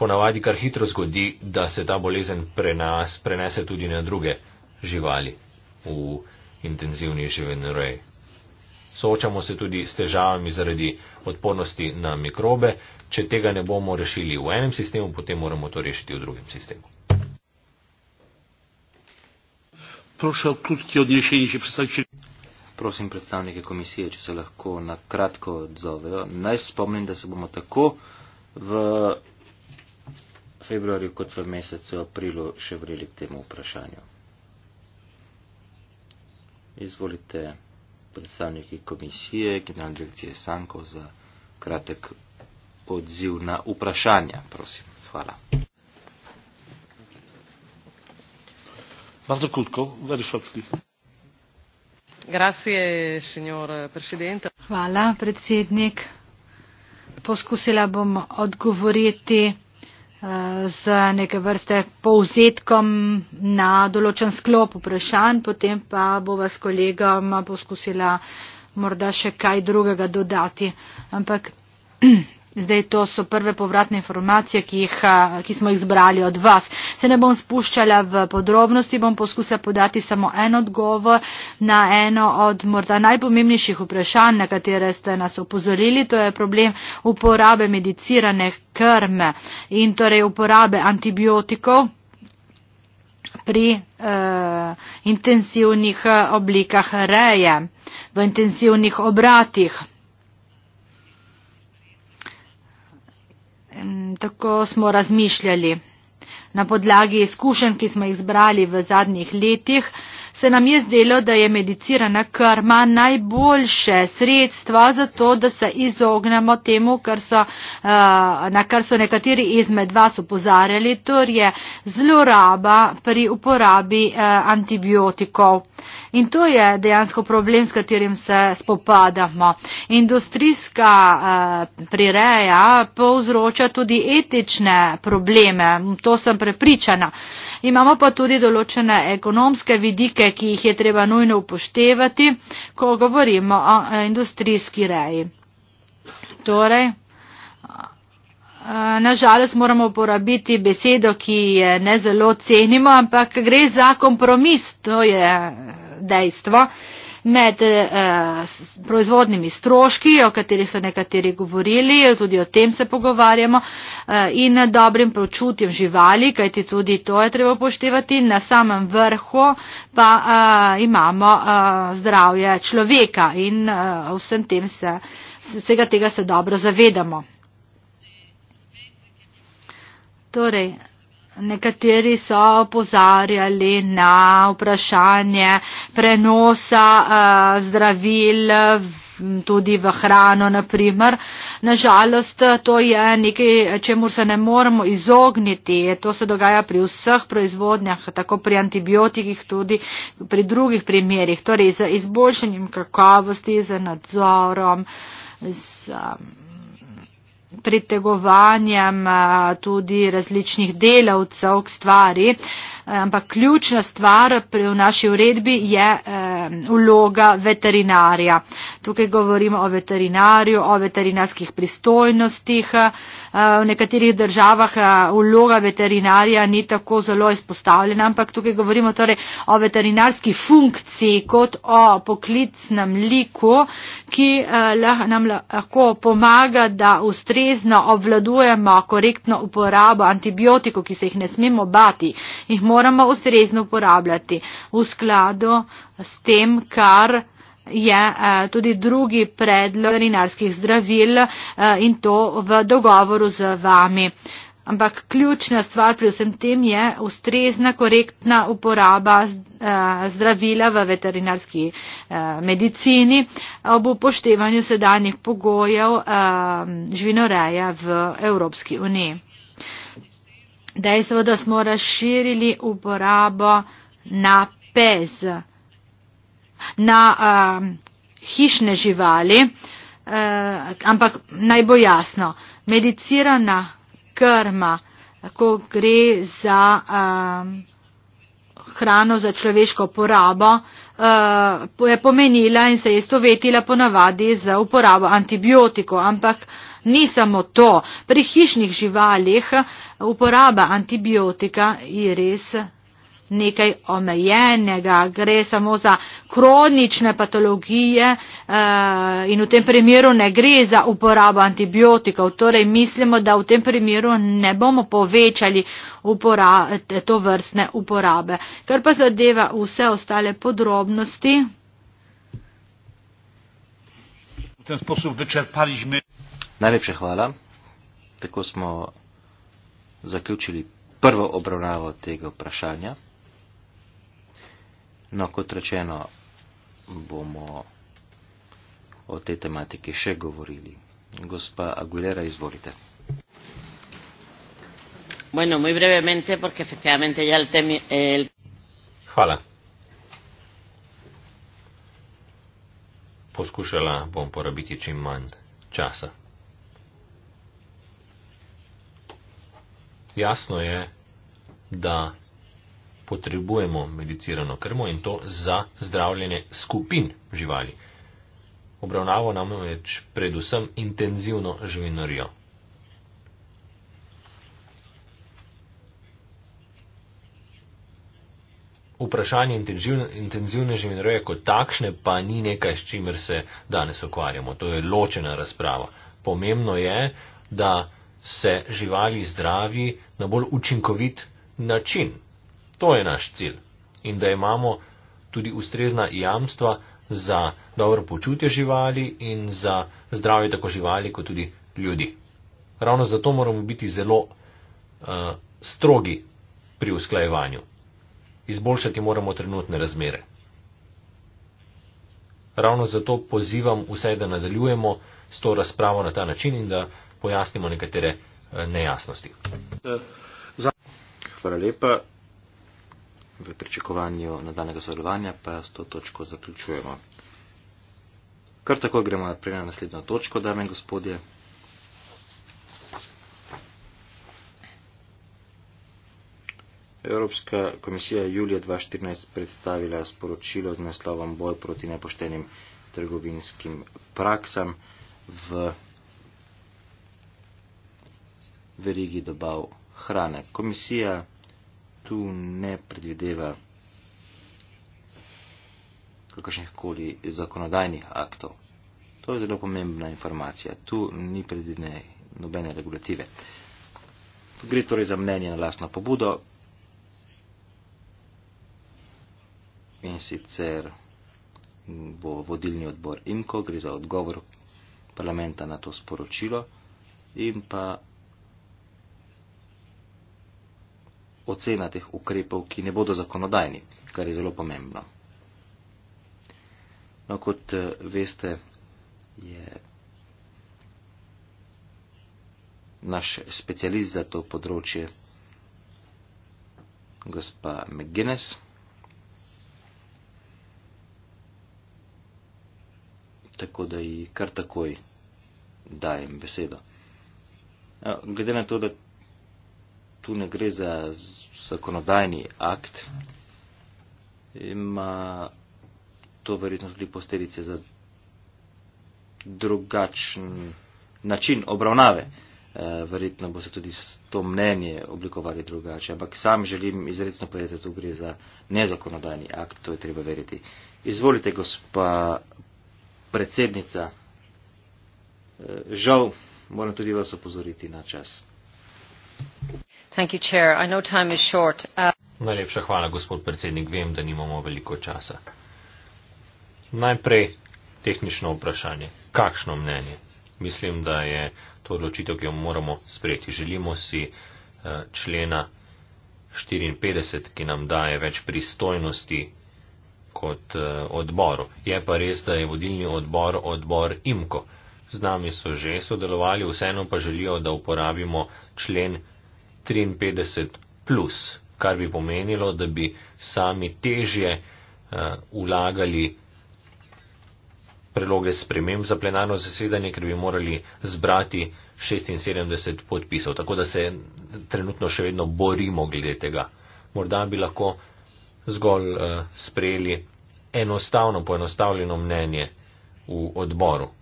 ponavadi kar hitro zgodi, da se ta bolezen prenas, prenese tudi na druge živali. V intenzivnejše venereje. Soočamo se tudi s težavami zaradi odpornosti na mikrobe. Če tega ne bomo rešili v enem sistemu, potem moramo to rešiti v drugem sistemu. Prosim predstavnike komisije, če se lahko na kratko odzovejo. Naj spomnim, da se bomo tako v februarju kot v mesecu aprilu še vrili k temu vprašanju. Izvolite predstavniki komisije, generalne direkcije Sanko za kratek odziv na vprašanja, prosim. Hvala. Bardzo krótko, very shortly. Grazie, signor presidente. Hvala, predsednik. Poskusila bom odgovoriti z neke vrste povzetkom na določen sklop vprašanj, potem pa bova s kolegama poskusila morda še kaj drugega dodati. Ampak Zdaj to so prve povratne informacije, ki, jih, ki smo jih zbrali od vas. Se ne bom spuščala v podrobnosti, bom poskusila podati samo en odgovor na eno od morda najpomembnejših vprašanj, na katere ste nas opozorili. To je problem uporabe medicirane krme in torej uporabe antibiotikov pri uh, intenzivnih eh, oblikah reje, v intenzivnih obratih. Tako smo razmišljali. Na podlagi izkušenj, ki smo jih zbrali v zadnjih letih, se nam je zdelo, da je medicirana krma najboljše sredstvo za to, da se izognemo temu, kar so, eh, na kar so nekateri izmed vas upozarjali, torej zloraba pri uporabi eh, antibiotikov. In to je dejansko problem, s katerim se spopadamo. Industrijska eh, prireja povzroča tudi etične probleme, to sem prepričana. Imamo pa tudi določene ekonomske vidike, ki jih je treba nujno upoštevati, ko govorimo o eh, industrijski reji. Torej, eh, Nažalost moramo uporabiti besedo, ki je ne zelo cenimo, ampak gre za kompromis, to je eh, dejstvo med eh, proizvodnimi stroški, o katerih so nekateri govorili, tudi o tem se pogovarjamo, eh, in dobrim počutjem živali, kajti tudi to je treba upoštevati. Na samem vrhu pa eh, imamo eh, zdravje človeka in eh, vsem tem se, vsega tega se dobro zavedamo. Torej, Nekateri so opozarjali na vprašanje prenosa uh, zdravil tudi v hrano, naprimer. Nažalost, to je nekaj, čemu se ne moremo izogniti. To se dogaja pri vseh proizvodnjah, tako pri antibiotikih, tudi pri drugih primerjih. Torej, z izboljšanjem kakovosti, z nadzorom, z. Um, pritegovanjem tudi različnih delavcev k stvari, e, ampak ključna stvar v naši uredbi je e, vloga veterinarja. Tukaj govorimo o veterinarju, o veterinarskih pristojnostih, Eh, v nekaterih državah eh, vloga veterinarja ni tako zelo izpostavljena, ampak tukaj govorimo torej o veterinarski funkciji kot o poklicnem liku, ki eh, nam lahko pomaga, da ustrezno obvladujemo korektno uporabo antibiotikov, ki se jih ne smemo bati. Jih moramo ustrezno uporabljati v skladu s tem, kar je eh, tudi drugi predlog veterinarskih zdravil eh, in to v dogovoru z vami. Ampak ključna stvar pri vsem tem je ustrezna, korektna uporaba eh, zdravila v veterinarski medicini ob upoštevanju sedanjih pogojev živinoreja v Evropski uniji. Dejstvo, da smo razširili uporabo na pez na a, hišne živali, a, ampak naj bo jasno, medicirana krma, ko gre za a, hrano za človeško porabo, a, je pomenila in se je stovetila ponavadi za uporabo antibiotikov, ampak Ni samo to. Pri hišnih živalih uporaba antibiotika je res nekaj omejenega, gre samo za kronične patologije eh, in v tem primeru ne gre za uporabo antibiotikov. Torej mislimo, da v tem primeru ne bomo povečali to vrstne uporabe. Kar pa zadeva vse ostale podrobnosti. Najlepša hvala. Tako smo zaključili prvo obravnavo tega vprašanja. No, kot rečeno, bomo o tej tematiki še govorili. Gospa Aguilera, izvolite. Bueno, muy brevemente, porque efectivamente ya el tema. El... Hvala. Poskušala bom porabiti čim manj časa. Jasno je, da potrebujemo medicirano krmo in to za zdravljenje skupin živali. Obravnavo nam več predvsem intenzivno živinorijo. Vprašanje intenzivne živinorije kot takšne pa ni nekaj, s čimer se danes ukvarjamo. To je ločena razprava. Pomembno je, da se živali zdravi na bolj učinkovit način. To je naš cilj. In da imamo tudi ustrezna jamstva za dobro počutje živali in za zdravje tako živali kot tudi ljudi. Ravno zato moramo biti zelo uh, strogi pri usklajevanju. Izboljšati moramo trenutne razmere. Ravno zato pozivam vse, da nadaljujemo s to razpravo na ta način in da pojasnimo nekatere eh, nejasnosti. Hvala lepa v pričakovanju nadaljnega sodelovanja pa s to točko zaključujemo. Kar tako gremo naprej na naslednjo točko, dame in gospodje. Evropska komisija je julija 2014 predstavila sporočilo z naslovom Boj proti nepoštenim trgovinskim praksam v verigi dobav hrane. Komisija tu ne predvideva kakršnih koli zakonodajnih aktov. To je zelo pomembna informacija. Tu ni predvidene nobene regulative. Gre torej za mnenje na lastno pobudo in sicer bo vodilni odbor IMKO, gre za odgovor parlamenta na to sporočilo in pa ocena teh ukrepov, ki ne bodo zakonodajni, kar je zelo pomembno. No, kot eh, veste, je naš specialist za to področje gospa McGuinness, tako da ji kar takoj dajem besedo. No, glede na to, da tu ne gre za zakonodajni akt, ima to verjetno tudi posledice za drugačen način obravnave. Eh, verjetno bo se tudi to mnenje oblikovali drugače, ampak sam želim izredno povedati, da tu gre za nezakonodajni akt, to je treba verjeti. Izvolite, gospa predsednica, eh, žal moram tudi vas opozoriti na čas. Uh, Najlepša hvala, gospod predsednik. Vem, da nimamo veliko časa. Najprej tehnično vprašanje. Kakšno mnenje? Mislim, da je to odločitev, ki jo moramo sprejeti. Želimo si uh, člena 54, ki nam daje več pristojnosti kot uh, odboru. Je pa res, da je vodilni odbor odbor imko z nami so že sodelovali, vseeno pa želijo, da uporabimo člen 53, plus, kar bi pomenilo, da bi sami težje uh, eh, ulagali predloge sprememb za plenarno zasedanje, ker bi morali zbrati 76 podpisov. Tako da se trenutno še vedno borimo glede tega. Morda bi lahko zgolj uh, sprejeli enostavno, poenostavljeno mnenje v odboru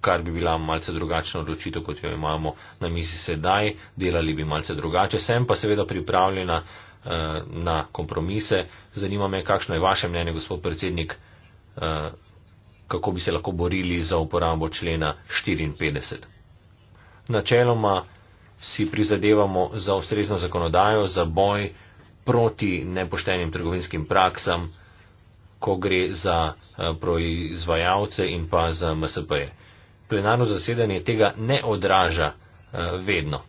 kar bi bila malce drugačna odločitev, kot jo imamo na misli sedaj, delali bi malce drugače. Sem pa seveda pripravljena eh, na kompromise. Zanima me, kakšno je vaše mnenje, gospod predsednik, eh, kako bi se lahko borili za uporabo člena 54. Načeloma si prizadevamo za ustrezno zakonodajo, za boj proti nepoštenim trgovinskim praksam, ko gre za eh, proizvajalce in pa za MSP-je plenarno zasedanje tega ne odraža eh, vedno.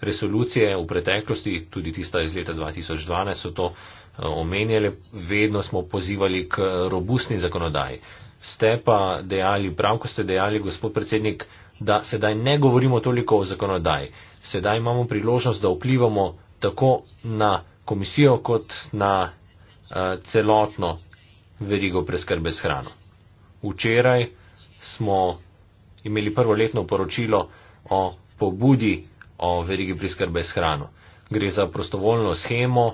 Resolucije v preteklosti, tudi tista iz leta 2012, so to eh, omenjali, vedno smo pozivali k eh, robustni zakonodaji. Ste pa dejali, prav ko ste dejali, gospod predsednik, da sedaj ne govorimo toliko o zakonodaji. Sedaj imamo priložnost, da vplivamo tako na komisijo, kot na celotno verigo preskrbe s hrano. Včeraj smo imeli prvo letno poročilo o pobudi o verigi priskrbe s hrano. Gre za prostovoljno schemo,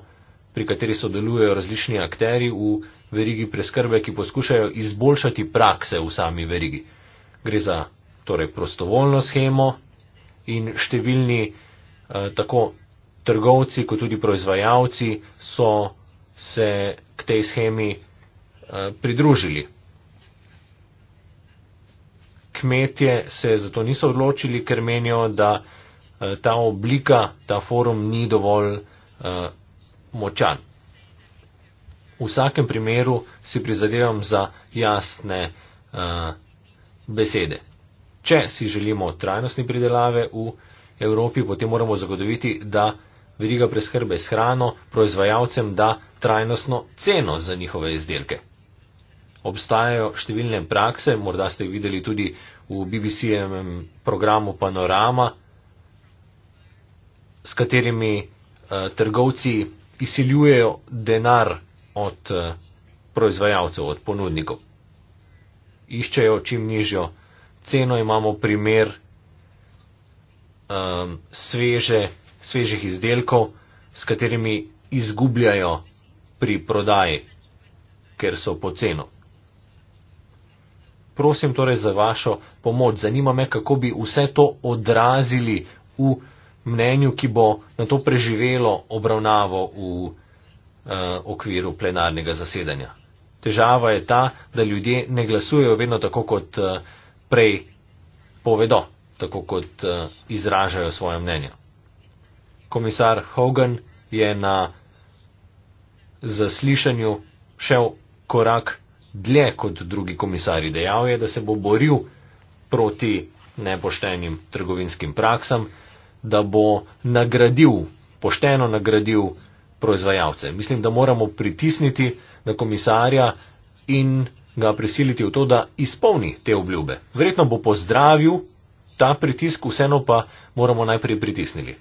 pri kateri sodelujejo različni akteri v verigi priskrbe, ki poskušajo izboljšati prakse v sami verigi. Gre za torej prostovoljno schemo in številni eh, tako trgovci kot tudi proizvajalci so se k tej schemi eh, pridružili kmetje se zato niso odločili, ker menijo, da eh, ta oblika, ta forum ni dovolj eh, močan. V vsakem primeru si prizadevam za jasne eh, besede. Če si želimo trajnostni pridelave v Evropi, potem moramo zagotoviti, da veriga preskrbe s hrano proizvajalcem da trajnostno ceno za njihove izdelke obstajajo številne prakse, morda ste videli tudi v BBC-jem programu Panorama, s katerimi eh, trgovci izsiljujejo denar od eh, proizvajalcev, od ponudnikov. Iščejo čim nižjo ceno, imamo primer eh, sveže, svežih izdelkov, s katerimi izgubljajo pri prodaji, ker so po ceno prosim torej za vašo pomoč. Zanima me, kako bi vse to odrazili v mnenju, ki bo na to preživelo obravnavo v eh, okviru plenarnega zasedanja. Težava je ta, da ljudje ne glasujejo vedno tako, kot eh, prej povedo, tako kot eh, izražajo svoje mnenje. Komisar Hogan je na zaslišanju šel korak dlje kot drugi komisari. Dejal je, da se bo boril proti nepoštenim trgovinskim praksam, da bo nagradil, pošteno nagradil proizvajalce. Mislim, da moramo pritisniti na komisarja in ga prisiliti v to, da izpolni te obljube. Verjetno bo pozdravil ta pritisk, vseeno pa moramo najprej pritisniti.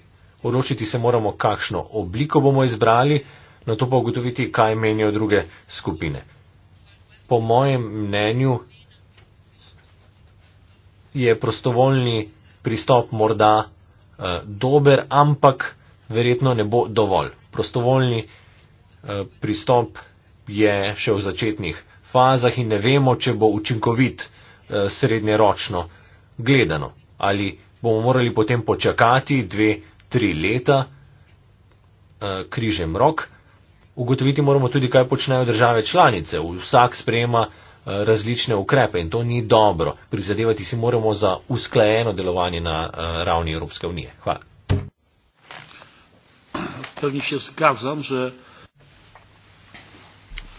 Odločiti se moramo, kakšno obliko bomo izbrali, na to pa ugotoviti, kaj menijo druge skupine po mojem mnenju je prostovoljni pristop morda eh, dober, ampak verjetno ne bo dovolj. Prostovoljni eh, pristop je še v začetnih fazah in ne vemo, če bo učinkovit eh, srednjeročno gledano. Ali bomo morali potem počakati dve, tri leta eh, križem rok ugotoviti moramo tudi, kaj počnejo države članice. Vsak sprejema eh, različne ukrepe in to ni dobro. Prizadevati si moramo za usklajeno delovanje na eh, ravni Evropske unije. Hvala. Pravni še skazam, že.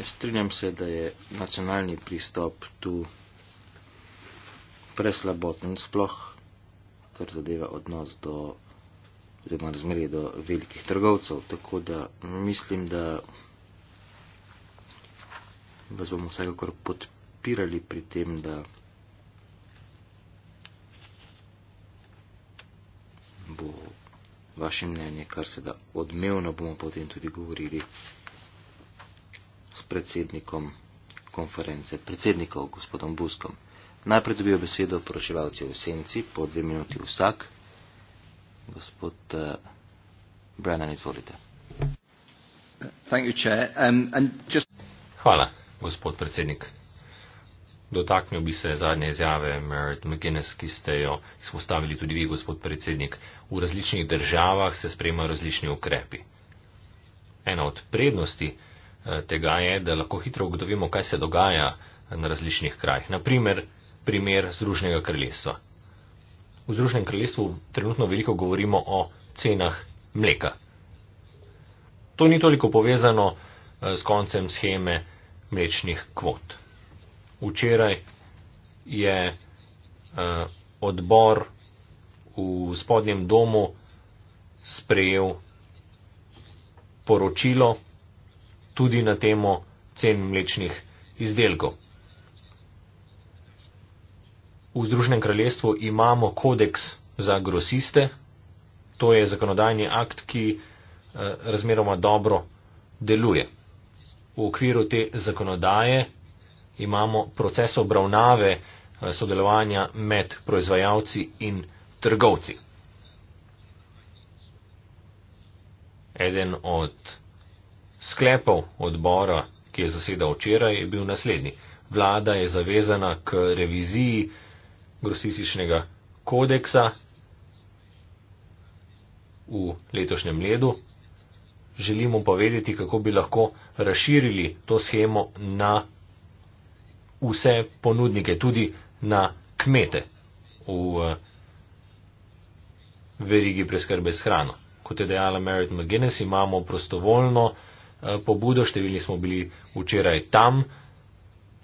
Ja strinjam se, da je nacionalni pristop tu preslaboten, sploh kar zadeva odnos do oziroma razmerje do velikih trgovcev. Tako da mislim, da vas bomo vsekakor podpirali pri tem, da bo vaše mnenje, kar se da odmevno bomo potem tudi govorili s predsednikom konference, predsednikov, gospodom Buskom. Najprej dobijo besedo poročevalci v senci, po dve minuti vsak. Gospod uh, Brennan, izvolite. Um, Hvala, gospod predsednik. Dotaknil bi se zadnje izjave Merit McGuinness, ki ste jo izpostavili tudi vi, gospod predsednik. V različnih državah se sprejemajo različni ukrepi. Ena od prednosti eh, tega je, da lahko hitro ugotovimo, kaj se dogaja na različnih krajih. Naprimer, primer Združnega kraljestva v Združenem kraljestvu trenutno veliko govorimo o cenah mleka. To ni toliko povezano z eh, koncem scheme mlečnih kvot. Včeraj je eh, odbor v spodnjem domu sprejel poročilo tudi na temo cen mlečnih izdelkov v Združenem kraljestvu imamo kodeks za grosiste, to je zakonodajni akt, ki eh, razmeroma dobro deluje. V okviru te zakonodaje imamo proces obravnave eh, sodelovanja med proizvajalci in trgovci. Eden od sklepov odbora, ki je zasedal včeraj, je bil naslednji. Vlada je zavezana k reviziji grosističnega kodeksa v letošnjem ledu. Želimo pa vedeti, kako bi lahko razširili to schemo na vse ponudnike, tudi na kmete v eh, verigi preskrbe s hrano. Kot je dejala Merit McGuinness, imamo prostovoljno eh, pobudo, številni smo bili včeraj tam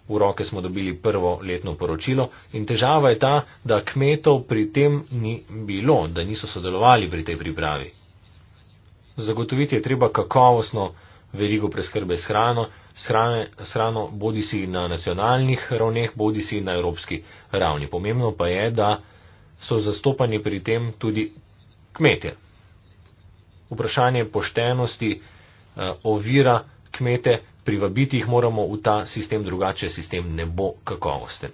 v roke smo dobili prvo letno poročilo in težava je ta, da kmetov pri tem ni bilo, da niso sodelovali pri tej pripravi. Zagotoviti je treba kakovostno verigo preskrbe s hrano, s hrane, s hrano bodi si na nacionalnih ravneh, bodi si na evropski ravni. Pomembno pa je, da so zastopani pri tem tudi kmetje. Vprašanje poštenosti eh, ovira kmete privabiti jih moramo v ta sistem, drugače sistem ne bo kakovosten.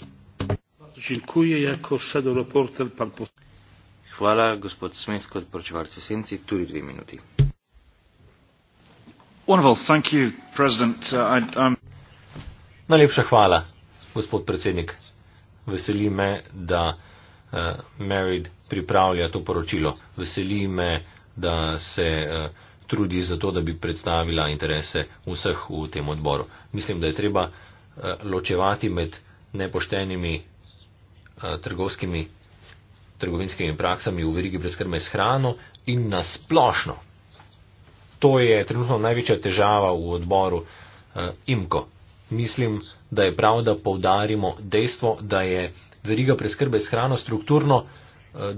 Hvala, gospod Smith, kot poročevalec v senci, tudi dve minuti. You, uh, I, um, Najlepša hvala, gospod predsednik. Veseli me, da uh, Merid pripravlja to poročilo. Veseli me, da se uh, trudi za to, da bi predstavila interese vseh v tem odboru. Mislim, da je treba eh, ločevati med nepoštenimi eh, trgovskimi, trgovinskimi praksami v verigi brezkrme s hrano in nasplošno. To je trenutno največja težava v odboru eh, IMKO. Mislim, da je prav, da povdarimo dejstvo, da je veriga preskrbe s hrano strukturno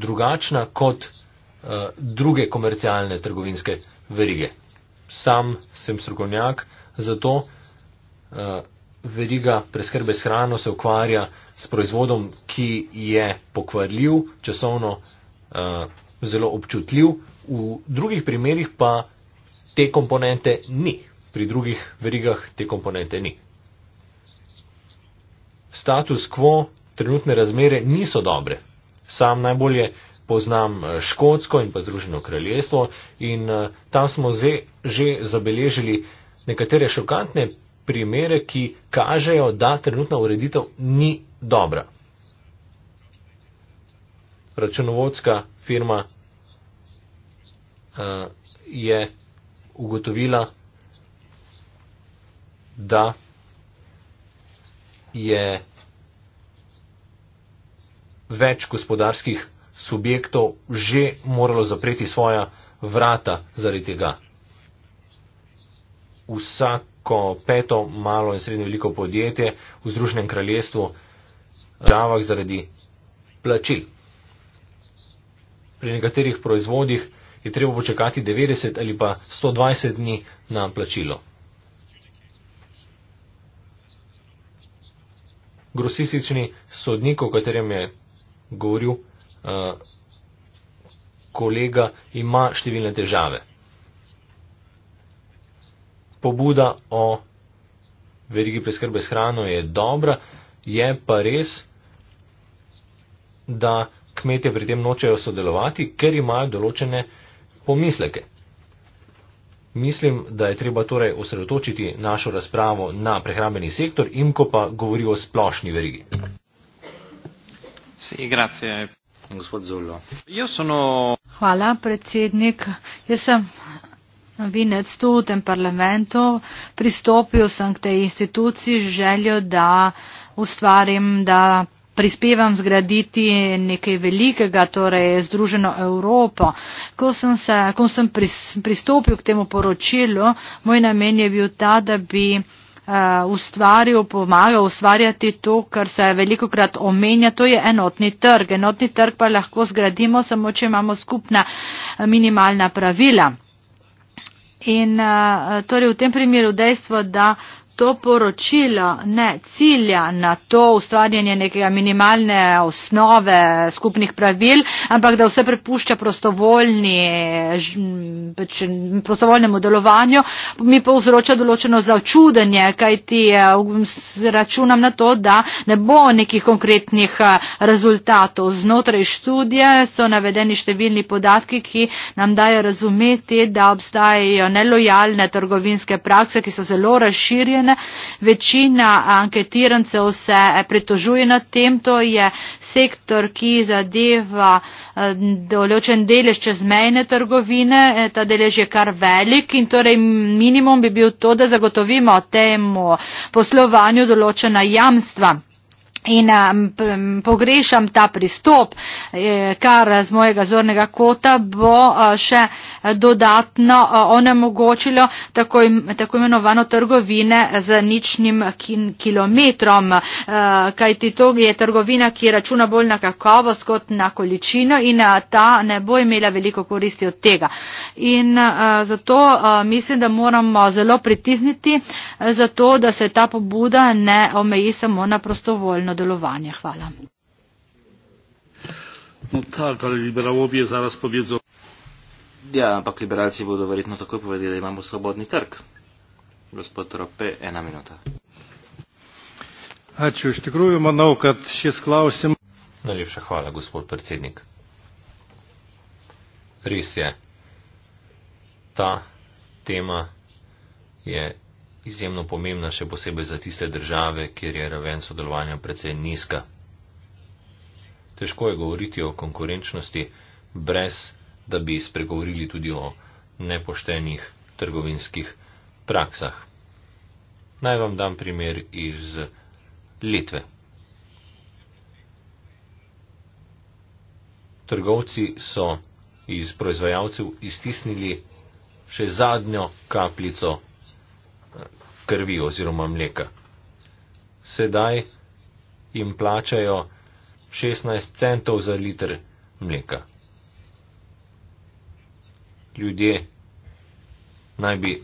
drugačna kot druge komercialne trgovinske praksami verige. Sam sem strokovnjak za to. Eh, veriga preskrbe s hrano se ukvarja s proizvodom, ki je pokvarljiv, časovno eh, zelo občutljiv, v drugih primerjih pa te komponente ni. Pri drugih verigah te komponente ni. Status quo, trenutne razmere niso dobre. Sam najbolje poznam eh, Škotsko in pa Združeno kraljestvo in eh, tam smo že, že zabeležili nekatere šokantne primere, ki kažejo, da trenutna ureditev ni dobra. Računovodska firma uh, je ugotovila, da je več gospodarskih subjektov že moralo zapreti svoja vrata zaradi tega. Vsako peto malo in srednje veliko podjetje v Združenem kraljestvu ravah eh, zaradi plačil. Pri nekaterih proizvodih je treba počakati 90 ali pa 120 dni na plačilo. Grosistični sodnik, o katerem je govoril, Eh, kolega ima številne težave. Pobuda o verigi preskrbe s hrano je dobra, je pa res, da kmetje pri tem nočejo sodelovati, ker imajo določene pomisleke. Mislim, da je treba torej osredotočiti našo razpravo na prehrambeni sektor in ko pa govori o splošni verigi. Sì, grazie. Sono... Hvala, predsednik. Jaz sem novinec tu v tem parlamentu. Pristopil sem k tej instituciji z željo, da ustvarim, da prispevam zgraditi nekaj velikega, torej Združeno Evropo. Ko sem, se, ko sem pristopil k temu poročilu, moj namen je bil ta, da bi Uh, ustvaril, pomagal ustvarjati to, kar se veliko krat omenja, to je enotni trg. Enotni trg pa lahko zgradimo samo, če imamo skupna uh, minimalna pravila. In uh, torej v tem primeru dejstvo, da to poročilo ne cilja na to ustvarjanje nekega minimalne osnove skupnih pravil, ampak da vse prepušča prostovoljni, pač, prostovoljnemu delovanju, mi pa vzroča določeno začudenje, kaj ti eh, računam na to, da ne bo nekih konkretnih eh, rezultatov. Znotraj študije so navedeni številni podatki, ki nam dajo razumeti, da obstajajo nelojalne trgovinske prakse, ki so zelo razširjene, Tirn. Večina anketirancev se eh, pritožuje nad tem, to je sektor, ki zadeva eh, določen delež čezmejne trgovine, eh, ta delež je kar velik in torej minimum bi bil to, da zagotovimo temu poslovanju določena jamstva. In um, pogrešam ta pristop, eh, kar z mojega zornega kota bo eh, še dodatno eh, onemogočilo tako imenovano trgovine z ničnim kilometrom, kajti to je trgovina, ki računa bolj na kakovost kot na količino in ta ne bo imela veliko koristi od tega. In zato mislim, da moramo zelo pritizniti, zato da se ta pobuda ne omeji samo na prostovoljno delovanje. Hvala. No tak, ali liberalovi zaraz povedzo. Ja, ampak liberalci bodo verjetno takoj povedali, da imamo svobodni trg. Gospod Rope, ena minuta. Ačiū, iš tikrųjų manau, kad šis klausimas. Najlepša hvala, gospod predsednik. Res je. Ta tema je izjemno pomembna, še posebej za tiste države, kjer je raven sodelovanja precej nizka. Težko je govoriti o konkurenčnosti, brez da bi spregovorili tudi o nepoštenih trgovinskih praksah. Naj vam dam primer iz Litve. Trgovci so iz proizvajalcev iztisnili še zadnjo kapljico krvi oziroma mleka. Sedaj jim plačajo 16 centov za liter mleka. Ljudje naj bi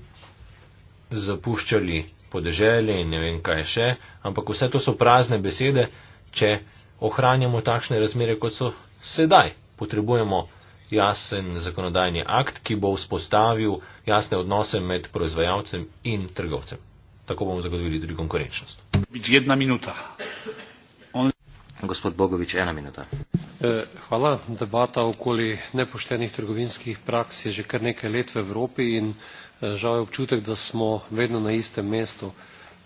zapuščali podeželje in ne vem kaj še, ampak vse to so prazne besede, če ohranjamo takšne razmere, kot so sedaj. Potrebujemo jasen zakonodajni akt, ki bo vzpostavil jasne odnose med proizvajalcem in trgovcem tako bomo zagotovili tudi konkurenčnost. Jedna minuta. On... Gospod Bogovič, ena minuta. E, hvala. Debata okoli nepoštenih trgovinskih praks je že kar nekaj let v Evropi in e, žal je občutek, da smo vedno na istem mestu.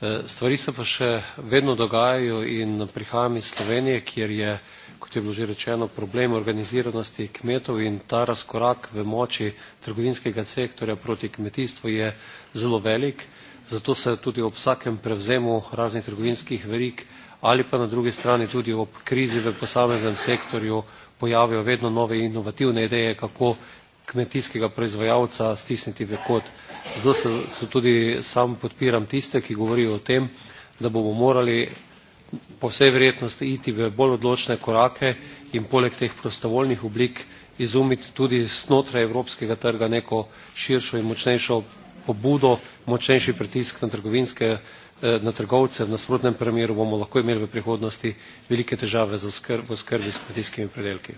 E, stvari se pa še vedno dogajajo in prihajam iz Slovenije, kjer je, kot je bilo že rečeno, problem organiziranosti kmetov in ta razkorak v moči trgovinskega sektorja proti kmetijstvu je zelo velik zato se tudi ob vsakem prevzemu raznih trgovinskih verig ali pa na drugi strani tudi ob krizi v posameznem sektorju pojavijo vedno nove inovativne ideje kako kmetijskega proizvajalca stisniti v kot. Zato se, se tudi sam podpiram tiste, ki govorijo o tem, da bomo morali po vsej verjetnosti iti v bolj odločne korake in poleg teh prostovoljnih oblik izumiti tudi znotraj evropskega trga neko širšo in močnejšo pobudo močnejši pritisk na trgovinske eh, na trgovce v nasprotnem primeru bomo lahko imeli v prihodnosti velike težave z oskrb, oskrbi s kmetijskimi predelki.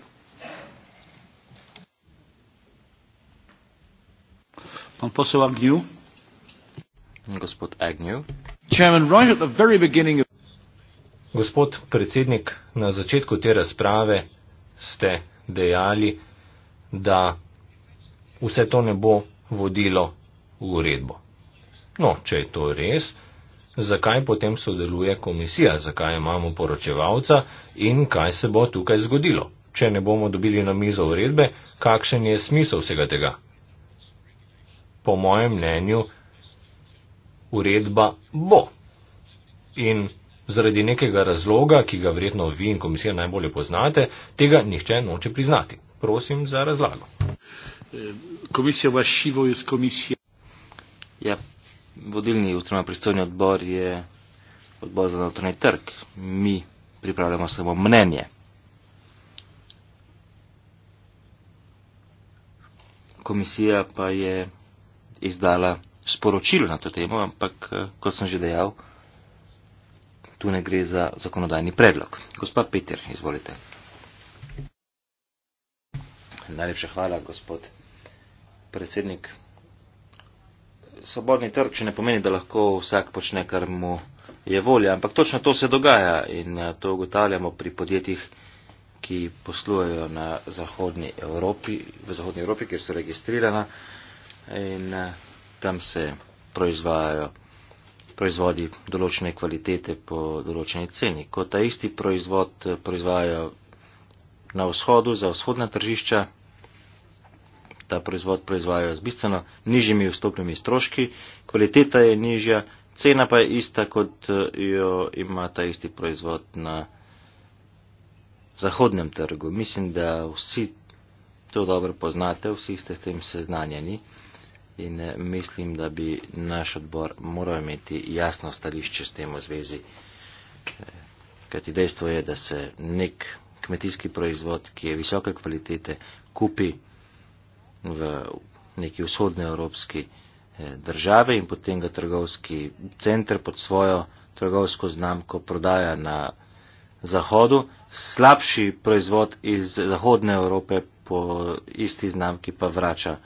Gospod, Agnew. Gospod predsednik, na začetku te razprave ste dejali, da vse to ne bo vodilo uredbo. No, če je to res, zakaj potem sodeluje komisija, zakaj imamo poročevalca in kaj se bo tukaj zgodilo? Če ne bomo dobili na mizo uredbe, kakšen je smisel vsega tega? Po mojem mnenju, uredba bo. In zaradi nekega razloga, ki ga verjetno vi in komisija najbolje poznate, tega nihče noče priznati. Prosim za razlago. Komisija vas šivo iz komisije. Ja, vodilni oziroma pristojni odbor je odbor za notranji trg. Mi pripravljamo samo mnenje. Komisija pa je izdala sporočilo na to temo, ampak, eh, kot sem že dejal, tu ne gre za zakonodajni predlog. Gospa Peter, izvolite. Najlepša hvala, gospod predsednik svobodni trg še ne pomeni, da lahko vsak počne, kar mu je volja, ampak točno to se dogaja in eh, to ugotavljamo pri podjetjih, ki poslujejo na Zahodni Evropi, v Zahodni Evropi, kjer so registrirana in eh, tam se proizvajajo proizvodi določene kvalitete po določeni ceni. Ko ta isti proizvod eh, proizvajajo na vzhodu za vzhodna tržišča, ta proizvod proizvajajo z bistveno nižjimi vstopnimi stroški, kvaliteta je nižja, cena pa je ista, kot eh, jo ima ta isti proizvod na zahodnem trgu. Mislim, da vsi to dobro poznate, vsi ste s tem seznanjeni in eh, mislim, da bi naš odbor moral imeti jasno stališče s tem v zvezi. Eh, kajti dejstvo je, da se nek kmetijski proizvod, ki je visoke kvalitete, kupi v neki vzhodne evropski eh, države in potem ga trgovski center pod svojo trgovsko znamko prodaja na zahodu. Slabši proizvod iz zahodne Evrope po isti znamki pa vrača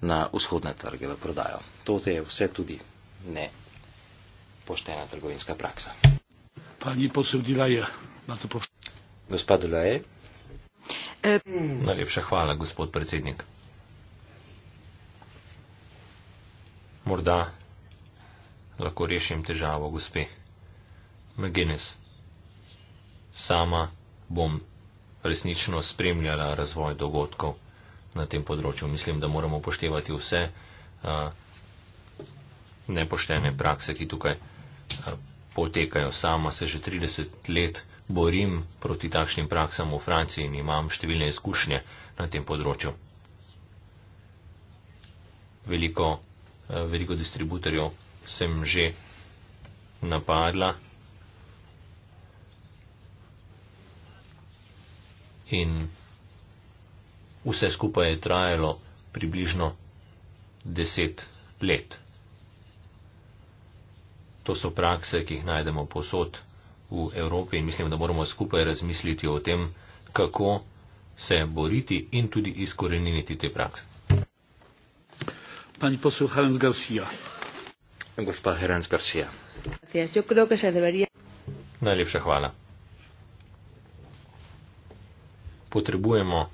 na vzhodne trge v prodajo. To je vse tudi ne poštena trgovinska praksa. Pa ni posebdila je na to poštenje. Gospod Dulaje. Najlepša hvala, gospod predsednik. Morda lahko rešim težavo, gospe. McGinnis, sama bom resnično spremljala razvoj dogodkov na tem področju. Mislim, da moramo upoštevati vse a, nepoštene prakse, ki tukaj a, potekajo. Sama se že 30 let borim proti takšnim praksam v Franciji in imam številne izkušnje na tem področju. Veliko, eh, veliko distributorjev sem že napadla in vse skupaj je trajalo približno deset let. To so prakse, ki jih najdemo posod v Evropi in mislim, da moramo skupaj razmisliti o tem, kako se boriti in tudi izkoreniniti te prakse. Pani posel Herenc Garcia. Gospa Herenc Garcia. Najlepša hvala. Potrebujemo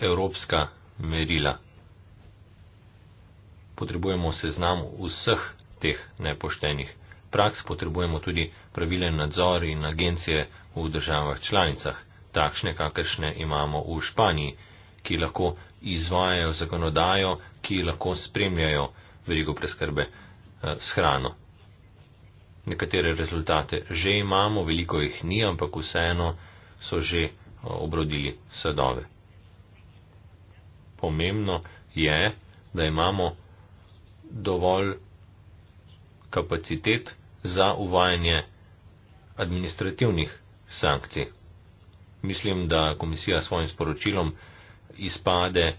evropska merila. Potrebujemo seznam vseh teh nepoštenih praks potrebujemo tudi pravilen nadzor in agencije v državah članicah, takšne, kakršne imamo v Španiji, ki lahko izvajajo zakonodajo, ki lahko spremljajo verigo preskrbe eh, s hrano. Nekatere rezultate že imamo, veliko jih ni, ampak vseeno so že eh, obrodili sadove. Pomembno je, da imamo dovolj kapacitet, za uvajanje administrativnih sankcij. Mislim, da komisija svojim sporočilom izpade eh,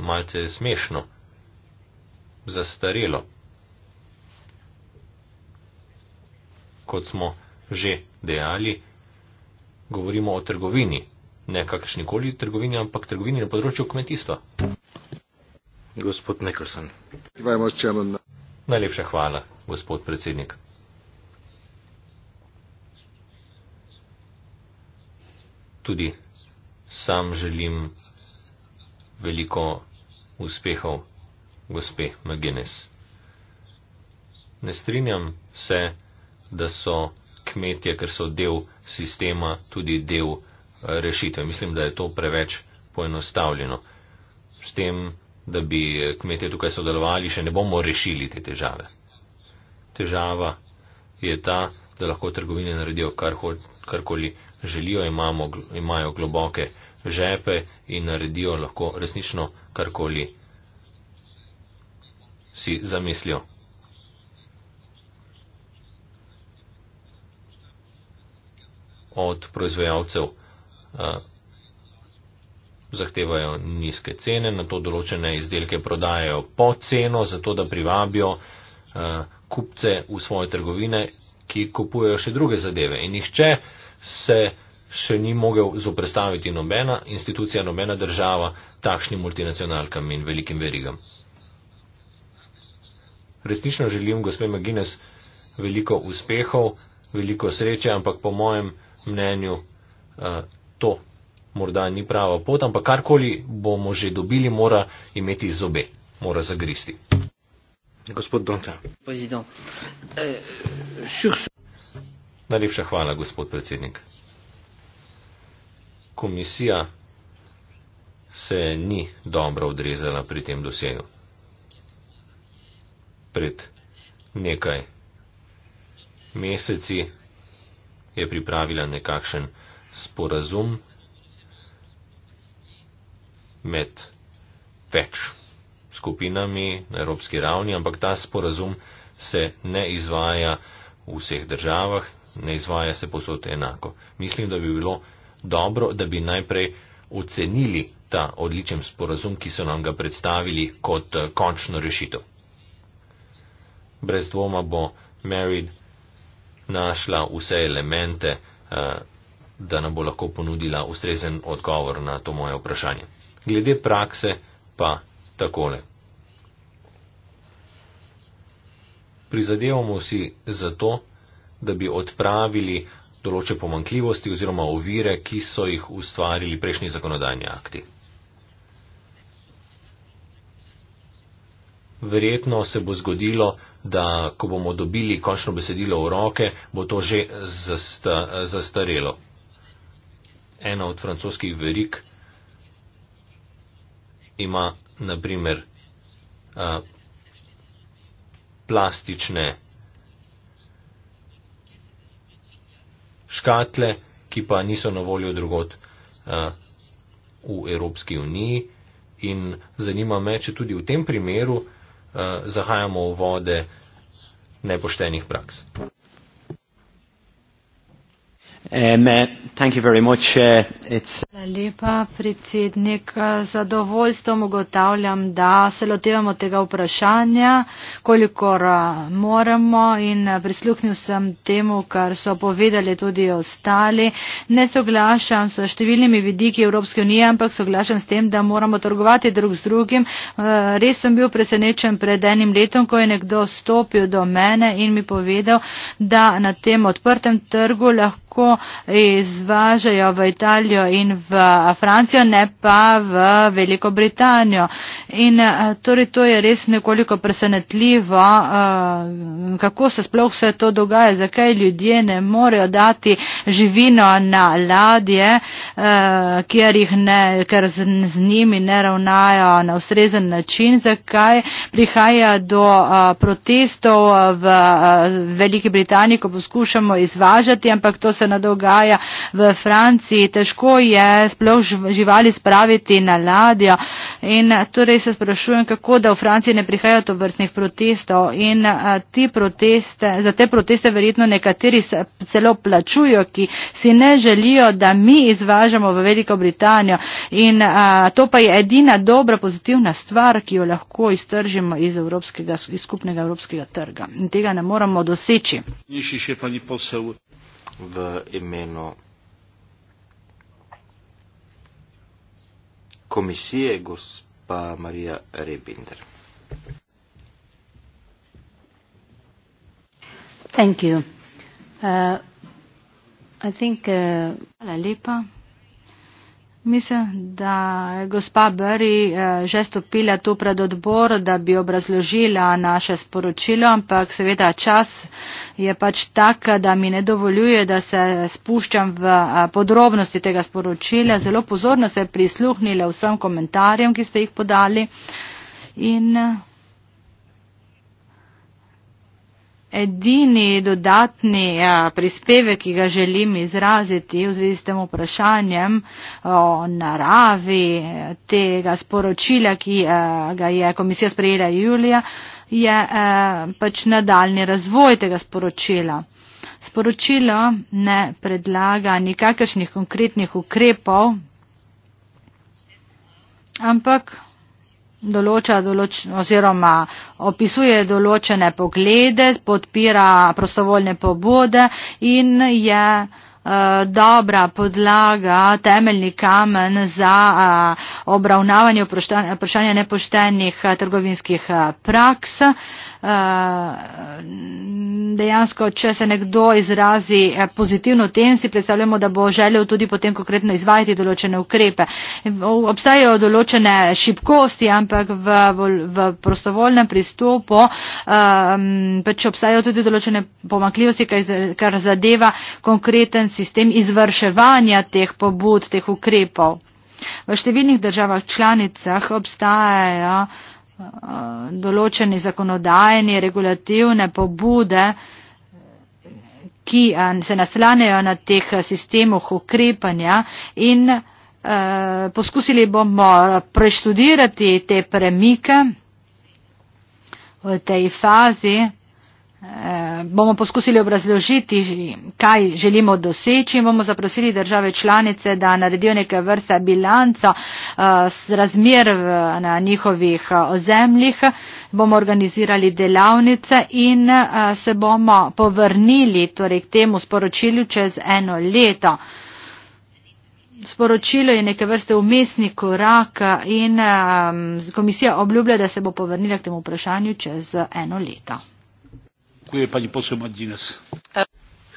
malce smešno, zastarelo, kot smo že dejali, govorimo o trgovini, ne kakršnikoli trgovini, ampak trgovini na področju kmetijstva. Gospod Nekrson. Najlepša hvala, gospod predsednik. tudi sam želim veliko uspehov, gospe Magenes. Ne strinjam se, da so kmetje, ker so del sistema, tudi del eh, rešitve. Mislim, da je to preveč poenostavljeno. S tem, da bi eh, kmetje tukaj sodelovali, še ne bomo rešili te težave. Težava je ta, da lahko trgovine naredijo karkoli. Kar želijo, imamo, imajo globoke žepe in naredijo lahko resnično karkoli si zamislijo. Od proizvajalcev a, eh, zahtevajo nizke cene, na to določene izdelke prodajajo po ceno, zato da privabijo a, eh, kupce v svoje trgovine, ki kupujejo še druge zadeve. In nihče se še ni mogel zoprestaviti nobena institucija, nobena država takšnim multinacionalkam in velikim verigam. Resnično želim, gospe Magines, veliko uspehov, veliko sreče, ampak po mojem mnenju eh, to morda ni prava pot, ampak karkoli bomo že dobili, mora imeti zobe, mora zagristi. Gospod Donta. Eh, Najlepša hvala, gospod predsednik. Komisija se ni dobro odrezala pri tem dosegu. Pred nekaj meseci je pripravila nekakšen sporazum med več skupinami na evropski ravni, ampak ta sporazum se ne izvaja v vseh državah, ne izvaja se posod enako. Mislim, da bi bilo dobro, da bi najprej ocenili ta odličen sporazum, ki so nam ga predstavili kot eh, končno rešitev. Brez dvoma bo Merid našla vse elemente, eh, da nam bo lahko ponudila ustrezen odgovor na to moje vprašanje. Glede prakse pa takole. Prizadevamo si za to, da bi odpravili določe pomankljivosti oziroma ovire, ki so jih ustvarili prejšnji zakonodajni akti. Verjetno se bo zgodilo, da ko bomo dobili končno besedilo v roke, bo to že zasta, zastarelo. Ena od francoskih verik ima, naprimer, a, plastične škatle, ki pa niso na voljo drugot eh, v Evropski uniji. In zanima me, če tudi v tem primeru eh, zahajamo v vode nepoštenih praks. Um, uh, uh, uh, Hvala lepa, predsednik. Zadovoljstvom ugotavljam, da se lotevamo tega vprašanja, kolikor moramo in prisluhnil sem temu, kar so povedali tudi ostali. Ne soglašam s številnimi vidiki Evropske unije, ampak soglašam s tem, da moramo trgovati drug z drugim. Res sem bil presenečen pred enim letom, ko je nekdo stopil do mene in mi povedal, da na tem odprtem trgu lahko lahko izvažajo v Italijo in v Francijo, ne pa v Veliko Britanijo. In eh, torej to je res nekoliko presenetljivo, eh, kako se sploh vse to dogaja, zakaj ljudje ne morejo dati živino na ladje, eh, ker, ne, ker z, z njimi ne ravnajo na ustrezen način, zakaj prihaja do protestov v Veliki Britaniji, ko poskušamo izvažati, ampak to se bistveno dogaja v Franciji. Težko je sploh živali spraviti na ladjo in eh, torej se sprašujem, kako da v Franciji ne prihajajo to vrstnih protestov in eh, proteste, za te proteste verjetno nekateri celo plačujo, ki si ne želijo, da mi izvažamo v Veliko Britanijo in eh, to pa je edina dobra pozitivna stvar, ki jo lahko iztržimo iz, iz skupnega evropskega trga. In tega ne moramo doseči v imenu komisije gospa Marija Rebinder. Thank you. Uh, I think, uh, Hvala lepa. Mislim, da je gospa Bari eh, že stopila tu pred odbor, da bi obrazložila naše sporočilo, ampak seveda čas je pač tak, da mi ne dovoljuje, da se spuščam v eh, podrobnosti tega sporočila. Zelo pozorno se je prisluhnila vsem komentarjem, ki ste jih podali. In eh, Edini dodatni prispevek, ki ga želim izraziti v zvezi s tem vprašanjem o naravi tega sporočila, ki ga je komisija sprejela julija, je pač nadaljni razvoj tega sporočila. Sporočilo ne predlaga nikakršnih konkretnih ukrepov, ampak določa določ, oziroma opisuje določene poglede, podpira prostovoljne pobude in je Eh, dobra podlaga, temeljni kamen za eh, obravnavanje vprašanja nepoštenih eh, trgovinskih praks. Dejansko, če se nekdo izrazi pozitivno o tem, si predstavljamo, da bo želel tudi potem konkretno izvajati določene ukrepe. Obstajajo določene šibkosti, ampak v, v prostovoljnem pristopu um, pač obstajajo tudi določene pomakljivosti, kar zadeva konkreten sistem izvrševanja teh pobud, teh ukrepov. V številnih državah članicah obstajajo eh, določeni zakonodajni, regulativne pobude, ki eh, se naslanjajo na teh sistemoh ukrepanja in eh, poskusili bomo preštudirati te premike v tej fazi. Eh, bomo poskusili obrazložiti, kaj želimo doseči in bomo zaprosili države članice, da naredijo neke vrste bilanca eh, razmer na njihovih eh, ozemljih. Bomo organizirali delavnice in se bomo povrnili torej, k temu sporočilu čez eno leto. Sporočilo je neke vrste umestni korak in komisija obljublja, da se bo povrnila k temu vprašanju čez eno leto.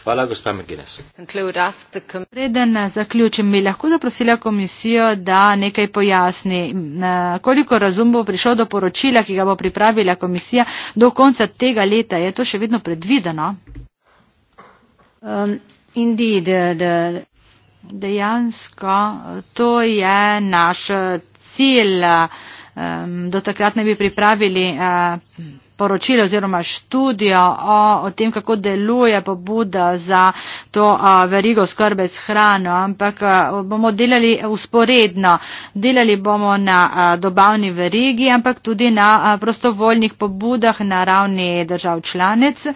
Hvala, gospa McGuinness. Preden eh, zaključim, bi lahko zaprosila komisijo, da nekaj pojasni. Eh, koliko razum bo prišlo do poročila, ki ga bo pripravila komisija do konca tega leta? Je to še vedno predvideno? Um, indeed, eh, the... Dejansko to je naš cilj. Do takrat ne bi pripravili poročilo oziroma študijo o, o tem, kako deluje pobuda za to a, verigo skrbe s hrano, ampak a, bomo delali usporedno. Delali bomo na a, dobavni verigi, ampak tudi na a, prostovoljnih pobudah na ravni držav članic.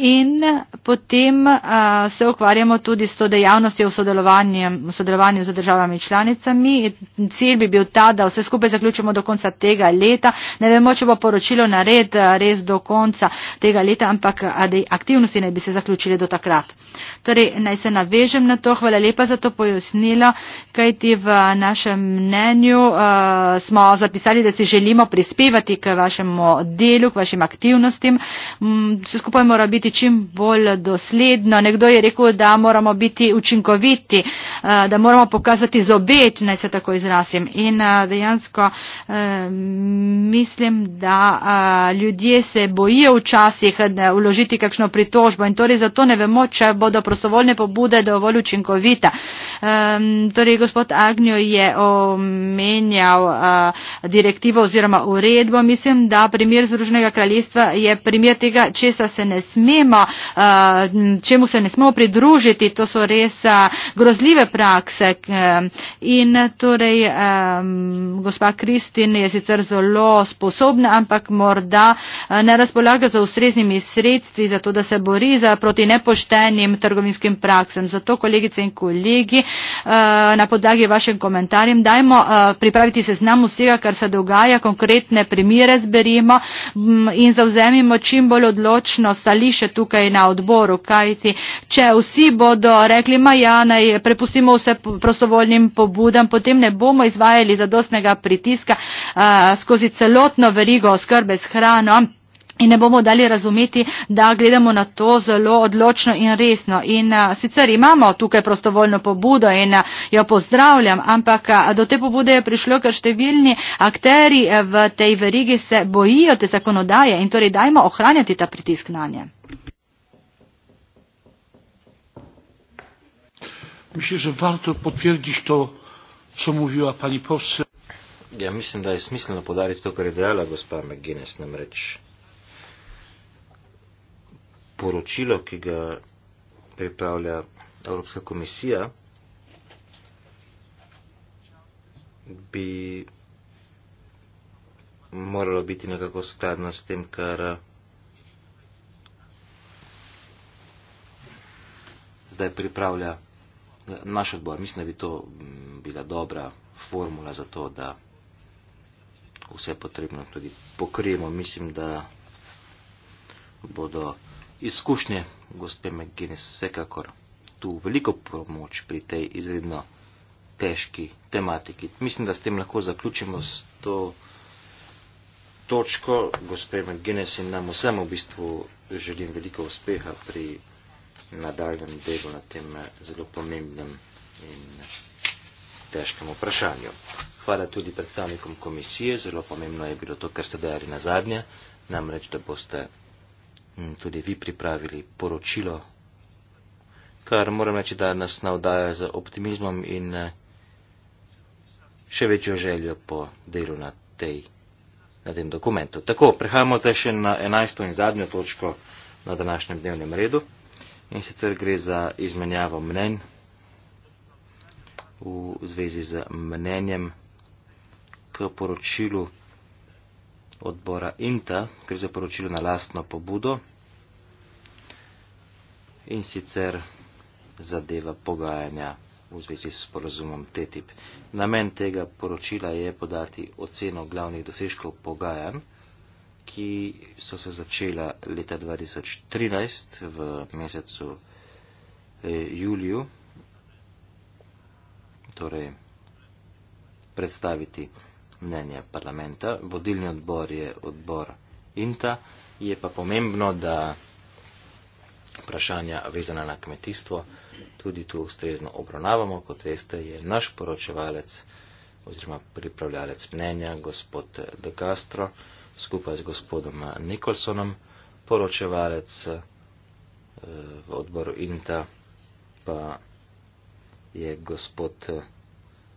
In potem uh, se ukvarjamo tudi s to dejavnostjo v sodelovanju, sodelovanju z državami članicami. Cilj bi bil ta, da vse skupaj zaključimo do konca tega leta. Ne vemo, če bo poročilo nared res do konca tega leta, ampak aktivnosti ne bi se zaključile do takrat. Torej, naj se navežem na to. Hvala lepa za to pojasnilo, kajti v našem mnenju uh, smo zapisali, da si želimo prispevati k vašemu delu, k vašim aktivnostim. Mm, biti čim bolj dosledno. Nekdo je rekel, da moramo biti učinkoviti, eh, da moramo pokazati zobeč, naj se tako izrasim. In eh, dejansko eh, mislim, da ljudje se bojijo včasih uložiti kakšno pritožbo in torej zato ne vemo, če bodo prostovoljne pobude dovolj učinkovita. Torej, gospod Agnjo je omenjal direktivo oziroma uredbo. Mislim, da primer Združenega kraljestva je primer tega, česa se ne sme smemo, eh, čemu se ne smemo pridružiti, to so res eh, grozljive prakse. Eh, in torej, gospa Kristin je sicer zelo sposobna, ampak morda ne razpolaga za ustreznimi sredstvi, zato da se bori za proti nepoštenim trgovinskim praksem. Zato, kolegice in kolegi, na podlagi vašim komentarjem, dajmo pripraviti se z nam vsega, kar se dogaja, konkretne primire zberimo mm, in zauzemimo čim bolj odločno stališče piše tukaj na odboru, kajti če vsi bodo rekli, ma ja, naj prepustimo vse prostovoljnim pobudam, potem ne bomo izvajali zadostnega pritiska a, skozi celotno verigo oskrbe s hrano. In ne bomo dali razumeti, da gledamo na to zelo odločno in resno. In a, sicer imamo tukaj prostovoljno pobudo in a, jo pozdravljam, ampak a, do te pobude je prišlo, ker številni akteri v tej verigi se bojijo te zakonodaje in torej dajmo ohranjati ta pritisk na nje. Myślę, że warto potwierdzić to, co mówiła pani poseł. Ja myślę, że jest smyślno podarić to, co rewiala gospa McGuinness, namreć poročilo, ki ga pripravlja Evropska komisija, bi moralo biti nekako skladno s tem, kar zdaj pripravlja naš odbor. Mislim, da bi to mm, bila dobra formula za to, da vse potrebno tudi pokrijemo. Mislim, da bodo izkušnje gospe Megine vsekakor tu veliko pomoč pri tej izredno težki tematiki. Mislim, da s tem lahko zaključimo s to točko. Gospe Megine, in nam vsem v bistvu želim veliko uspeha pri nadaljem delu na tem eh, zelo pomembnem in težkem vprašanju. Hvala tudi predstavnikom komisije, zelo pomembno je bilo to, kar ste dejali na zadnje, namreč, da boste mm, tudi vi pripravili poročilo, kar moram reči, da nas navdaja z optimizmom in eh, še večjo željo po delu na, tej, na tem dokumentu. Tako, prehajamo zdaj še na enajsto in zadnjo točko na današnjem dnevnem redu in sicer gre za izmenjavo mnen v zvezi z mnenjem k poročilu odbora INTA, gre za poročilo na lastno pobudo in sicer zadeva pogajanja v zvezi s porazumom TTIP. Namen tega poročila je podati oceno glavnih dosežkov pogajanj, ki so se začela leta 2013 v mesecu eh, juliju, torej predstaviti mnenje parlamenta. Vodilni odbor je odbor INTA, je pa pomembno, da vprašanja vezana na kmetijstvo tudi tu ustrezno obravnavamo. Kot veste, je naš poročevalec oziroma pripravljalec mnenja, gospod De Castro, skupaj z gospodom Nikolsonom, poročevalec eh, v odboru INTA pa je gospod eh,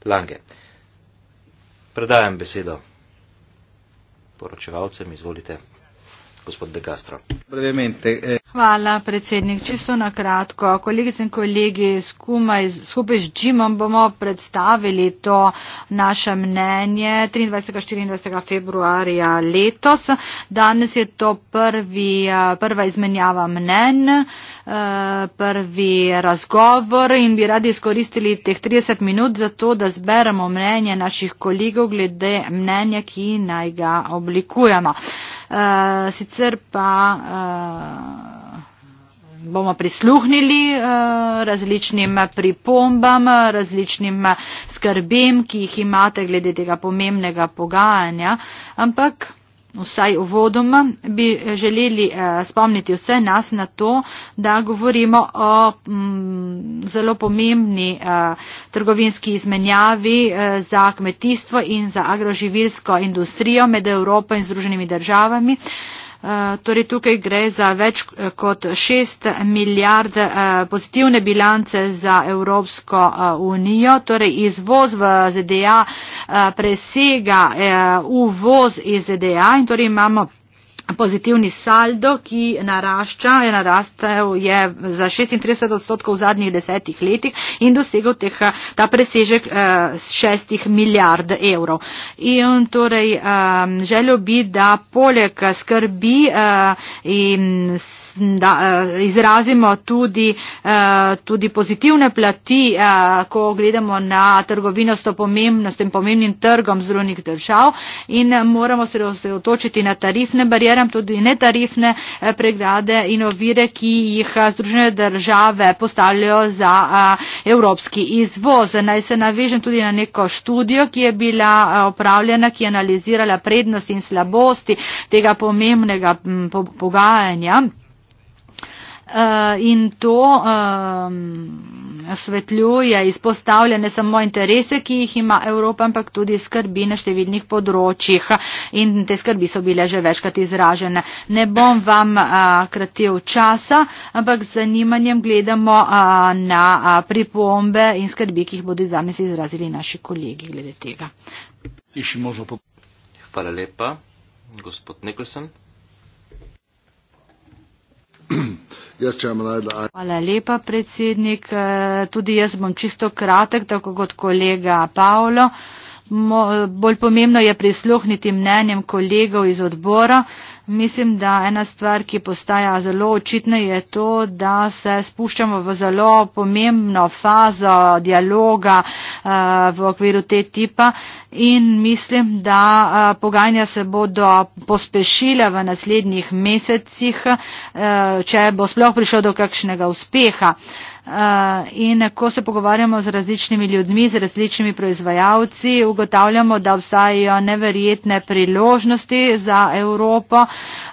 Lange. Predajam besedo poročevalcem, izvolite gospod De Castro. Eh. Hvala, predsednik. Čisto na kratko. Kolegice in kolegi, skupaj, skupaj z Jimom bomo predstavili to naše mnenje 23.24. februarja letos. Danes je to prvi, eh, prva izmenjava mnen, eh, prvi razgovor in bi radi izkoristili teh 30 minut za to, da zberemo mnenje naših kolegov glede mnenja, ki naj ga oblikujemo. Eh, sicer pa eh, bomo prisluhnili eh, različnim pripombam, različnim skrbem, ki jih imate glede tega pomembnega pogajanja, ampak Vsaj uvodoma bi eh, želeli eh, spomniti vse nas na to, da govorimo o mm, zelo pomembni eh, trgovinski izmenjavi za kmetijstvo in za agroživilsko industrijo med Evropo in Združenimi državami. Eh, torej tukaj gre za več eh, kot 6 milijard eh, pozitivne bilance za Evropsko unijo. Torej izvoz v ZDA presega uvoz iz ZDA in torej imamo pozitivni saldo, ki narašča, je narastal je za 36 odstotkov v zadnjih desetih letih in dosegel teh, ta presežek eh, šestih milijard evrov. In torej eh, želel bi, da poleg skrbi eh, in da izrazimo tudi, tudi pozitivne plati, ko gledamo na trgovino s to pomembnostjo in pomembnim trgom zrunih držav in moramo se osredotočiti na tarifne barijere podpiram tudi netarifne eh, pregrade in ovire, ki jih eh, združene države postavljajo za eh, evropski izvoz. Naj se navežem tudi na neko študijo, ki je bila opravljena, ki je analizirala prednosti in slabosti tega pomembnega mm, pogajanja. Po Uh, in to um, svetljuje, izpostavlja ne samo interese, ki jih ima Evropa, ampak tudi skrbi na številnih področjih. In te skrbi so bile že večkrat izražene. Ne bom vam uh, kratil časa, ampak z zanimanjem gledamo uh, na uh, pripombe in skrbi, ki jih bodo danes izrazili naši kolegi glede tega. Hvala lepa, gospod Nikolsen. Jaz če imam najdla. Hvala lepa, predsednik. Eh, tudi jaz bom čisto kratek, tako kot kolega Paolo. Mo, bolj pomembno je prisluhniti mnenjem kolegov iz odbora. Mislim, da ena stvar, ki postaja zelo očitna, je to, da se spuščamo v zelo pomembno fazo dialoga uh, v okviru te tipa in mislim, da uh, pogajanja se bodo pospešile v naslednjih mesecih, uh, če bo sploh prišlo do kakšnega uspeha. Uh, Eh, in ko se pogovarjamo z različnimi ljudmi, z različnimi proizvajalci, ugotavljamo, da obstajajo neverjetne priložnosti za Evropo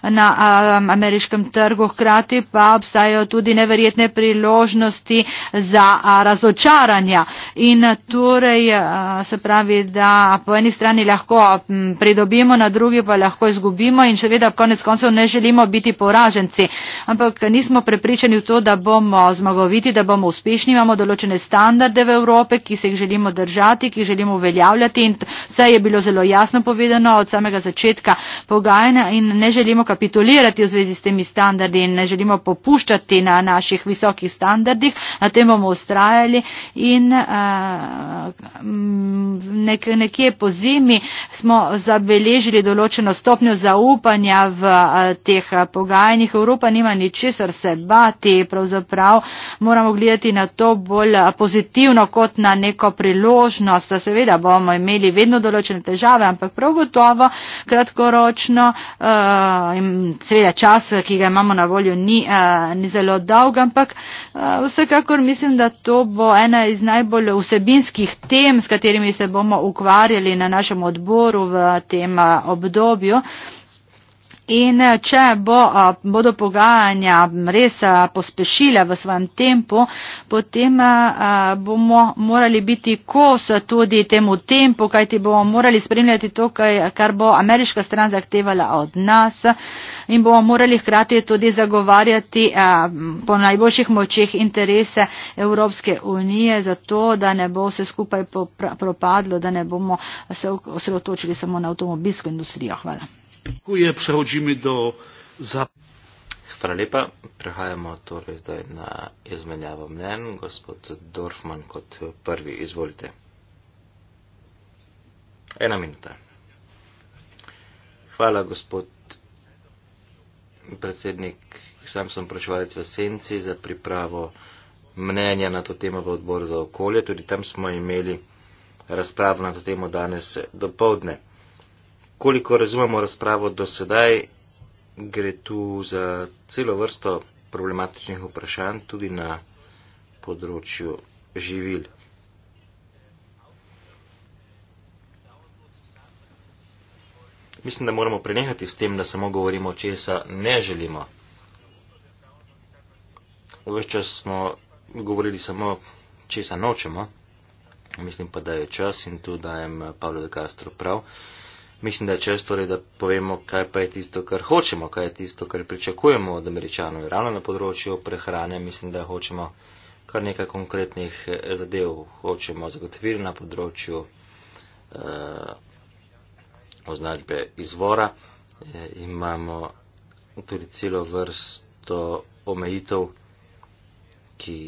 na eh, ameriškem trgu, hkrati pa obstajajo tudi neverjetne priložnosti za eh, razočaranja. In torej se pravi, da po eni strani lahko mm, pridobimo, na drugi pa lahko izgubimo in seveda konec koncev ne želimo biti poraženci, ampak nismo prepričani v to, da bomo zmagoviti, da bomo uspešni, imamo določene standarde v Evrope, ki se jih želimo držati, ki jih želimo uveljavljati in vse je bilo zelo jasno povedano od samega začetka pogajanja in ne želimo kapitulirati v zvezi s temi standardi in ne želimo popuščati na naših visokih standardih, na tem bomo ustrajali in a, eh, nek, nekje po zimi smo zabeležili določeno stopnjo zaupanja v a, eh, teh pogajanjih. Evropa nima ničesar se bati, pravzaprav moramo moramo gledati na to bolj pozitivno kot na neko priložnost. Seveda bomo imeli vedno določene težave, ampak prav gotovo kratkoročno in seveda čas, ki ga imamo na voljo, ni, ni zelo dolg, ampak vsekakor mislim, da to bo ena iz najbolj vsebinskih tem, s katerimi se bomo ukvarjali na našem odboru v tem obdobju. In eh, če bo, bodo pogajanja res eh, pospešile v svojem tempu, potem eh, bomo morali biti kos tudi temu tempu, kajti bomo morali spremljati to, kar bo ameriška stran zahtevala od nas in bomo morali hkrati tudi zagovarjati po najboljših močeh interese Evropske unije za to, da ne bo vse skupaj propadlo, da ne bomo se osredotočili samo na avtomobilsko industrijo. Hvala prehodimo do Hvala lepa. Prehajamo torej zdaj na izmenjavo mnen. Gospod Dorfman kot prvi, izvolite. Ena minuta. Hvala, gospod predsednik. Sam sem prošvalec v Senci za pripravo mnenja na to temo v odboru za okolje. Tudi tam smo imeli razpravo na to temo danes do povdne koliko razumemo razpravo do sedaj, gre tu za celo vrsto problematičnih vprašanj tudi na področju živil. Mislim, da moramo prenehati s tem, da samo govorimo, česa ne želimo. Ves čas smo govorili samo, česa nočemo. Mislim pa, da je čas in tu dajem Pavlo de Castro prav. Uh, mislim, da je čas torej, da povemo, kaj pa je tisto, kar hočemo, kaj je tisto, kar pričakujemo od američanov. Ravno na področju prehrane mislim, da hočemo kar nekaj konkretnih eh, zadev, hočemo zagotoviti na področju eh, označbe izvora. Eh, imamo tudi celo vrsto omejitev, ki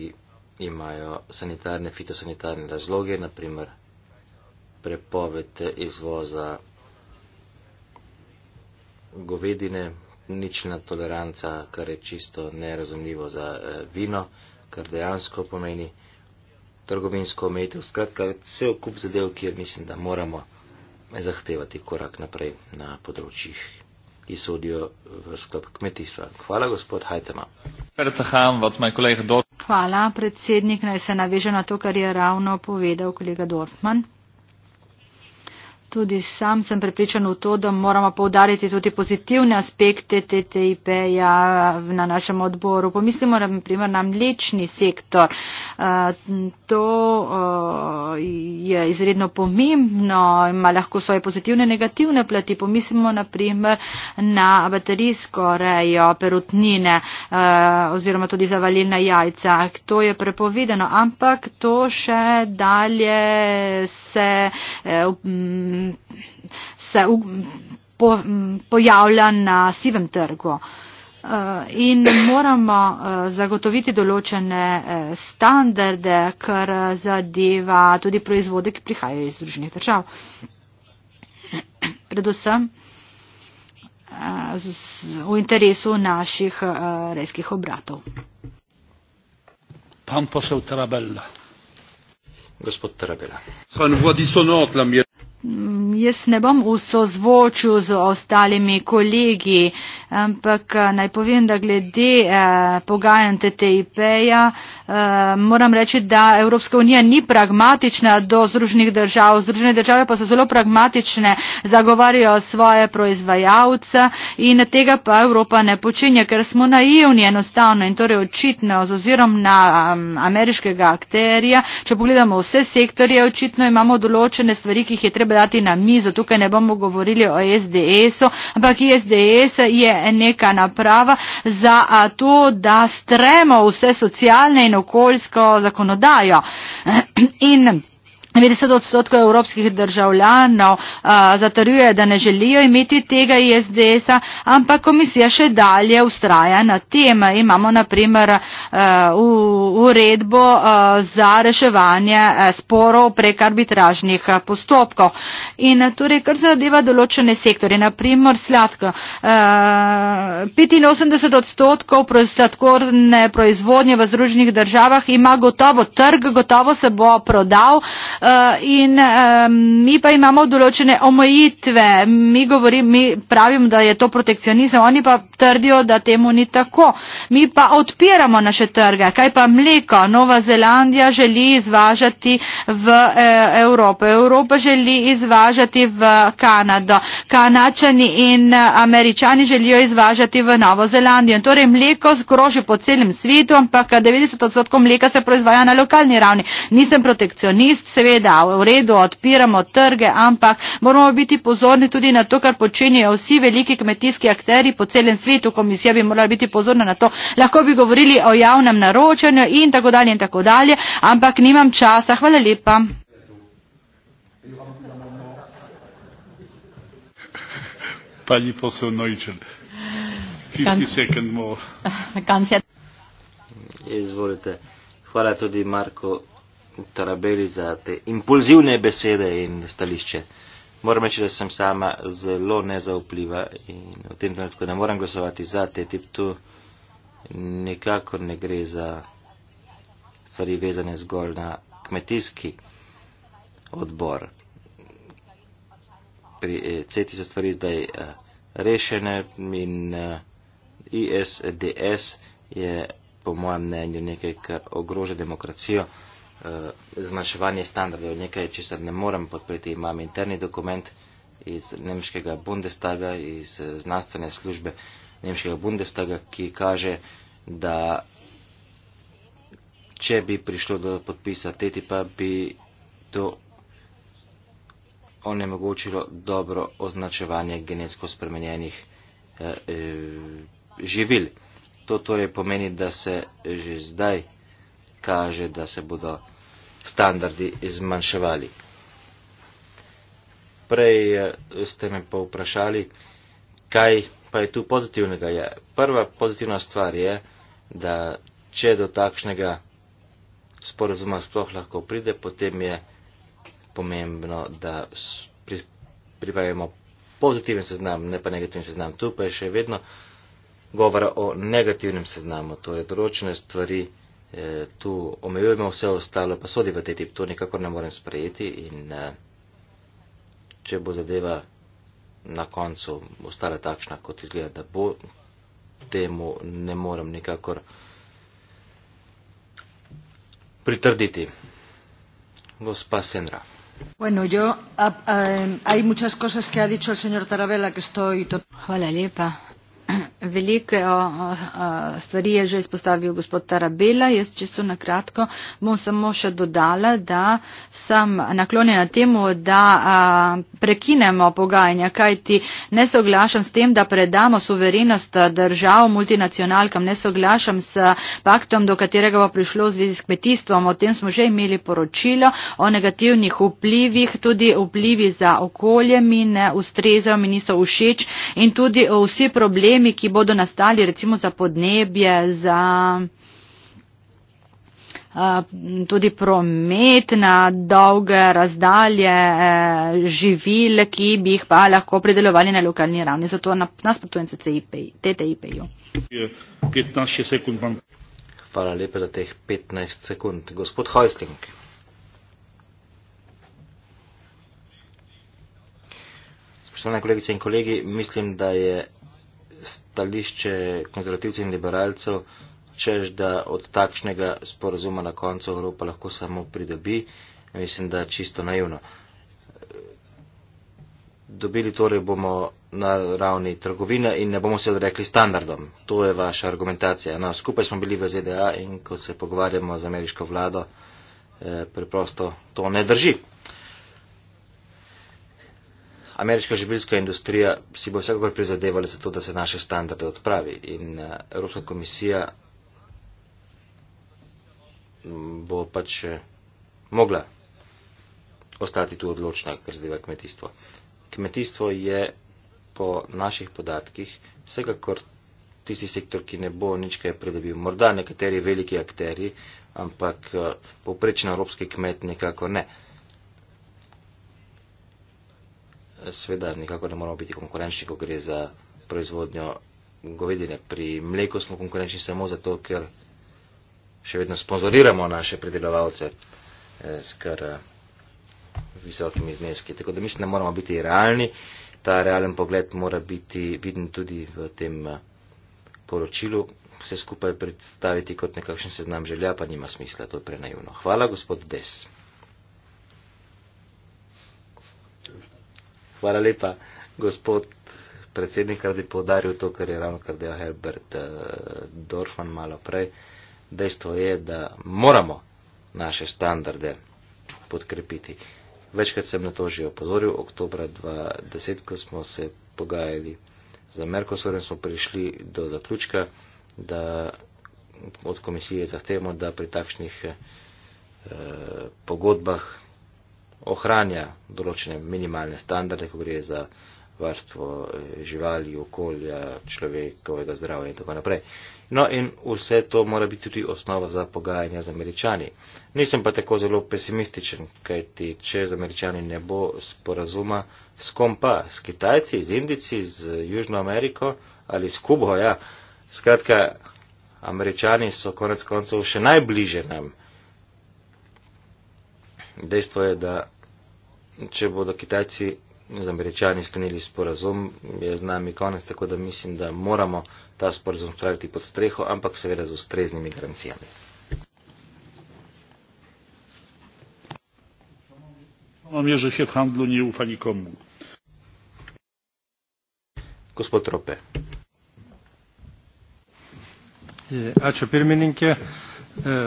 imajo sanitarne, fitosanitarne razloge, naprimer prepoved izvoza govedine, nična toleranca, kar je čisto nerazumljivo za eh, vino, kar dejansko pomeni trgovinsko omejitev. Skratka, vse je kup zadev, kjer mislim, da moramo zahtevati korak naprej na področjih, ki sodijo v sklop kmetijstva. Hvala, gospod Hajtema. Hvala, predsednik. Naj se naveže na to, kar je ravno povedal kolega Dortmann. Tudi sam sem prepričan v to, da moramo povdariti tudi pozitivne aspekte TTIP-ja na našem odboru. Pomislimo na primer na mlečni sektor. To je izredno pomembno, ima lahko svoje pozitivne in negativne plati. Pomislimo na primer na baterijsko rejo, perutnine oziroma tudi zavaljena jajca. To je prepovedano, ampak to še dalje se. E, se po, pojavlja na sivem trgu. Uh, in moramo uh, zagotoviti določene uh, standarde, kar zadeva tudi proizvode, ki prihajajo iz družnih držav. Predvsem v interesu naših rejskih obratov. Pan posel Tarabella. Gospod Tarabella. Mm, jaz ne bom v sozvočju z ostalimi kolegi, ampak eh, naj povem, da glede eh, pogajanj TTIP-ja eh, moram reči, da Evropska unija ni pragmatična do združenih držav. Združene države pa so zelo pragmatične, zagovarjajo svoje proizvajalce in tega pa Evropa ne počinja, ker smo naivni enostavno in torej očitno z ozirom na um, ameriškega akterja. Če pogledamo vse sektorje, očitno imamo določene stvari, ki jih je treba treba dati na mizo. Tukaj ne bomo govorili o SDS-u, ampak SDS je neka naprava za to, da stremo vse socialne in okoljsko zakonodajo. In 90 odstotkov evropskih državljanov a, zatrjuje, da ne želijo imeti tega ISDS-a, ampak komisija še dalje ustraja na tem. Imamo naprimer a, u, uredbo a, za reševanje a, sporov prek arbitražnih a, postopkov. In a, torej, kar zadeva določene sektore, naprimer sladko. A, 85 odstotkov sladkorne proizvodnje v združenih državah ima gotovo trg, gotovo se bo prodal. Eh, in mi pa imamo določene omejitve. Mi, govorim, mi pravim, da je to protekcionizem, oni pa trdijo, da temu ni tako. Mi pa odpiramo naše trge. Kaj pa mleko? Nova Zelandija želi izvažati v eh, Evropo. Evropa želi izvažati v Kanado. Kanačani in eh, američani želijo izvažati v Novo Zelandijo. Torej, mleko skroži po celem svetu, ampak 90% mleka se proizvaja na lokalni ravni. Nisem protekcionist, seveda seveda v redu odpiramo trge, ampak moramo biti pozorni tudi na to, kar počenjajo vsi veliki kmetijski akteri po celem svetu. Komisija bi morala biti pozorna na to. Lahko bi govorili o javnem naročanju in tako dalje in tako dalje, ampak nimam časa. Hvala lepa. Pani posel Nojčel. 50 sekund more. Izvolite. Hvala tudi Marko Tarabeli za te impulzivne besede in stališče. Moram reči, da sem sama zelo nezaupljiva in v tem trenutku ne moram glasovati za te tip. Tu nikakor ne gre za stvari vezane zgolj na kmetijski odbor. Pri eh, CETI so stvari zdaj eh, rešene in eh, ISDS je po mojem mnenju nekaj, kar ogroža demokracijo. Eh, zmanjševanje standardov. Nekaj, če se ne morem podpreti, imam interni dokument iz nemškega Bundestaga, iz eh, znanstvene službe nemškega Bundestaga, ki kaže, da če bi prišlo do podpisa TTIP-a, bi to onemogočilo dobro označevanje genetsko spremenjenih eh, eh živil. To torej pomeni, da se že zdaj kaže, da se bodo standardi zmanjševali. Prej eh, ste me pa vprašali, kaj pa je tu pozitivnega. Je. Prva pozitivna stvar je, da če do takšnega sporozuma sploh lahko pride, potem je pomembno, da pripravimo pozitiven seznam, ne pa negativen seznam. Tu pa je še vedno govora o negativnem seznamu, torej določene stvari. Eh, tu omejujemo vse ostalo, pa sodi v TTIP, to nikakor ne morem sprejeti in eh, če bo zadeva na koncu ostala takšna, kot izgleda, da bo, temu ne morem nikakor pritrditi. Gospa Senra. Bueno, yo, a, a, hay muchas cosas que ha dicho el señor Tarabella que estoy. Hvala lepa. Veliko o, eh, o, stvari je že izpostavil gospod Tarabela. Jaz čisto na kratko bom samo še dodala, da sem naklonjena temu, da a, eh, prekinemo pogajanja, kajti ne soglašam s tem, da predamo suverenost eh, držav multinacionalkam, ne soglašam s paktom, do katerega bo prišlo v zvezi s kmetijstvom. O tem smo že imeli poročilo o negativnih vplivih, tudi vplivi za okolje mi ne ustrezajo, mi niso všeč in tudi vsi problemi, ki bodo nastali recimo za podnebje, za tudi promet na dolge razdalje živil, ki bi jih pa lahko predelovali na lokalni ravni. Zato nas potujem za TTIP-ju. Hvala lepa za teh 15 sekund. Gospod Hojsling. Spoštovane kolegice in kolegi, mislim, da je stališče konzervativcev in liberalcev, čež da od takšnega sporazuma na koncu Evropa lahko samo pridobi, mislim, da čisto naivno. Dobili torej bomo na ravni trgovine in ne bomo se odrekli standardom. To je vaša argumentacija. No, skupaj smo bili v ZDA in ko se pogovarjamo z ameriško vlado, eh, preprosto to ne drži ameriška življenska industrija si bo vsekakor prizadevala za to, da se naše standarde odpravi. In eh, Evropska komisija bo pač eh, mogla ostati tu odločna, kar zadeva kmetijstvo. Kmetijstvo je po naših podatkih vsekakor tisti sektor, ki ne bo nič kaj pridobil. Morda nekateri veliki akteri, ampak eh, povprečen evropski kmet nekako ne. sveda nikako ne moramo biti konkurenčni, ko gre za proizvodnjo govedine. Pri mleku smo konkurenčni samo zato, ker še vedno sponzoriramo naše predelovalce eh, s kar eh, visokimi zneski. Tako da mislim, da moramo biti realni. Ta realen pogled mora biti viden tudi v tem eh, poročilu. Vse skupaj predstaviti kot nekakšen seznam želja pa nima smisla. To je prenaivno. Hvala, gospod Des. Hvala lepa, gospod predsednik, da bi povdaril to, kar je ravno kar del Herbert uh, Dorfman malo prej. Dejstvo je, da moramo naše standarde podkrepiti. Večkrat sem na to že opozoril, oktober 2010, ko smo se pogajali za Merkosur in smo prišli do zaključka, da od komisije zahtevamo, da pri takšnih eh, pogodbah ohranja določene minimalne standarde, ko gre za varstvo eh, živali, okolja, človekovega zdravja in tako naprej. No in vse to mora biti tudi osnova za pogajanja z američani. Nisem pa tako zelo pesimističen, kajti če z američani ne bo sporazuma, s kom pa? S Kitajci, z Indici, z Južno Ameriko ali s Kubo, ja. Skratka, američani so konec koncev še najbliže nam dejstvo je, da če bodo Kitajci z američani sklenili sporazum, je z nami konec, tako da mislim, da moramo ta sporazum spraviti pod streho, ampak seveda z ustreznimi garancijami. Gospod Rope. Ačiū pirmininkė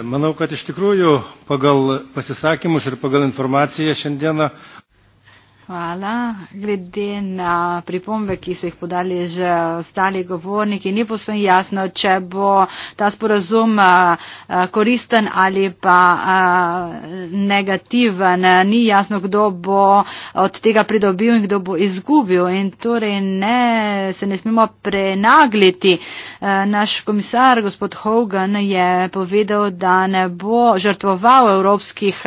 manau kad iš tikrųjų pagal pasisakymus ir pagal informaciją šiandieną Hvala. Glede na pripombe, ki so jih podali že ostali govorniki, ni posem jasno, če bo ta sporazum eh, eh, koristen ali pa eh, negativen. Ni jasno, kdo bo od tega pridobil in kdo bo izgubil. In torej ne, se ne smemo prenagliti. Naš komisar, gospod Hogan, je povedal, da ne bo žrtvoval evropskih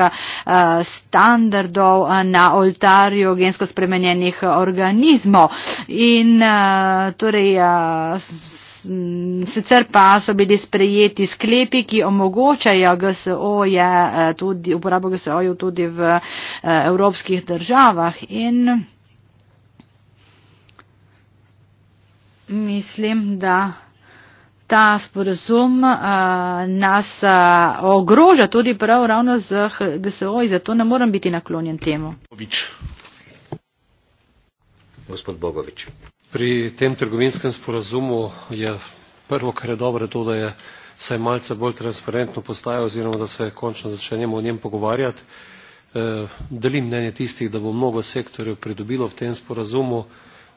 standardov na oltarju kategorijo gensko spremenjenih organizmov. In, eh, torej, eh, sicer pa so bili sprejeti sklepi, ki omogočajo GSO eh, tudi, uporabo GSO-jev tudi v evropskih državah. In mislim, da. Ta sporozum uh, nas uh, ogroža tudi prav ravno z GSO, zato ne morem biti naklonjen temu. Obič gospod Bogovič. Pri tem trgovinskem sporazumu je prvo, kar je dobro, to, da je vse malce bolj transparentno postaje oziroma da se končno začnemo o njem pogovarjati. Eh, delim mnenje tistih, da bo mnogo sektorjev pridobilo v tem sporazumu,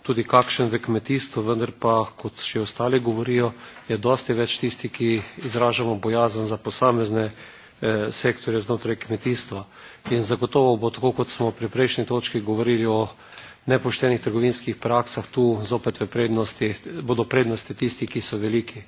tudi kakšen v kmetijstvu, vendar pa, kot še ostali govorijo, je dosti več tistih, ki izražamo bojazen za posamezne eh, sektorje znotraj kmetijstva. In zagotovo bo tako, kot smo pri prejšnji točki govorili o nepoštenih trgovinskih praksah tu zopet v prednosti, bodo prednosti tisti, ki so veliki.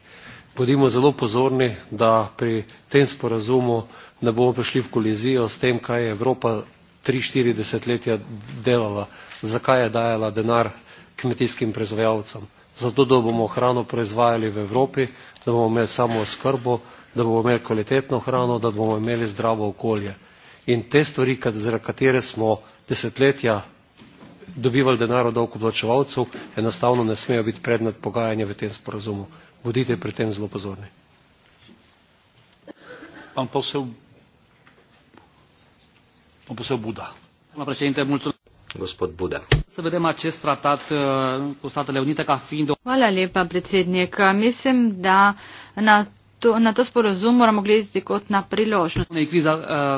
Bodimo zelo pozorni, da pri tem sporazumu ne bomo prišli v kolizijo s tem, kaj je Evropa tri, štiri desetletja delala, zakaj je dajala denar kmetijskim proizvajalcem. Zato, da bomo hrano proizvajali v Evropi, da bomo imeli samo oskrbo, da bomo imeli kvalitetno hrano, da bomo imeli zdravo okolje. In te stvari, zaradi katere smo desetletja dobivali denar od davkoplačevalcev enostavno ne smejo biti predmet pogajanja v tem sporazumu. Bodite pri tem zelo pozorni. Pan posel, pan posel Buda. Gospod Buda. Să vedem acest tratat uh, cu Statele Unite ca fiind... Hvala lepa, predsednik. Mislim, da na na acest acord trebuie să privim ca pe o oportunitate. unei crize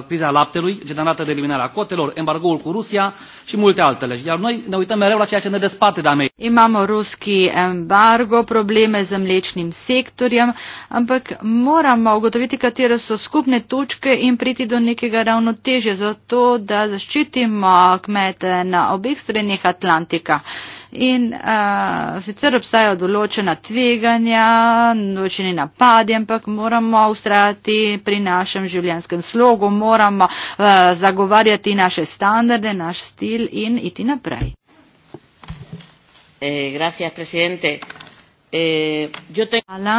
criza laptelui generată de eliminarea cotelor embargoul cu rusia și multe altele iar noi ne uităm mereu la ceea ce ne desparte de americi. Imam ruski embargo, probleme z mlečnim sektorjem, ampak moramo ugotoviti, katere so skupne točke in priti do nekega ravnotežja za to, da zaščitimo kmete na obeh stranih Atlantika in uh, sicer obstajajo določena tveganja, določeni napadi, ampak moramo ustrajati pri našem življenjskem slogu, moramo uh, zagovarjati naše standarde, naš stil in iti naprej. Eh, eh, Hvala.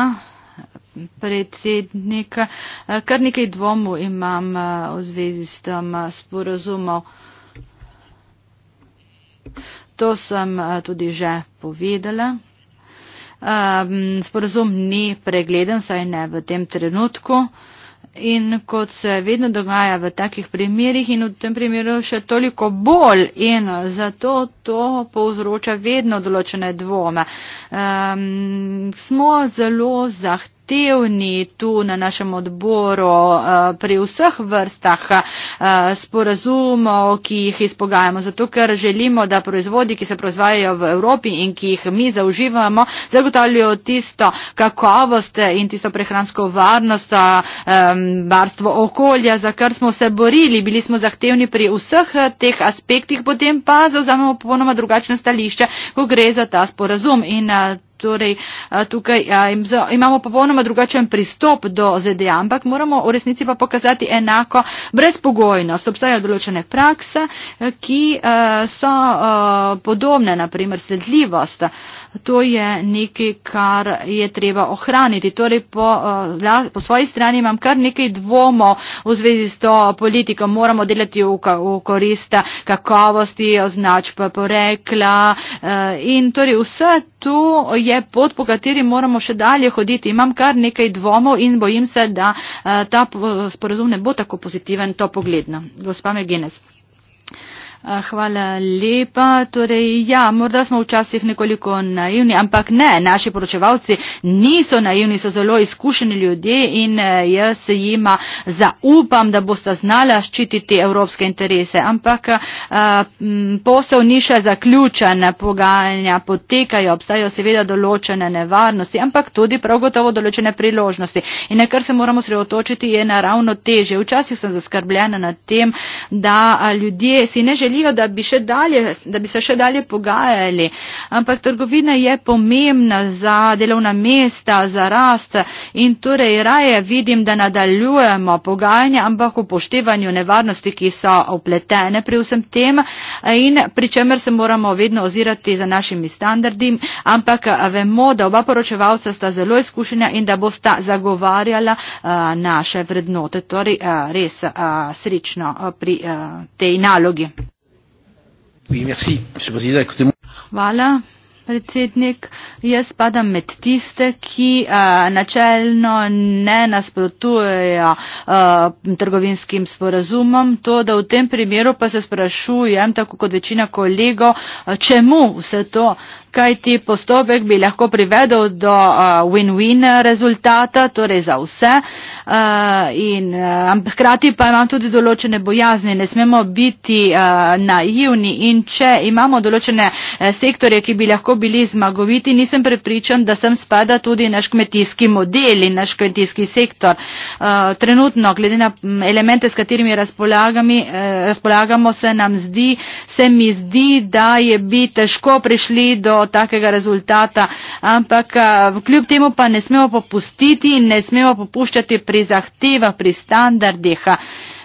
Predsednik, eh, kar nekaj dvomov imam v zvezi s tem sporozumom. To sem eh, tudi že povedala. Um, sporozum ni pregleden, saj ne v tem trenutku. In kot se vedno dogaja v takih primerjih in v tem primeru še toliko bolj in zato to povzroča vedno določene dvome. Um, smo zelo zahtevni aktivni tu na našem odboru eh, pri vseh vrstah eh, sporazumov, ki jih izpogajamo, zato ker želimo, da proizvodi, ki se proizvajajo v Evropi in ki jih mi zauživamo, zagotavljajo tisto kakovost in tisto prehransko varnost, eh, varstvo okolja, za kar smo se borili, bili smo zahtevni pri vseh teh aspektih, potem pa zauzamemo popolnoma drugačno stališče, ko gre za ta sporazum. In, torej tukaj imamo popolnoma drugačen pristop do ZDA, ampak moramo v resnici pa pokazati enako brezpogojnost. Obstajajo določene prakse, ki so podobne, naprimer sledljivost. To je nekaj, kar je treba ohraniti. Torej po, po svoji strani imam kar nekaj dvomo v zvezi s to politiko. Moramo delati v, v korista kakovosti, označb porekla in torej vse tu je pot, po kateri moramo še dalje hoditi. Imam kar nekaj dvomov in bojim se, da eh, ta eh, sporozum ne bo tako pozitiven, to pogledno. Gospa Megenes. Ah, hvala lepa. Torej, ja, morda smo včasih nekoliko naivni, ampak ne, naši poročevalci niso naivni, so zelo izkušeni ljudje in eh, jaz se jima zaupam, da boste znala ščititi evropske interese. Ampak eh, posel ni še zaključen, pogajanja potekajo, obstajajo seveda določene nevarnosti, ampak tudi prav gotovo določene priložnosti. In na kar se moramo sredotočiti je naravno teže. Včasih sem zaskrbljena nad tem, da ljudje si ne želijo želijo, da bi, dalje, da bi se še dalje pogajali, ampak trgovina je pomembna za delovna mesta, za rast in torej raje vidim, da nadaljujemo pogajanja, ampak upoštevanju nevarnosti, ki so opletene pri vsem tem in pri čemer se moramo vedno ozirati za našimi standardi, ampak vemo, da oba poročevalca sta zelo izkušena in da bosta zagovarjala naše vrednote. Torej, res srečno pri tej nalogi. Hvala, predsednik. Jaz spadam med tiste, ki uh, načelno ne nasprotujejo uh, trgovinskim sporazumom. To, da v tem primeru pa se sprašujem, tako kot večina kolegov, uh, čemu vse to. Uh, kajti postopek bi lahko privedel do win-win rezultata, torej za vse. In hkrati pa imam tudi določene bojazni, ne smemo biti naivni in če imamo določene sektorje, ki bi lahko bili zmagoviti, nisem prepričan, da sem spada tudi naš kmetijski model in naš kmetijski sektor. Trenutno, glede na elemente, s katerimi e, razpolagamo, se nam zdi, se mi zdi, da je bi težko prišli do takega rezultata, ampak eh, kljub temu pa ne smemo popustiti in ne smemo popuščati pri zahtevah, pri standardih.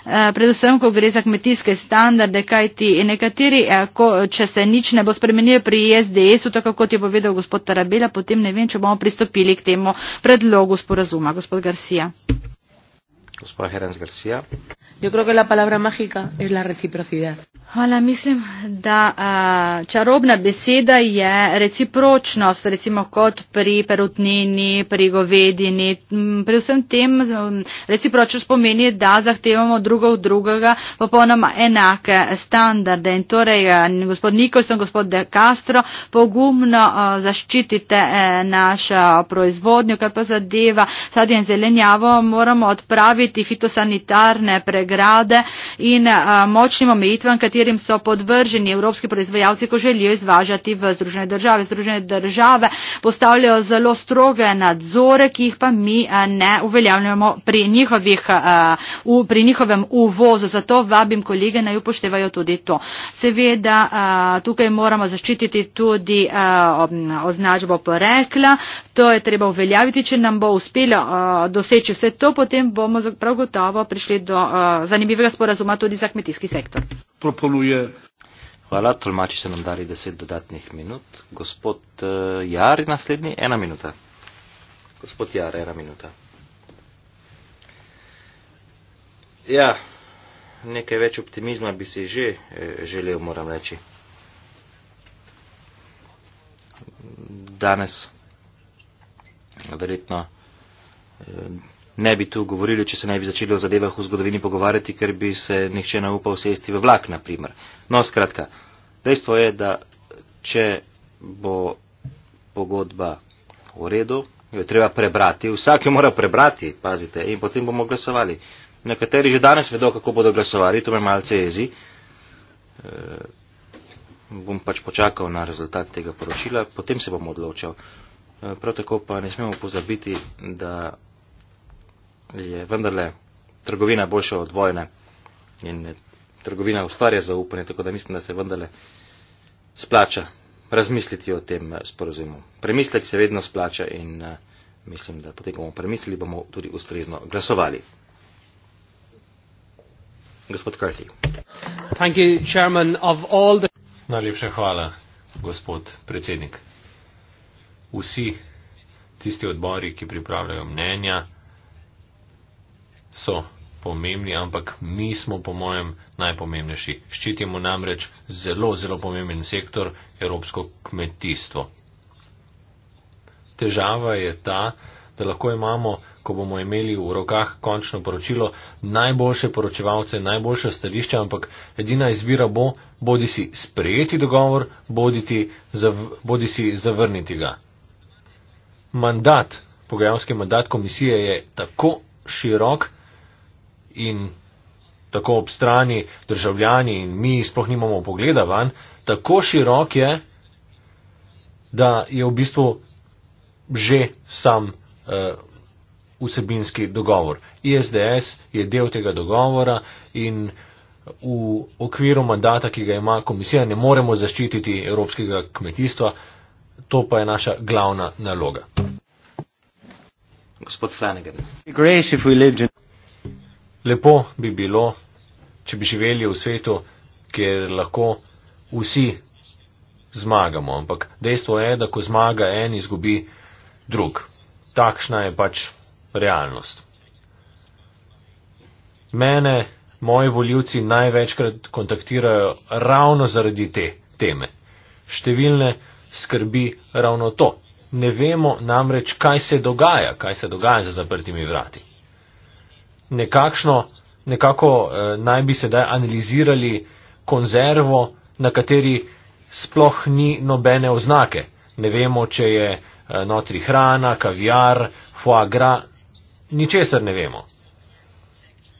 Eh, predvsem, ko gre za kmetijske standarde, kaj ti nekateri, eh, ko, če se nič ne bo spremenilo pri SDS-u, tako kot je povedal gospod Tarabela, potem ne vem, če bomo pristopili k temu predlogu sporazuma, gospod Garcia. Gospod Herenc Garcia. Yo creo que la palabra mágica es la reciprocidad. Hvala, mislim, da uh, čarobna beseda je recipročnost, recimo kot pri perutnini, pri govedini. Pri vsem tem recipročnost pomeni, da zahtevamo drugo od drugega popolnoma enake standarde. In torej, gospod Nikolson, gospod De Castro, pogumno uh, zaščitite uh, našo proizvodnjo, kar pa zadeva sadje in zelenjavo, moramo odpraviti omejiti fitosanitarne pregrade in močnim omejitvam, katerim so podvrženi evropski proizvajalci, ko želijo izvažati v Združene države. Združene države postavljajo zelo stroge nadzore, ki jih pa mi ne uveljavljamo pri, njihovih, pri njihovem uvozu. Zato vabim kolege naj upoštevajo tudi to. Seveda tukaj moramo zaščititi tudi označbo porekla. To je treba uveljaviti, če nam bo uspelo doseči vse to, potem bomo prav gotovo prišli do uh, zanimivega sporazuma tudi za kmetijski sektor. Proponuje. Hvala, tolmači se nam dali deset dodatnih minut. Gospod uh, Jar, naslednji, ena minuta. Gospod Jar, ena minuta. Ja, nekaj več optimizma bi si že e, želel, moram reči. Danes, verjetno, e, ne bi tu govorili, če se ne bi začeli o zadevah v zgodovini pogovarjati, ker bi se nihče ne upal sesti v vlak, na primer. No, skratka, dejstvo je, da če bo pogodba v redu, jo treba prebrati, vsak jo mora prebrati, pazite, in potem bomo glasovali. Nekateri že danes vedo, kako bodo glasovali, to me malce jezi. E, bom pač počakal na rezultat tega poročila, potem se bom odločal. E, prav tako pa ne smemo pozabiti, da je vendarle trgovina boljša od vojne in trgovina ustvarja zaupanje, tako da mislim, da se vendarle splača razmisliti o tem eh, sporozumu. Premislek se vedno splača in eh, mislim, da potem, ko bomo premislili, bomo tudi ustrezno glasovali. Gospod Carthy. Thank you, chairman of all the... Najlepša hvala, gospod predsednik. Vsi tisti odbori, ki pripravljajo mnenja, so pomembni, ampak mi smo, po mojem, najpomembnejši. Ščitimo namreč zelo, zelo pomemben sektor, evropsko kmetijstvo. Težava je ta, da lahko imamo, ko bomo imeli v rokah končno poročilo, najboljše poročevalce, najboljše stališče, ampak edina izbira bo bodi si sprejeti dogovor, bodi si zavrniti ga. Mandat, pogajalski mandat komisije je tako širok, in tako ob strani državljani in mi sploh nimamo pogleda van, tako širok je, da je v bistvu že sam uh, vsebinski dogovor. ISDS je del tega dogovora in v okviru mandata, ki ga ima komisija, ne moremo zaščititi evropskega kmetijstva, to pa je naša glavna naloga. Gospod Flanagan. Lepo bi bilo, če bi živeli v svetu, kjer lahko vsi zmagamo, ampak dejstvo je, da ko zmaga en, izgubi drug. Takšna je pač realnost. Mene moji voljivci največkrat kontaktirajo ravno zaradi te teme. Številne skrbi ravno to. Ne vemo namreč, kaj se dogaja, kaj se dogaja za zaprtimi vrati nekakšno, nekako eh, naj bi sedaj analizirali konzervo, na kateri sploh ni nobene oznake. Ne vemo, če je eh, notri hrana, kaviar, foie gras, ničesar ne vemo.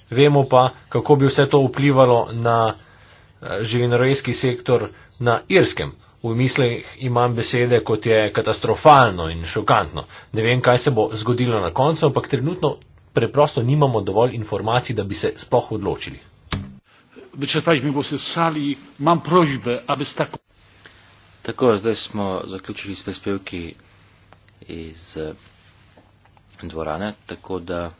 Vemo pa, kako bi vse to vplivalo na eh, živinorejski sektor na irskem. V mislih imam besede, kot je katastrofalno in šokantno. Ne vem, kaj se bo zgodilo na koncu, ampak trenutno preprosto nimamo dovolj informacij, da bi se sploh odločili. Tako, zdaj smo zaključili s prispevki iz eh, dvorane, tako da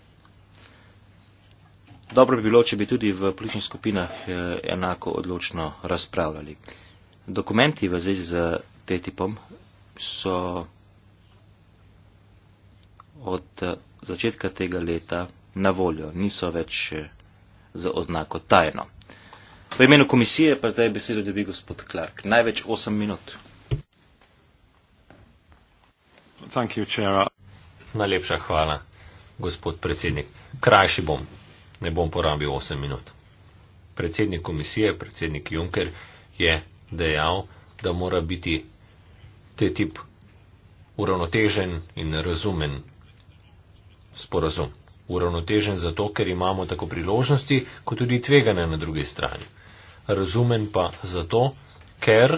dobro bi bilo, če bi tudi v političnih skupinah eh, enako odločno razpravljali. Dokumenti v zvezi z TTIP-om so od eh, začetka tega leta na voljo, niso več eh, za oznako tajno. V imenu komisije pa zdaj besedo dobi gospod Clark. Največ 8 minut. Thank you, chair. Najlepša hvala, gospod predsednik. Krajši bom, ne bom porabil 8 minut. Predsednik komisije, predsednik Juncker je dejal, da mora biti te tip uravnotežen in razumen sporazum. Uravnotežen zato, ker imamo tako priložnosti, kot tudi tvegane na drugi strani. Razumen pa zato, ker,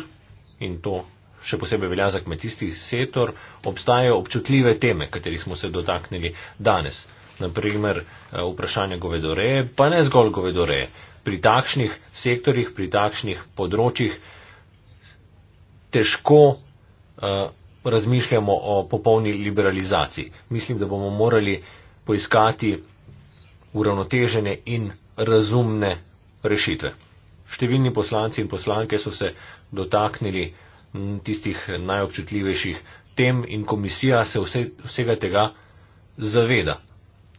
in to še posebej velja za kmetijski sektor, obstajajo občutljive teme, katerih smo se dotaknili danes. Naprimer, eh, vprašanje govedoreje, pa ne zgolj govedoreje. Pri takšnih sektorjih, pri takšnih področjih težko uh, razmišljamo o popolni liberalizaciji. Mislim, da bomo morali poiskati uravnotežene in razumne rešitve. Številni poslanci in poslanke so se dotaknili tistih najobčutljivejših tem in komisija se vse, vsega tega zaveda.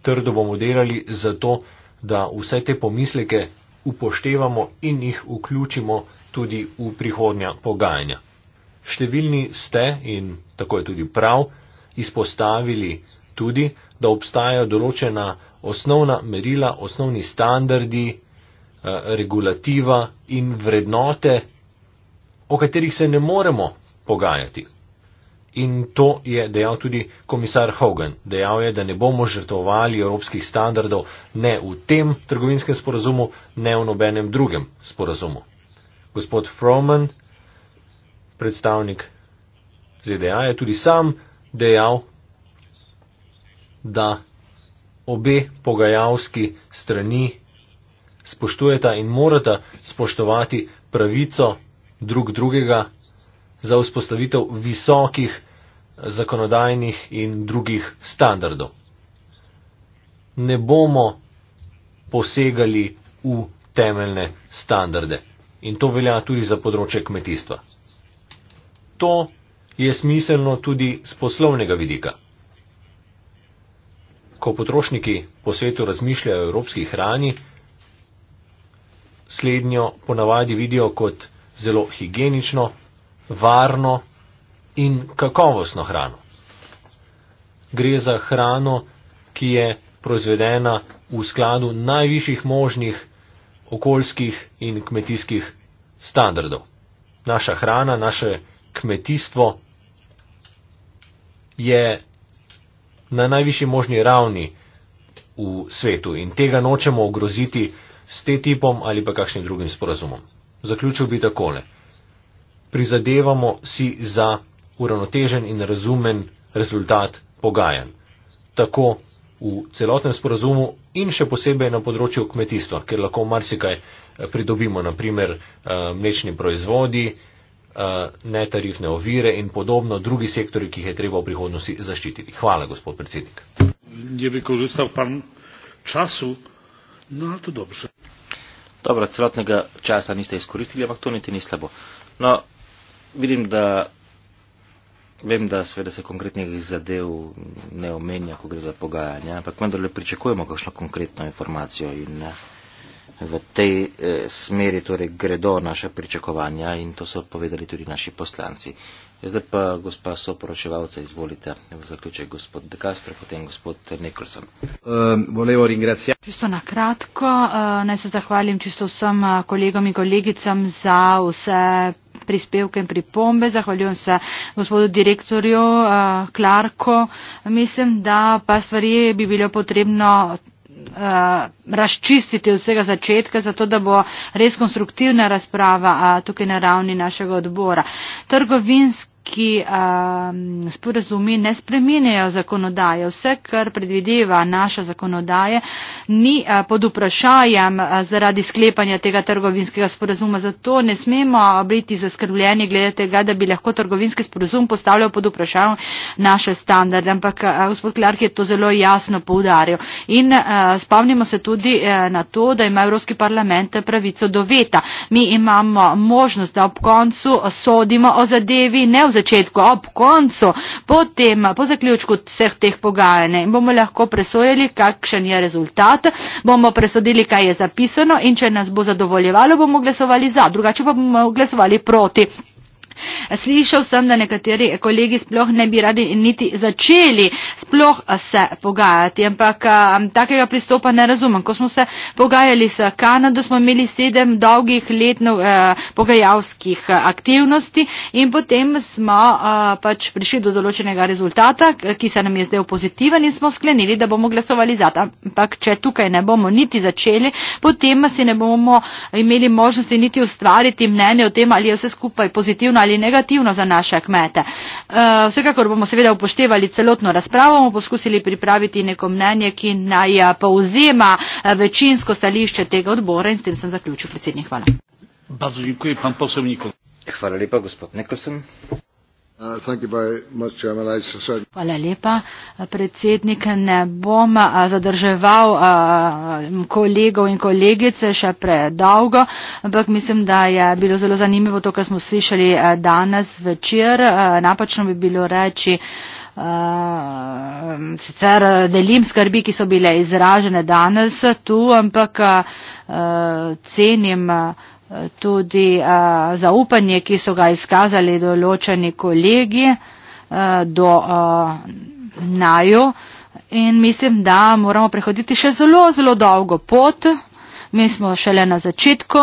Trdo bomo delali za to, da vse te pomisleke upoštevamo in jih vključimo tudi v prihodnja pogajanja. Številni ste, in tako je tudi prav, izpostavili tudi, da obstajajo določena osnovna merila, osnovni standardi, eh, regulativa in vrednote, o katerih se ne moremo pogajati. In to je dejal tudi komisar Hogan. Dejal je, da ne bomo žrtovali evropskih standardov ne v tem trgovinskem sporazumu, ne v nobenem drugem sporazumu. Gospod Froman predstavnik ZDA je tudi sam dejal, da obe pogajalski strani spoštujeta in morata spoštovati pravico drug drugega za vzpostavitev visokih zakonodajnih in drugih standardov. Ne bomo posegali v temeljne standarde. In to velja tudi za področje kmetijstva to je smiselno tudi z poslovnega vidika. Ko potrošniki po svetu razmišljajo o evropski hrani, slednjo ponavadi vidijo kot zelo higienično, varno in kakovostno hrano. Gre za hrano, ki je proizvedena v skladu najvišjih možnih okoljskih in kmetijskih standardov. Naša hrana, naše hrana, kmetijstvo je na najvišji možni ravni v svetu in tega nočemo ogroziti s te tipom ali pa kakšnim drugim sporazumom. Zaključil bi takole. Prizadevamo si za uravnotežen in razumen rezultat pogajanj. Tako v celotnem sporazumu in še posebej na področju kmetijstva, ker lahko marsikaj eh, pridobimo, naprimer eh, mlečni proizvodi, Eh, netarifne ovire in podobno drugi sektori, ki jih je treba v prihodnosti zaščititi. Hvala, gospod predsednik. Je bi koristil pa času, no to dobro. Dobro, celotnega časa niste izkoristili, ampak to niti ni slabo. No, vidim, da vem, da seveda se konkretnih zadev ne omenja, ko gre za pogajanja, ampak vendarle pričakujemo kakšno konkretno informacijo in ne. Eh, v tej eh, smeri torej gredo naše pričakovanja in to so odpovedali tudi naši poslanci. Zdaj pa, gospa soporočevalca, izvolite v zaključek gospod De Castro, potem gospod Nikolson. Ehm, volevo ringracija. Čisto na kratko, eh, naj se zahvalim čisto vsem eh, kolegom in kolegicam za vse prispevke in pripombe. Zahvaljujem se gospodu direktorju eh, Klarko. Mislim, da pa stvari bi bilo potrebno Eh, razčistiti od vsega začetka, zato da bo res konstruktivna razprava eh, tukaj na ravni našega odbora. Trgovinski ki um, sporazumi ne spremenjajo zakonodaje. Vse, kar predvideva naša zakonodaje, ni uh, pod vprašajem uh, zaradi sklepanja tega trgovinskega sporazuma. Zato ne smemo biti zaskrbljeni glede tega, da bi lahko trgovinski sporazum postavljal pod vprašajem naše standarde. Ampak uh, gospod Klark je to zelo jasno poudaril. In uh, spomnimo se tudi uh, na to, da ima Evropski parlament pravico do veta. Mi imamo možnost, da ob koncu sodimo o zadevi, ne v začetku, ob koncu, potem, po zaključku vseh teh pogajanj. In bomo lahko presojali, kakšen je rezultat, bomo presodili, kaj je zapisano in če nas bo zadovoljevalo, bomo glasovali za, drugače pa bomo glasovali proti. Slišal sem, da nekateri kolegi sploh ne bi radi niti začeli sploh se pogajati, ampak takega pristopa ne razumem. Ko smo se pogajali s Kanado, smo imeli sedem dolgih letno eh, pogajalskih e, aktivnosti in potem smo eh, pač prišli do določenega rezultata, ki se nam je zdaj pozitiven in smo sklenili, da bomo glasovali za. Ampak če tukaj ne bomo niti začeli, potem si ne bomo imeli možnosti niti ustvariti mnenje o tem, ali je vse skupaj pozitivno ali negativno za naše kmete. Eh, vsekakor bomo seveda upoštevali celotno razpravo, bomo poskusili pripraviti neko mnenje, ki naj eh, povzema eh, večinsko stališče tega odbora in s tem sem zaključil predsednik. Hvala. Hvala lepa, gospod Nekosem. Uh, Hvala lepa, predsednik. Ne bom uh, zadrževal uh, kolegov in kolegice še predolgo, ampak mislim, da je bilo zelo zanimivo to, kar smo slišali danes večer. Napačno bi bilo reči. Uh, sicer delim skrbi, ki so bile izražene danes tu, ampak uh, cenim. Uh, tudi eh, zaupanje, ki so ga izkazali določeni kolegi eh, do eh, naju. In mislim, da moramo prehoditi še zelo, zelo dolgo pot. Mi smo šele na začetku,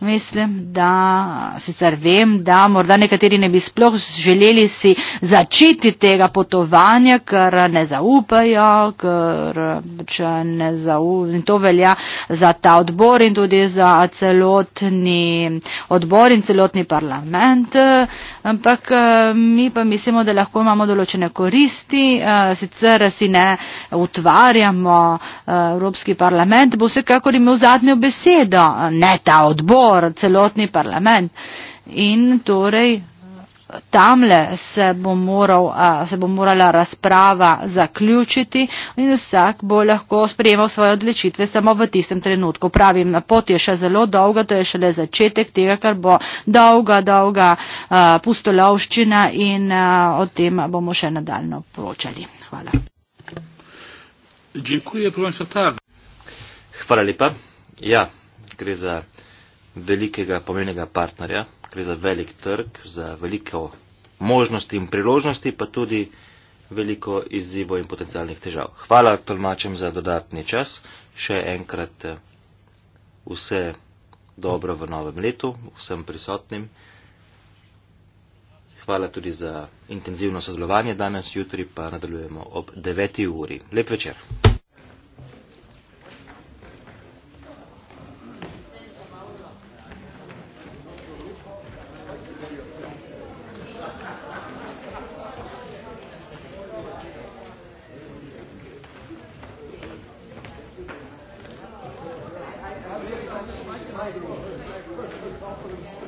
mislim, da sicer vem, da morda nekateri ne bi sploh želeli si začeti tega potovanja, ker ne zaupajo, ker če pač ne zaupajo. In to velja za ta odbor in tudi za celotni odbor in celotni parlament. Ampak mi pa mislimo, da lahko imamo določene koristi, sicer si ne utvarjamo eh, Evropski parlament, bo vsekakor imel zadnjo zadnjo besedo, ne ta odbor, celotni parlament. In torej tamle se bo, moral, se bo morala razprava zaključiti in vsak bo lahko sprejemal svoje odločitve samo v tistem trenutku. Pravim, pot je še zelo dolga, to je šele začetek tega, kar bo dolga, dolga pustolovščina in o tem bomo še nadaljno poročali. Hvala. Dziękuję, profesor Tarn. Hvala lepa. Ja, gre za velikega pomenega partnerja, gre za velik trg, za veliko možnosti in priložnosti, pa tudi veliko izzivov in potencialnih težav. Hvala tolmačem za dodatni čas. Še enkrat eh, vse dobro v novem letu vsem prisotnim. Hvala tudi za intenzivno sodelovanje danes, jutri pa nadaljujemo ob 9. uri. Lep večer.